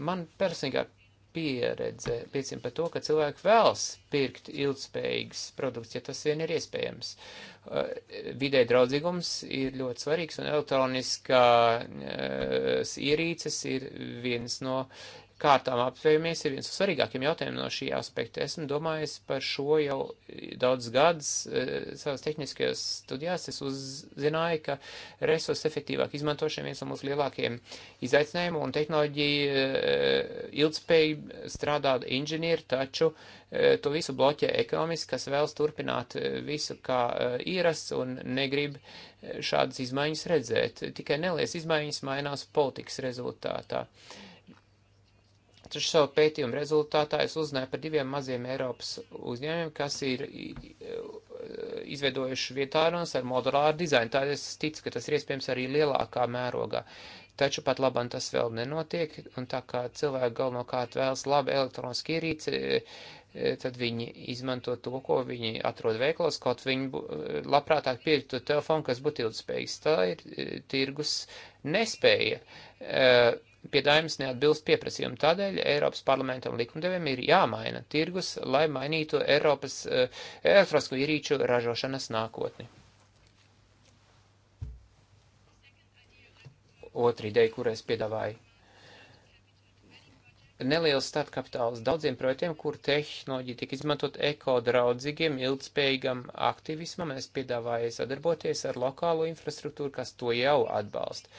Man personīgāk pieredze liecina par to, ka cilvēki vēlas pirkt ilgspējīgas produkts, ja tas vien ir iespējams. Uh, vidē draudzīgums ir ļoti svarīgs, un elektroniskās uh, ierīces ir viens no kārtām apspriežamies, ir viens no svarīgākiem jautājumiem no šī aspekta. Esmu domājis par šo jau daudz gadus e, savās tehniskajās studijās. Es uzzināju, ka resursu efektīvāk izmantošana viens no mūsu lielākajiem izaicinājumiem, un tehnoloģija e, ilgspēja strādā inženieri, taču e, to visu bloķē ekonomiski, kas vēlas turpināt visu kā ierasts un negrib šādas izmaiņas redzēt. Tikai nelies izmaiņas mainās politikas rezultātā. Uh, Taču savu pētījumu rezultātā es uzzināju par diviem maziem Eiropas uzņēmumiem, kas ir izveidojuši vietārunas ar modulāru dizainu. Tādēļ es ticu, ka tas ir iespējams arī lielākā mērogā. Taču pat labam tas vēl nenotiek, un tā kā cilvēki galvenokārt vēlas labu elektronisku ierīci, e, e, tad viņi izmanto to, ko viņi atrod veikalos, kaut viņi e, labprātāk pieļautu telefonu, kas būtu ilgspējīgs. Tā ir tirgus nespēja. Uh, piedājums neatbilst pieprasījumu. Tādēļ Eiropas parlamentam likumdeviem ir jāmaina tirgus, lai mainītu Eiropas eh, elektrosku ierīču ražošanas nākotni. Otra ideja, kur es piedāvāju. Neliels stāta kapitāls daudziem projektiem, kur tehnoloģija tika izmantot ekodraudzīgiem, ilgspējīgam aktivismam, es piedāvāju sadarboties ar lokālo infrastruktūru, kas to jau atbalsta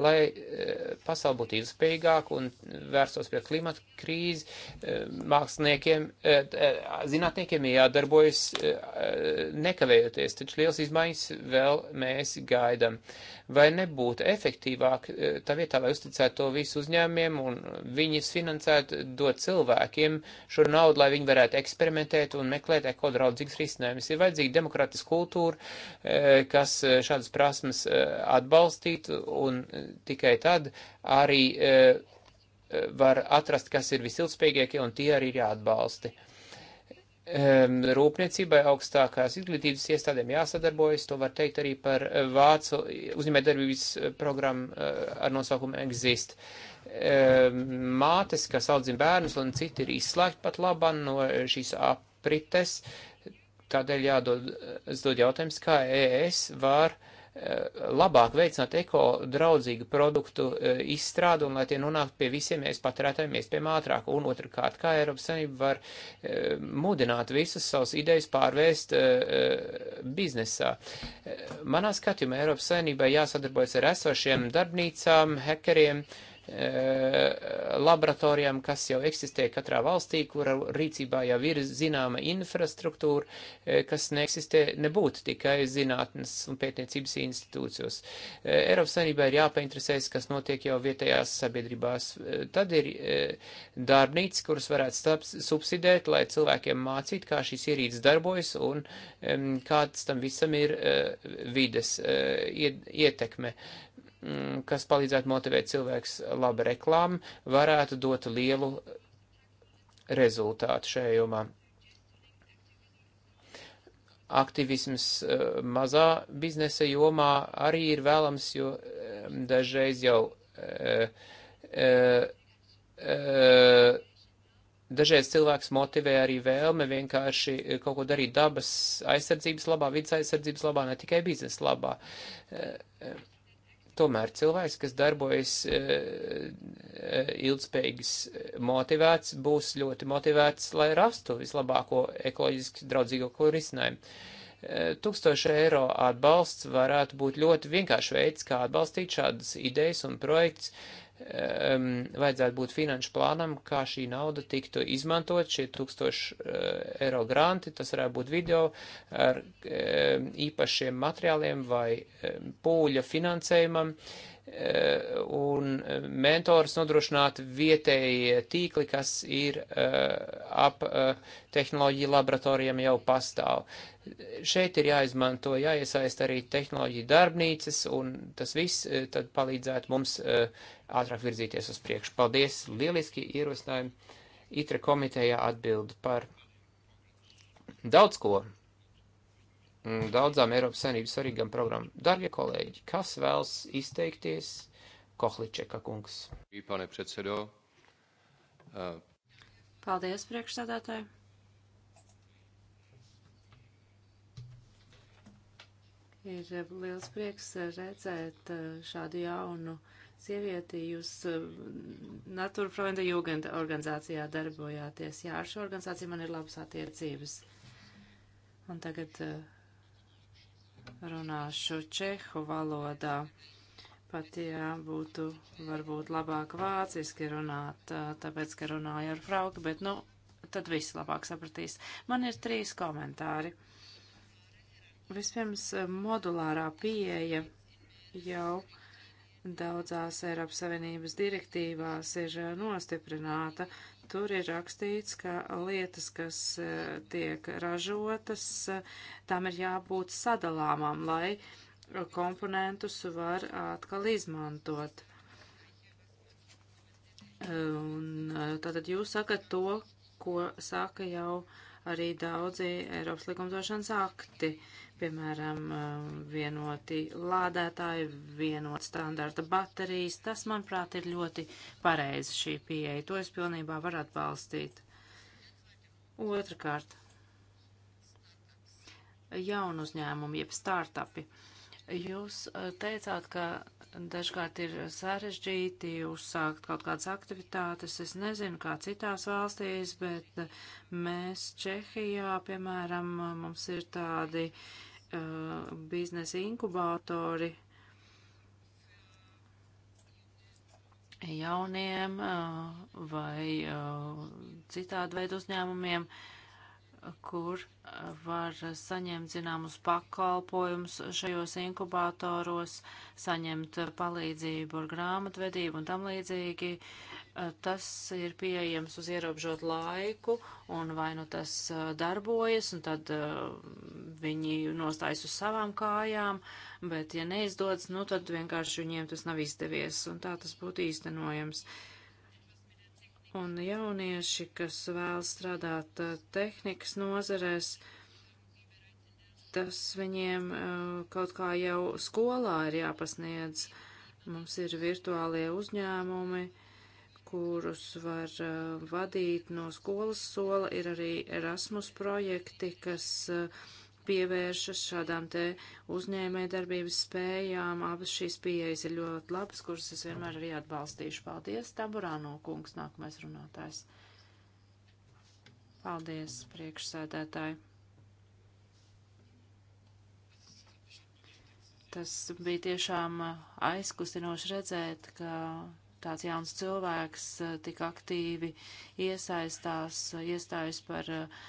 lai eh, pasauli būtu ilgspējīgāk un vērstos pie klimata krīzi, eh, māksliniekiem, eh, zinātniekiem jādarbojas nekavējoties, taču liels izmaiņas vēl mēs gaidam. Vai nebūtu efektīvāk tā vietā, lai uzticētu to visu uzņēmumiem un viņus finansētu, dot cilvēkiem šo naudu, lai viņi varētu eksperimentēt un meklēt ekodraudzīgas risinājumus. Ir vajadzīga demokratiska kultūra, kas šādas prasmes atbalstītu un tikai tad arī eh, var atrast, kas ir visilgspējīgākie, un tie arī ir jāatbalsti. Ehm, rūpniecībai augstākās izglītības iestādēm jāsadarbojas, to var teikt arī par eh, Vācu uzņēmējdarbības eh, programmu ar nosaukumu Exist. Ehm, mātes, kas audzina bērnus, un citi ir izslēgti pat labam no šīs aprites, tādēļ jādod dod jautājums, kā ES var uh, Eh, labāk veicināt ekodraudzīgu produktu eh, izstrādu un lai tie nonāktu pie visiem mēs patērētājiem iespējami ātrāk. Un otrkārt, kā Eiropas Savienība var eh, mudināt visas savas idejas pārvērst biznesā. Manā skatījumā Eiropas Savienībai jāsadarbojas ar esošiem darbnīcām, hekeriem, uh, Eh, laboratorijām, kas jau eksistē katrā valstī, kura rīcībā jau ir zināma infrastruktūra, eh, kas neeksistē, nebūtu tikai zinātnes un pētniecības institūcijos. Eh, Eiropas Savienībā ir jāpainteresēs, kas notiek jau vietējās sabiedrībās. Tad ir darbnīcas, kuras varētu subsidēt, lai cilvēkiem mācītu, kā šīs ierīces darbojas un kāds tam visam ir vides ietekme. Mm, kas palīdzētu motivēt cilvēks laba reklāma, varētu dot lielu rezultātu šajā jomā. Aktivisms eh, mazā biznesa jomā arī ir vēlams, jo eh, dažreiz jau eh, dažreiz cilvēks motivē arī vēlme vienkārši kaut ko darīt dabas aizsardzības labā, vidas aizsardzības labā, ne tikai biznesa labā. Uh, uh, Tomēr cilvēks, kas darbojas e, e, ilgspējīgs motivēts, būs ļoti motivēts, lai rastu vislabāko ekoloģiski draudzīgāko risinājumu. 1000 e, eiro atbalsts varētu būt ļoti vienkāršs veids, kā atbalstīt šādas idejas un projekts, um, vajadzētu būt finanšu plānam, kā šī nauda tiktu izmantot, šie tūkstoši uh, eiro granti, tas varētu būt video ar um, īpašiem materiāliem vai um, pūļa finansējumam. Uh, Eh, un eh, mentors nodrošināt vietējie tīkli, kas ir eh, ap tehnoloģiju laboratorijām jau pastāv. Šeit ir jāizmanto, jāiesaist arī tehnoloģiju darbnīcas, un tas viss tad palīdzētu mums ātrāk virzīties uz priekšu. Paldies, lieliski ierosinājumi. ITRE komitejā atbild par daudz ko Mm, daudzām Eiropas saimnības svarīgām programmām. Darbie kolēģi, kas vēlas izteikties? Kohličeka kungs. Pane predsedo. Eh, Paldies, priekšsādātāji. Ir liels prieks redzēt eh, šādu jaunu sievieti. Jūs eh, Naturfreunde Jugend organizācijā darbojāties. Jā, ar šo organizāciju man ir labas attiecības. Un tagad uh, runāšu čehu valodā. Pat, jā, būtu varbūt labāk vāciski runāt, tāpēc, ka runāju ar frauku, bet, nu, tad viss labāk sapratīs. Man ir trīs komentāri. Vispirms, modulārā pieeja jau daudzās Eiropas Savienības direktīvās ir nostiprināta. Uh, tur ir rakstīts, ka lietas, kas e, tiek ražotas, e, tam ir jābūt sadalāmām, lai komponentus var atkal izmantot. Un e, tātad jūs sakat to, ko saka jau arī daudzi Eiropas likumdošanas akti piemēram, um, vienoti lādētāji, vienot standarta baterijas. Tas, manuprāt, ir ļoti pareizi šī pieeja. To es pilnībā varu atbalstīt. Otrakārt, jaunu uzņēmumu, jeb startupi. Jūs uh, teicāt, ka dažkārt ir sarežģīti uzsākt kaut kādas aktivitātes. Es nezinu, kā citās valstīs, bet uh, mēs Čehijā, piemēram, uh, mums ir tādi uh, uh, biznesa inkubātori jauniem uh, vai uh, citādi veidu uzņēmumiem, kur var saņemt zināmus pakalpojumus šajos inkubatoros, saņemt palīdzību ar grāmatvedību un tam līdzīgi. Uh, Eh, tas ir pieejams uz ierobežot laiku, un vai nu tas eh, darbojas, un tad eh, viņi nostājas uz savām kājām, bet ja neizdodas, nu tad vienkārši viņiem tas nav izdevies, un tā tas būtu īstenojams. Un jaunieši, kas vēl strādāt tehnikas nozarēs, tas viņiem kaut kā jau skolā ir jāpasniedz. Mums ir virtuālie uzņēmumi, uh, kurus var uh, vadīt no skolas sola, ir arī Erasmus projekti, kas uh, pievēršas šādām te uzņēmē darbības spējām. Abas šīs pieejas ir ļoti labas, kuras es vienmēr arī atbalstīšu. Paldies, Taburāno kungs, nākamais runātājs. Paldies, priekšsēdētāji. Tas bija tiešām eh, aizkustinoši redzēt, ka tāds jauns cilvēks eh, tik aktīvi iesaistās, eh, iestājas par eh,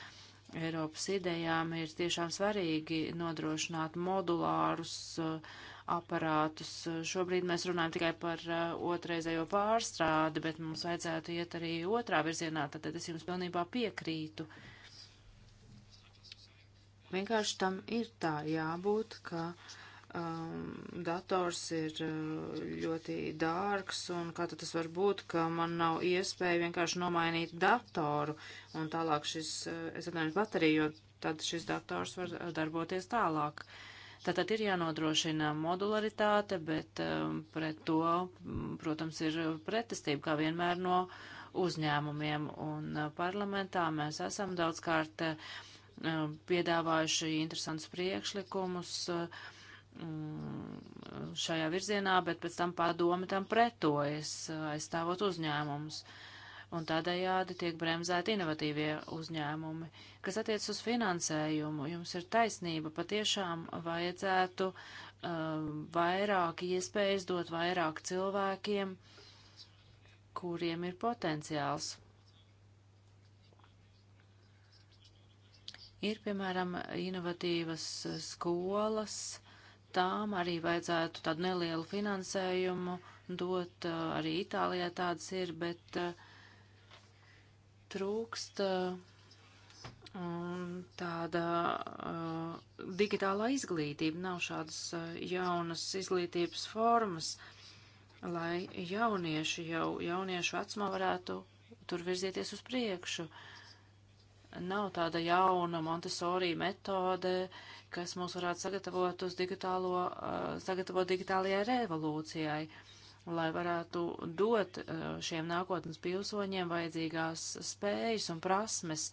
Eiropas idejām, ir tiešām svarīgi nodrošināt modulārus aparātus. Šobrīd mēs runājam tikai par otrreizējo pārstrādi, bet mums vajadzētu iet arī otrā virzienā, tad es jums pilnībā piekrītu. Vienkārši tam ir tā jābūt, ka uh, um, dators ir uh, ļoti dārgs, un kā tad tas var būt, ka man nav iespēja vienkārši nomainīt datoru, un tālāk šis, uh, es atvainojos bateriju, jo tad šis dators var uh, darboties tālāk. Tātad ir jānodrošina modularitāte, bet um, pret to, mm, protams, ir pretestība, kā vienmēr no uzņēmumiem, un parlamentā mēs esam daudzkārt uh, piedāvājuši interesantus priekšlikumus, uh, Mm, šajā virzienā, bet pēc tam padome tam pretojas, aizstāvot uzņēmumus. Un tādējādi tiek bremzēti inovatīvie uzņēmumi. Kas attiec uz finansējumu, jums ir taisnība, patiešām vajadzētu uh, vairāk iespējas dot vairāk cilvēkiem, kuriem ir potenciāls. Ir, piemēram, inovatīvas skolas, tām arī vajadzētu tādu nelielu finansējumu dot. Arī Itālijā tādas ir, bet trūkst tāda digitālā izglītība. Nav šādas jaunas izglītības formas, lai jaunieši jau jauniešu vecumā varētu tur virzieties uz priekšu. Uh, nav tāda jauna Montesori metode, kas mūs varētu sagatavot uz digitālo, eh, sagatavot digitālajai revolūcijai, lai varētu dot eh, šiem nākotnes pilsoņiem vajadzīgās spējas un prasmes,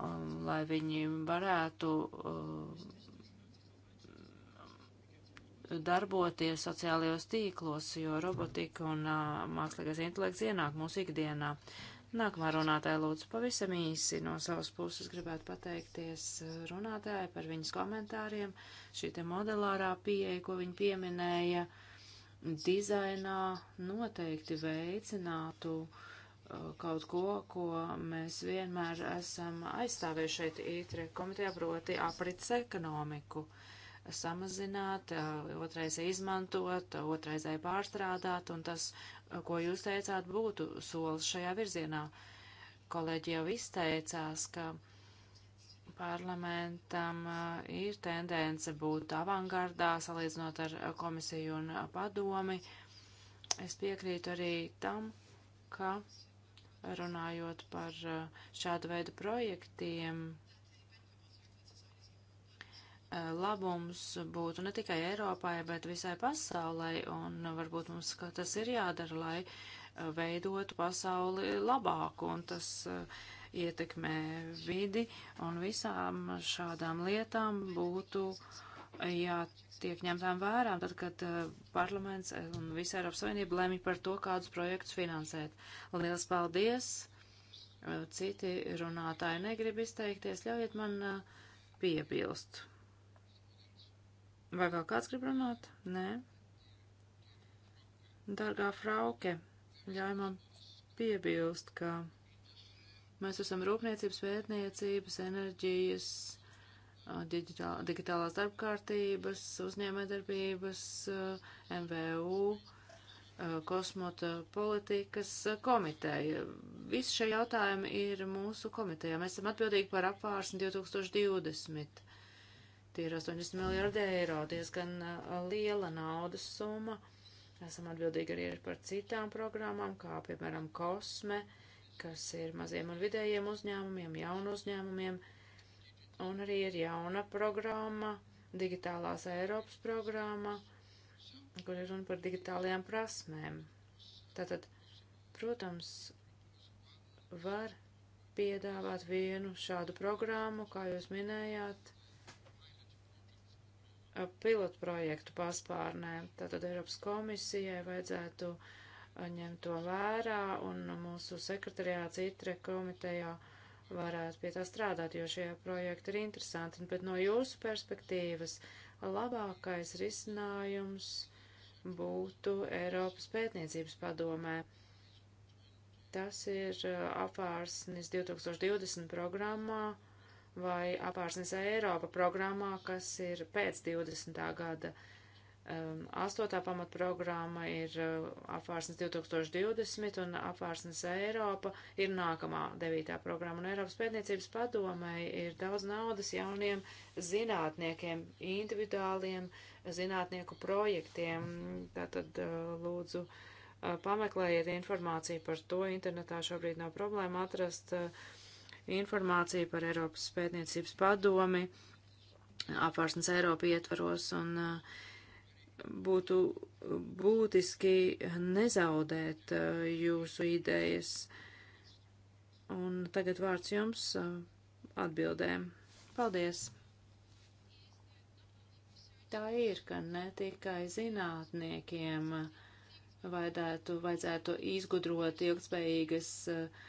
um, lai viņi varētu um, darboties sociālajos tīklos, jo robotika un uh, mākslīgais intelekts ienāk mūsu ikdienā. Uh, Nākamā runātāja lūdzu pavisam īsi no savas puses gribētu pateikties eh, runātājai par viņas komentāriem. Šī te modelārā pieeja, ko viņa pieminēja, dizainā noteikti veicinātu uh, kaut ko, ko mēs vienmēr esam aizstāvējuši šeit ītre komitejā, proti aprits ekonomiku samazināt, uh, eh, otraisai izmantot, otraisai pārstrādāt, un tas ko jūs teicāt, būtu solis šajā virzienā. Kolēģi jau izteicās, ka parlamentam ir tendence būt avangardā, salīdzinot ar komisiju un padomi. Es piekrītu arī tam, ka runājot par šādu veidu projektiem, Eh, labums būtu ne tikai Eiropai, bet visai pasaulē, un varbūt mums tas ir jādara, lai eh, veidotu pasauli labāku, un tas eh, ietekmē vidi, un visām šādām lietām būtu jātiek ņemtām vērām, tad, kad parlaments un visa Eiropas Savienība lemj par to, kādus projektus finansēt. Lielas paldies! Citi runātāji negrib izteikties, ļaujiet man piebilst. Vai vēl kāds grib runāt? Nē. Dargā frauke, ļauj man piebilst, ka mēs esam rūpniecības, vētniecības, enerģijas, digitāl, digitālās darbkārtības, uzņēmējdarbības, MVU, kosmota politikas komiteja. Visi šie jautājumi ir mūsu komitejā. Mēs esam atbildīgi par apvārsni 2020. Tie ir 80 miljardi eiro, diezgan uh, liela naudas summa. Esam atbildīgi arī par citām programmām, kā piemēram Kosme, kas ir maziem un vidējiem uzņēmumiem, jaunu uzņēmumiem. Un arī ir jauna programma, digitālās Eiropas programma, kur ir runa par digitālajām prasmēm. Tātad, protams, var piedāvāt vienu šādu programmu, kā jūs minējāt, pilotprojektu paspārnē. Tātad Eiropas komisijai vajadzētu uh, ņemt to vērā un mūsu sekretariāts ITRE komitejā varētu pie tā strādāt, jo šie projekti ir interesanti. Bet no jūsu perspektīvas labākais risinājums būtu Eiropas pētniecības padomē. Tas ir uh, apvārsnis 2020 programmā vai apārsnes Eiropa programmā, kas ir pēc 20. gada. Um, astotā pamatprogramma ir uh, apvārsnes 2020 un apvārsnes Eiropa ir nākamā devītā programma. Un Eiropas pētniecības padomei ir daudz naudas jauniem zinātniekiem, individuāliem zinātnieku projektiem. Tātad uh, lūdzu uh, pameklējiet informāciju par to. Internetā šobrīd nav problēma atrast. Uh, informāciju par Eiropas pētniecības padomi, apvārsnes Eiropa ietvaros, un uh, būtu būtiski nezaudēt uh, jūsu idejas. Un tagad vārds jums uh, atbildēm. Paldies! Tā ir, ka ne tikai zinātniekiem vajadzētu, vajadzētu izgudrot ilgspējīgas uh,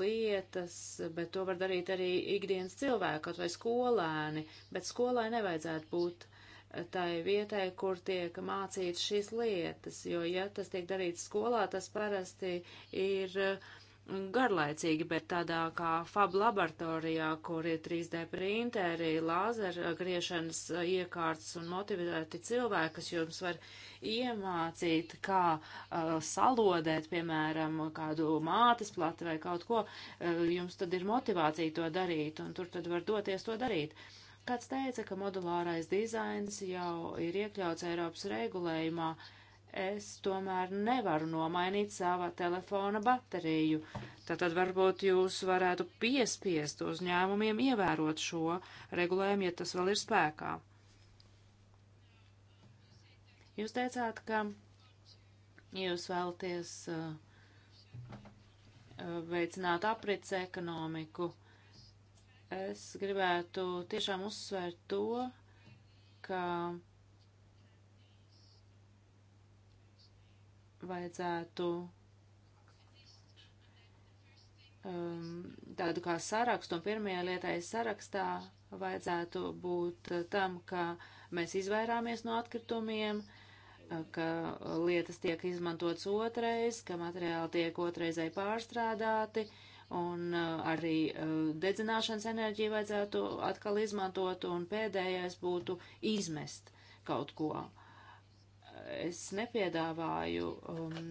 lietas, bet to var darīt arī ikdienas cilvēki, kaut vai skolēni, bet skolai nevajadzētu būt tai vietai, kur tiek mācīts šīs lietas, jo, ja tas tiek darīts skolā, tas parasti ir uh, garlaicīgi, bet tādā kā fab laboratorijā, kur ir 3D printeri, lāzera griešanas iekārtas un motivēti cilvēki, kas jums var iemācīt, kā uh, salodēt, piemēram, kādu mātes plati vai kaut ko, uh, jums tad ir motivācija to darīt, un tur tad var doties to darīt. Kāds teica, ka modulārais dizains jau ir iekļauts Eiropas regulējumā, uh, es tomēr nevaru nomainīt savā telefona bateriju. Tātad varbūt jūs varētu piespiest uzņēmumiem ievērot šo regulējumu, ja tas vēl ir spēkā. Jūs teicāt, ka jūs vēlaties uh, uh, veicināt aprits ekonomiku. Es gribētu tiešām uzsvērt to, ka vajadzētu um, tādu kā sarakstu, un pirmajā lietai sarakstā vajadzētu būt uh, tam, ka mēs izvairāmies no atkritumiem, uh, ka lietas tiek izmantotas otrais, ka materiāli tiek otraizai pārstrādāti, un uh, arī dedzināšanas enerģiju vajadzētu atkal izmantot, un pēdējais būtu izmest kaut ko. Uh, es nepiedāvāju um,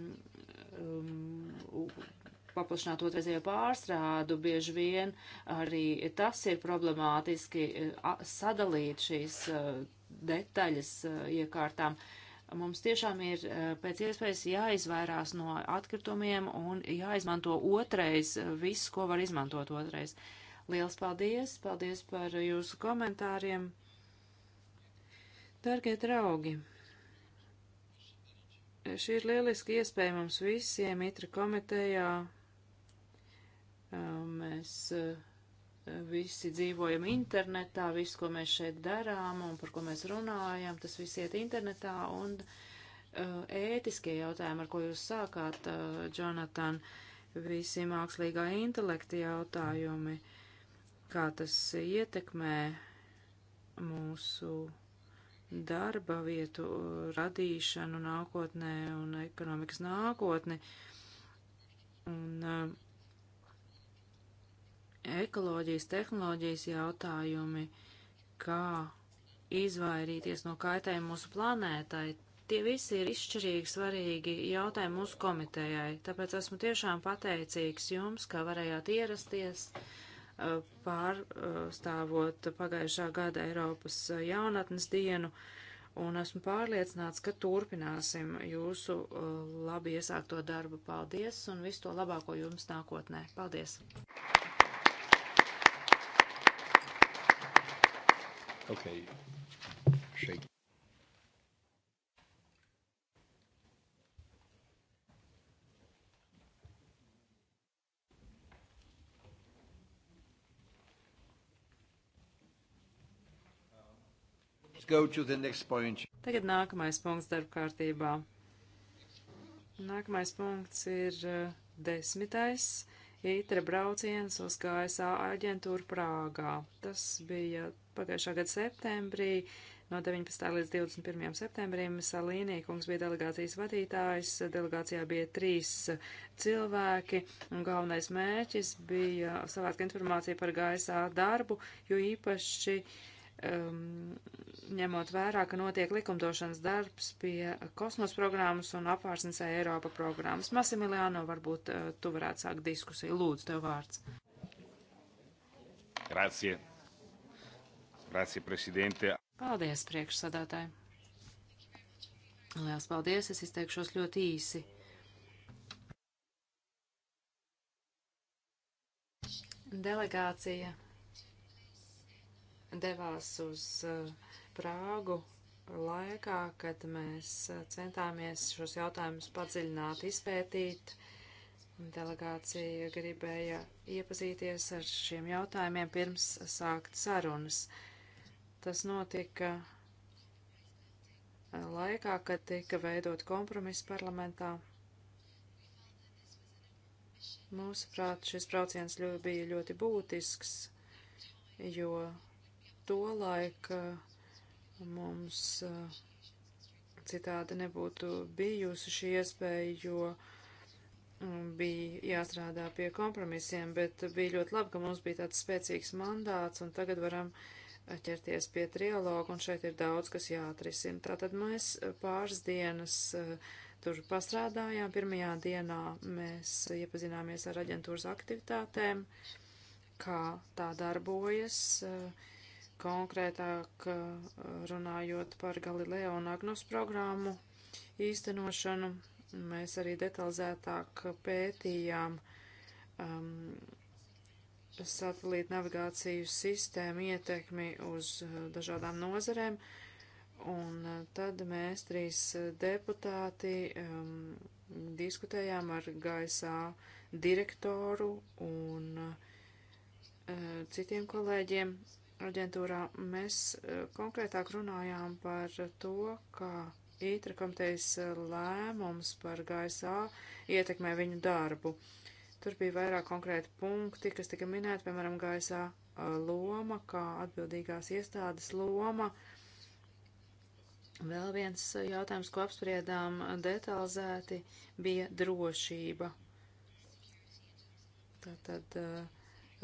um, paplašināt otrreizējo pārstrādu, bieži vien arī tas ir problemātiski uh, sadalīt šīs uh, detaļas uh, iekārtām. Mums tiešām ir pēc iespējas jāizvairās no atkritumiem un jāizmanto otrais viss, ko var izmantot otrais. Liels paldies! Paldies par jūsu komentāriem! Dargie draugi! Šī ir lieliski iespēja mums visiem itra komitejā. Mēs visi dzīvojam internetā, viss, ko mēs šeit darām un par ko mēs runājam, tas viss iet internetā un ētiskie jautājumi, ar ko jūs sākāt, Jonathan, visi mākslīgā intelekta jautājumi, kā tas ietekmē mūsu darba vietu uh, radīšanu nākotnē un ekonomikas nākotni. Un uh, ekoloģijas, tehnoloģijas jautājumi, kā izvairīties no kaitējuma mūsu planētai, tie visi ir izšķirīgi svarīgi jautājumi mūsu komitejai. Tāpēc esmu tiešām pateicīgs jums, ka varējāt ierasties. Uh, pārstāvot pagājušā gada Eiropas jaunatnes dienu, un esmu pārliecināts, ka turpināsim jūsu uh, labi iesākto darbu. Paldies, un visu to labāko jums nākotnē. Paldies! Okay. Shake. Tagad nākamais punkts darba kārtībā. Nākamais punkts ir uh, desmitais ītra brauciens uz KSA aģentūru Prāgā. Tas bija pagājušā gada septembrī, no 19. līdz 21. septembrim. Salīnī kungs bija delegācijas vadītājs, delegācijā bija trīs cilvēki, un galvenais mērķis bija savākt informāciju par KSA darbu, jo īpaši uh, um, ņemot vērā, ka notiek likumdošanas darbs pie kosmos programmas un apvārsnes Eiropa programmas. Masimiliano, varbūt uh, tu varētu sākt diskusiju. Lūdzu, tev vārds. Grazie. Grazie, prezidente. Paldies, priekšsadātāji. Lielas paldies, es izteikšos ļoti īsi. Delegācija devās uz eh, Prāgu laikā, kad mēs eh, centāmies šos jautājumus padziļināt, izpētīt. Delegācija gribēja iepazīties ar šiem jautājumiem pirms sākt sarunas. Tas notika eh, laikā, kad tika veidot kompromisu parlamentā. Mūsuprāt, šis brauciens ļoti, bija ļoti būtisks, jo to laika mums eh, citādi nebūtu bijusi šī iespēja, jo mm, bija jāstrādā pie kompromisiem, bet bija ļoti labi, ka mums bija tāds spēcīgs mandāts, un tagad varam ķerties pie trialoga, un šeit ir daudz, kas jāatrisina. Tātad mēs pāris dienas eh, tur pastrādājām. Pirmajā dienā mēs iepazināmies ar aģentūras aktivitātēm, kā tā darbojas. Uh, konkrētāk eh, runājot par Galileo un Agnos programmu īstenošanu, mēs arī detalizētāk pētījām um, satelīta navigāciju sistēmu ietekmi uz eh, dažādām nozarēm, un eh, tad mēs trīs deputāti um, diskutējām ar gaisā direktoru un uh, citiem kolēģiem aģentūrā mēs eh, konkrētāk runājām par to, kā ītra komitejas eh, lēmums par gaisā ietekmē viņu darbu. Tur bija vairāk konkrēti punkti, kas tika minēti, piemēram, gaisā eh, loma, kā atbildīgās iestādes loma. Vēl viens jautājums, ko apspriedām detalizēti, bija drošība. Tātad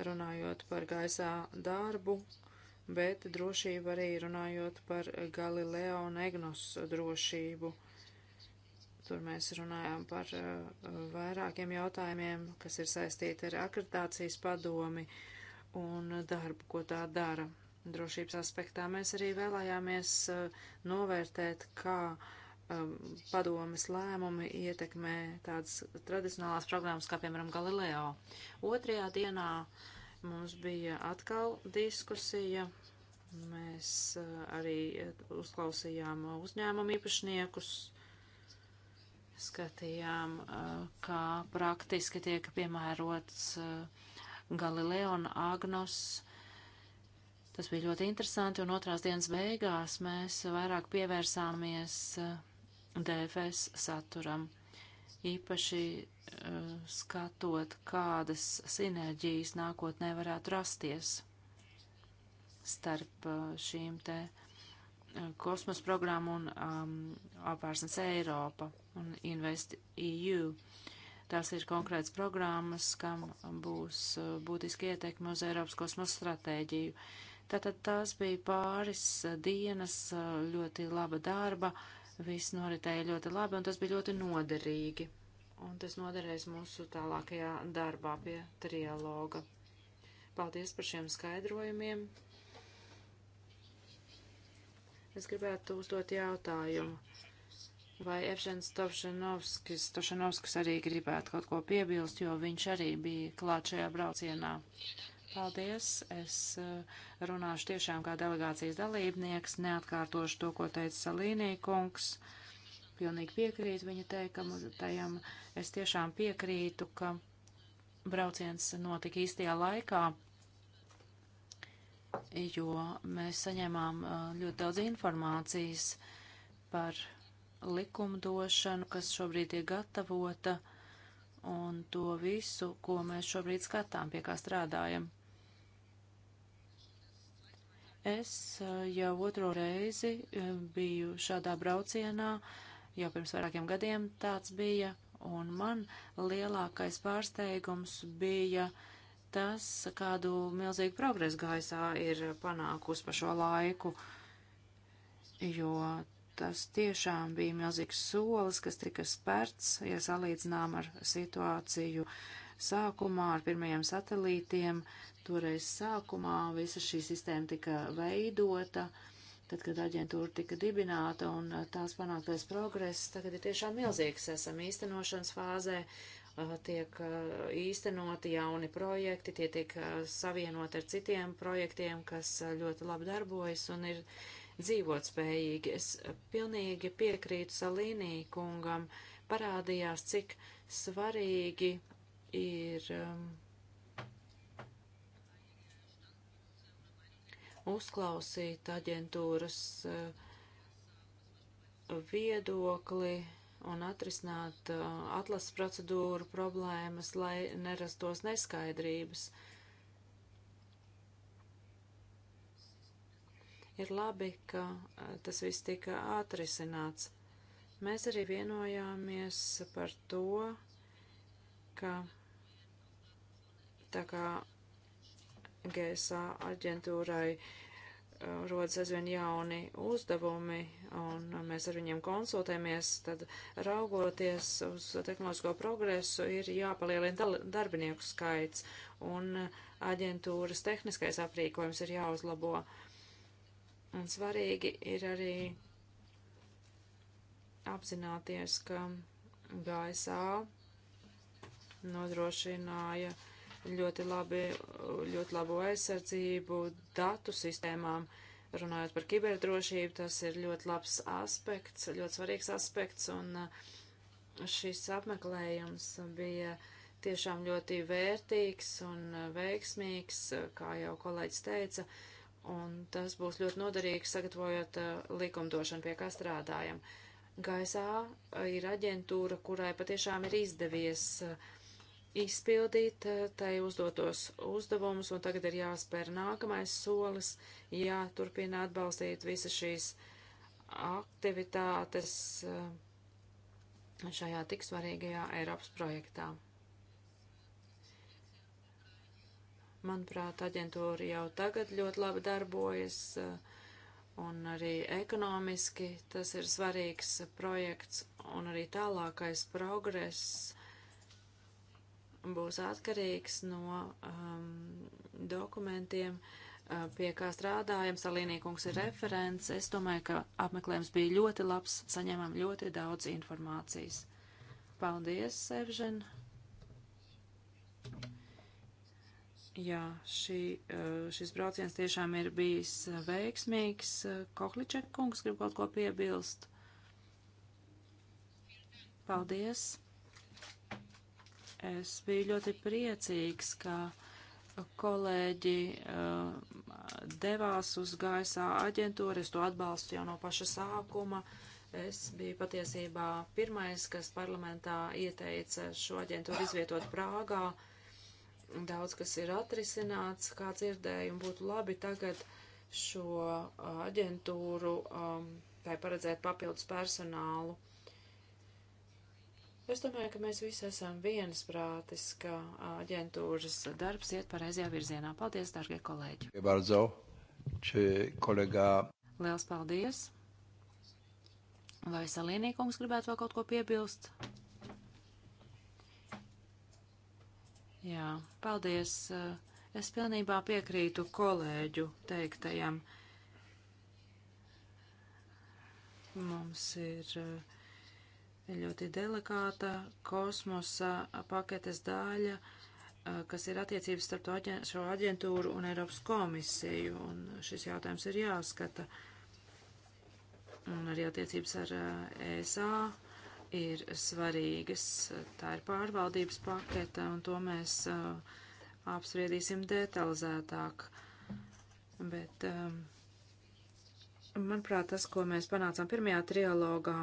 runājot par gaisā darbu, bet drošība arī runājot par Galileo un Egnos drošību. Tur mēs runājām par uh, vairākiem jautājumiem, kas ir saistīti ar akreditācijas padomi un darbu, ko tā dara. Drošības aspektā mēs arī vēlējāmies uh, novērtēt, kā um, padomas lēmumi ietekmē tādas tradicionālās programmas, kā piemēram Galileo. Otrajā dienā uh, Mums bija atkal diskusija. Mēs eh, arī uzklausījām uzņēmumu īpašniekus, skatījām, eh, kā praktiski tiek piemērots eh, Galileo un Agnos. Tas bija ļoti interesanti, un otrās dienas beigās mēs vairāk pievērsāmies DFS saturam īpaši uh, skatot, kādas sinerģijas nākotnē varētu rasties starp uh, šīm te uh, e, kosmos programmu un um, apvērsnes Eiropa un Invest EU. Tās ir konkrētas programmas, kam būs būtiski ietekmi uz Eiropas kosmosa stratēģiju. Tātad tās bija pāris dienas ļoti laba darba, uh, Viss noritēja ļoti labi, un tas bija ļoti noderīgi. Un tas noderēs mūsu tālākajā darbā pie trialoga. Paldies par šiem skaidrojumiem. Es gribētu uzdot jautājumu. Vai Evžens Tošanovskis, Tošanovskis arī gribētu kaut ko piebilst, jo viņš arī bija klāt šajā braucienā. Paldies! Es eh, runāšu tiešām kā delegācijas dalībnieks, neatkārtošu to, ko teica Salīnī kungs. Pilnīgi piekrītu viņa teikamajam. Es tiešām piekrītu, ka brauciens notika īstajā laikā, jo mēs saņēmām eh, ļoti daudz informācijas par likumdošanu, kas šobrīd tiek gatavota, un to visu, ko mēs šobrīd skatām, pie kā strādājam. Es eh, jau otro reizi eh, biju šādā braucienā, jau pirms vairākiem gadiem tāds bija, un man lielākais pārsteigums bija tas, kādu milzīgu progresu gaisā ir panākus pa šo laiku, jo tas tiešām bija milzīgs solis, kas tika spērts, ja salīdzinām ar situāciju uh, sākumā ar pirmajiem satelītiem. Toreiz sākumā visa šī sistēma tika veidota, tad, kad aģentūra tika dibināta un uh, tās panāktais progress tagad ir tiešām milzīgs. Esam īstenošanas fāzē, uh, tiek uh, īstenoti jauni projekti, tie tiek savienoti ar citiem projektiem, kas ļoti labi darbojas un ir dzīvotspējīgi. Es pilnīgi piekrītu Salīnī kungam, parādījās, cik svarīgi ir um, uzklausīt aģentūras uh, viedokli un atrisināt uh, atlases procedūru problēmas, lai nerastos neskaidrības. Ir labi, ka uh, tas viss tika atrisināts. Mēs arī vienojāmies par to, ka Tā kā GSA aģentūrai uh, rodas aizvien jauni uzdevumi, un mēs ar viņiem konsultējamies, tad raugoties uz tehnoloģisko progresu, ir jāpalielina darbinieku skaits, un aģentūras tehniskais aprīkojums ir jāuzlabo. Un svarīgi ir arī apzināties, ka GSA nodrošināja uh, ļoti, labi, ļoti labu aizsardzību datu sistēmām. Runājot par kiberdrošību, tas ir ļoti labs aspekts, ļoti svarīgs aspekts, un uh, šis apmeklējums bija tiešām ļoti vērtīgs un uh, veiksmīgs, uh, kā jau kolēģis teica, un tas būs ļoti noderīgs sagatavojot likumdošanu, pie kā strādājam. GSA ir aģentūra, kurai patiešām ir izdevies uh, izpildīt eh, tai uzdotos uzdevumus, un tagad ir jāspēr nākamais solis, jāturpina atbalstīt visas šīs aktivitātes eh, šajā tik svarīgajā Eiropas projektā. Manuprāt, aģentūra jau tagad ļoti labi darbojas, eh, un arī ekonomiski tas ir svarīgs projekts, un arī tālākais progress būs atkarīgs no um, dokumentiem, uh, pie kā strādājam. Salīnīkums ir referents. Es domāju, ka apmeklējums bija ļoti labs, saņēmām ļoti daudz informācijas. Paldies, Evžen! Jā, šī, uh, šis brauciens tiešām ir bijis veiksmīgs. Kohliček kungs grib kaut ko piebilst. Paldies! Es biju ļoti priecīgs, ka kolēģi uh, devās uz gaisā aģentūru. Es to atbalstu jau no paša sākuma. Es biju patiesībā pirmais, kas parlamentā ieteica šo aģentūru izvietot Prāgā. Daudz kas ir atrisināts, kā dzirdēju, un būtu labi tagad šo aģentūru um, tai paredzēt papildus personālu Es domāju, ka mēs visi esam viensprātis, ka aģentūras darbs iet pareizajā virzienā. Paldies, dārgie kolēģi! Liels paldies! Vai Salīnīkums gribētu vēl kaut ko piebilst? Jā, paldies! Es pilnībā piekrītu kolēģu teiktajam. Mums ir uh, ļoti delikāta kosmosa paketes daļa, kas ir attiecības starp aģen šo aģentūru un Eiropas komisiju, un šis jautājums ir jāskata. Un arī attiecības ar ESA e ir svarīgas. Tā ir pārvaldības pakete, un to mēs apspriedīsim detalizētāk. Bet, manuprāt, tas, ko mēs panācām pirmajā trialogā,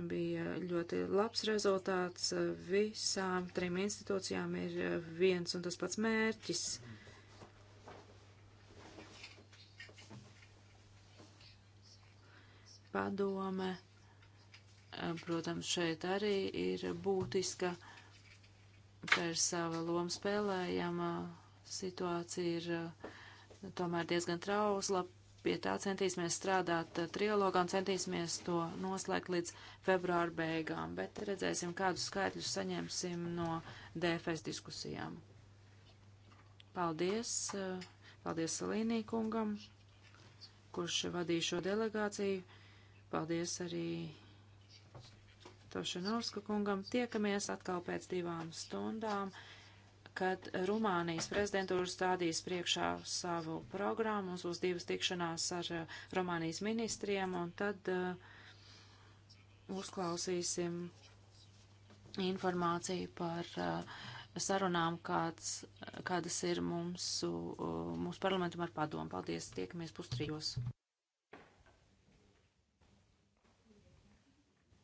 bija ļoti labs rezultāts. Visām trim institūcijām ir viens un tas pats mērķis. Padome, protams, šeit arī ir būtiska, tā ir sava loma spēlējama, situācija ir eh, tomēr diezgan trausla, Pie tā centīsimies strādāt eh, trilogā un centīsimies to noslēgt līdz februāra beigām, bet redzēsim, kādus skaitļus saņemsim no DFS diskusijām. Paldies! Eh, paldies Salīnī kungam, kurš vadīja šo delegāciju. Paldies arī Tošanovska kungam. Tiekamies atkal pēc divām stundām kad Rumānijas prezidentūra stādīs priekšā savu programmu. Mums būs divas tikšanās ar eh, Rumānijas ministriem, un tad uh, uzklausīsim informāciju par uh, sarunām, kāds, kādas ir mums, uh, mūsu parlamentam ar padomu. Paldies, tiekamies pustrijos.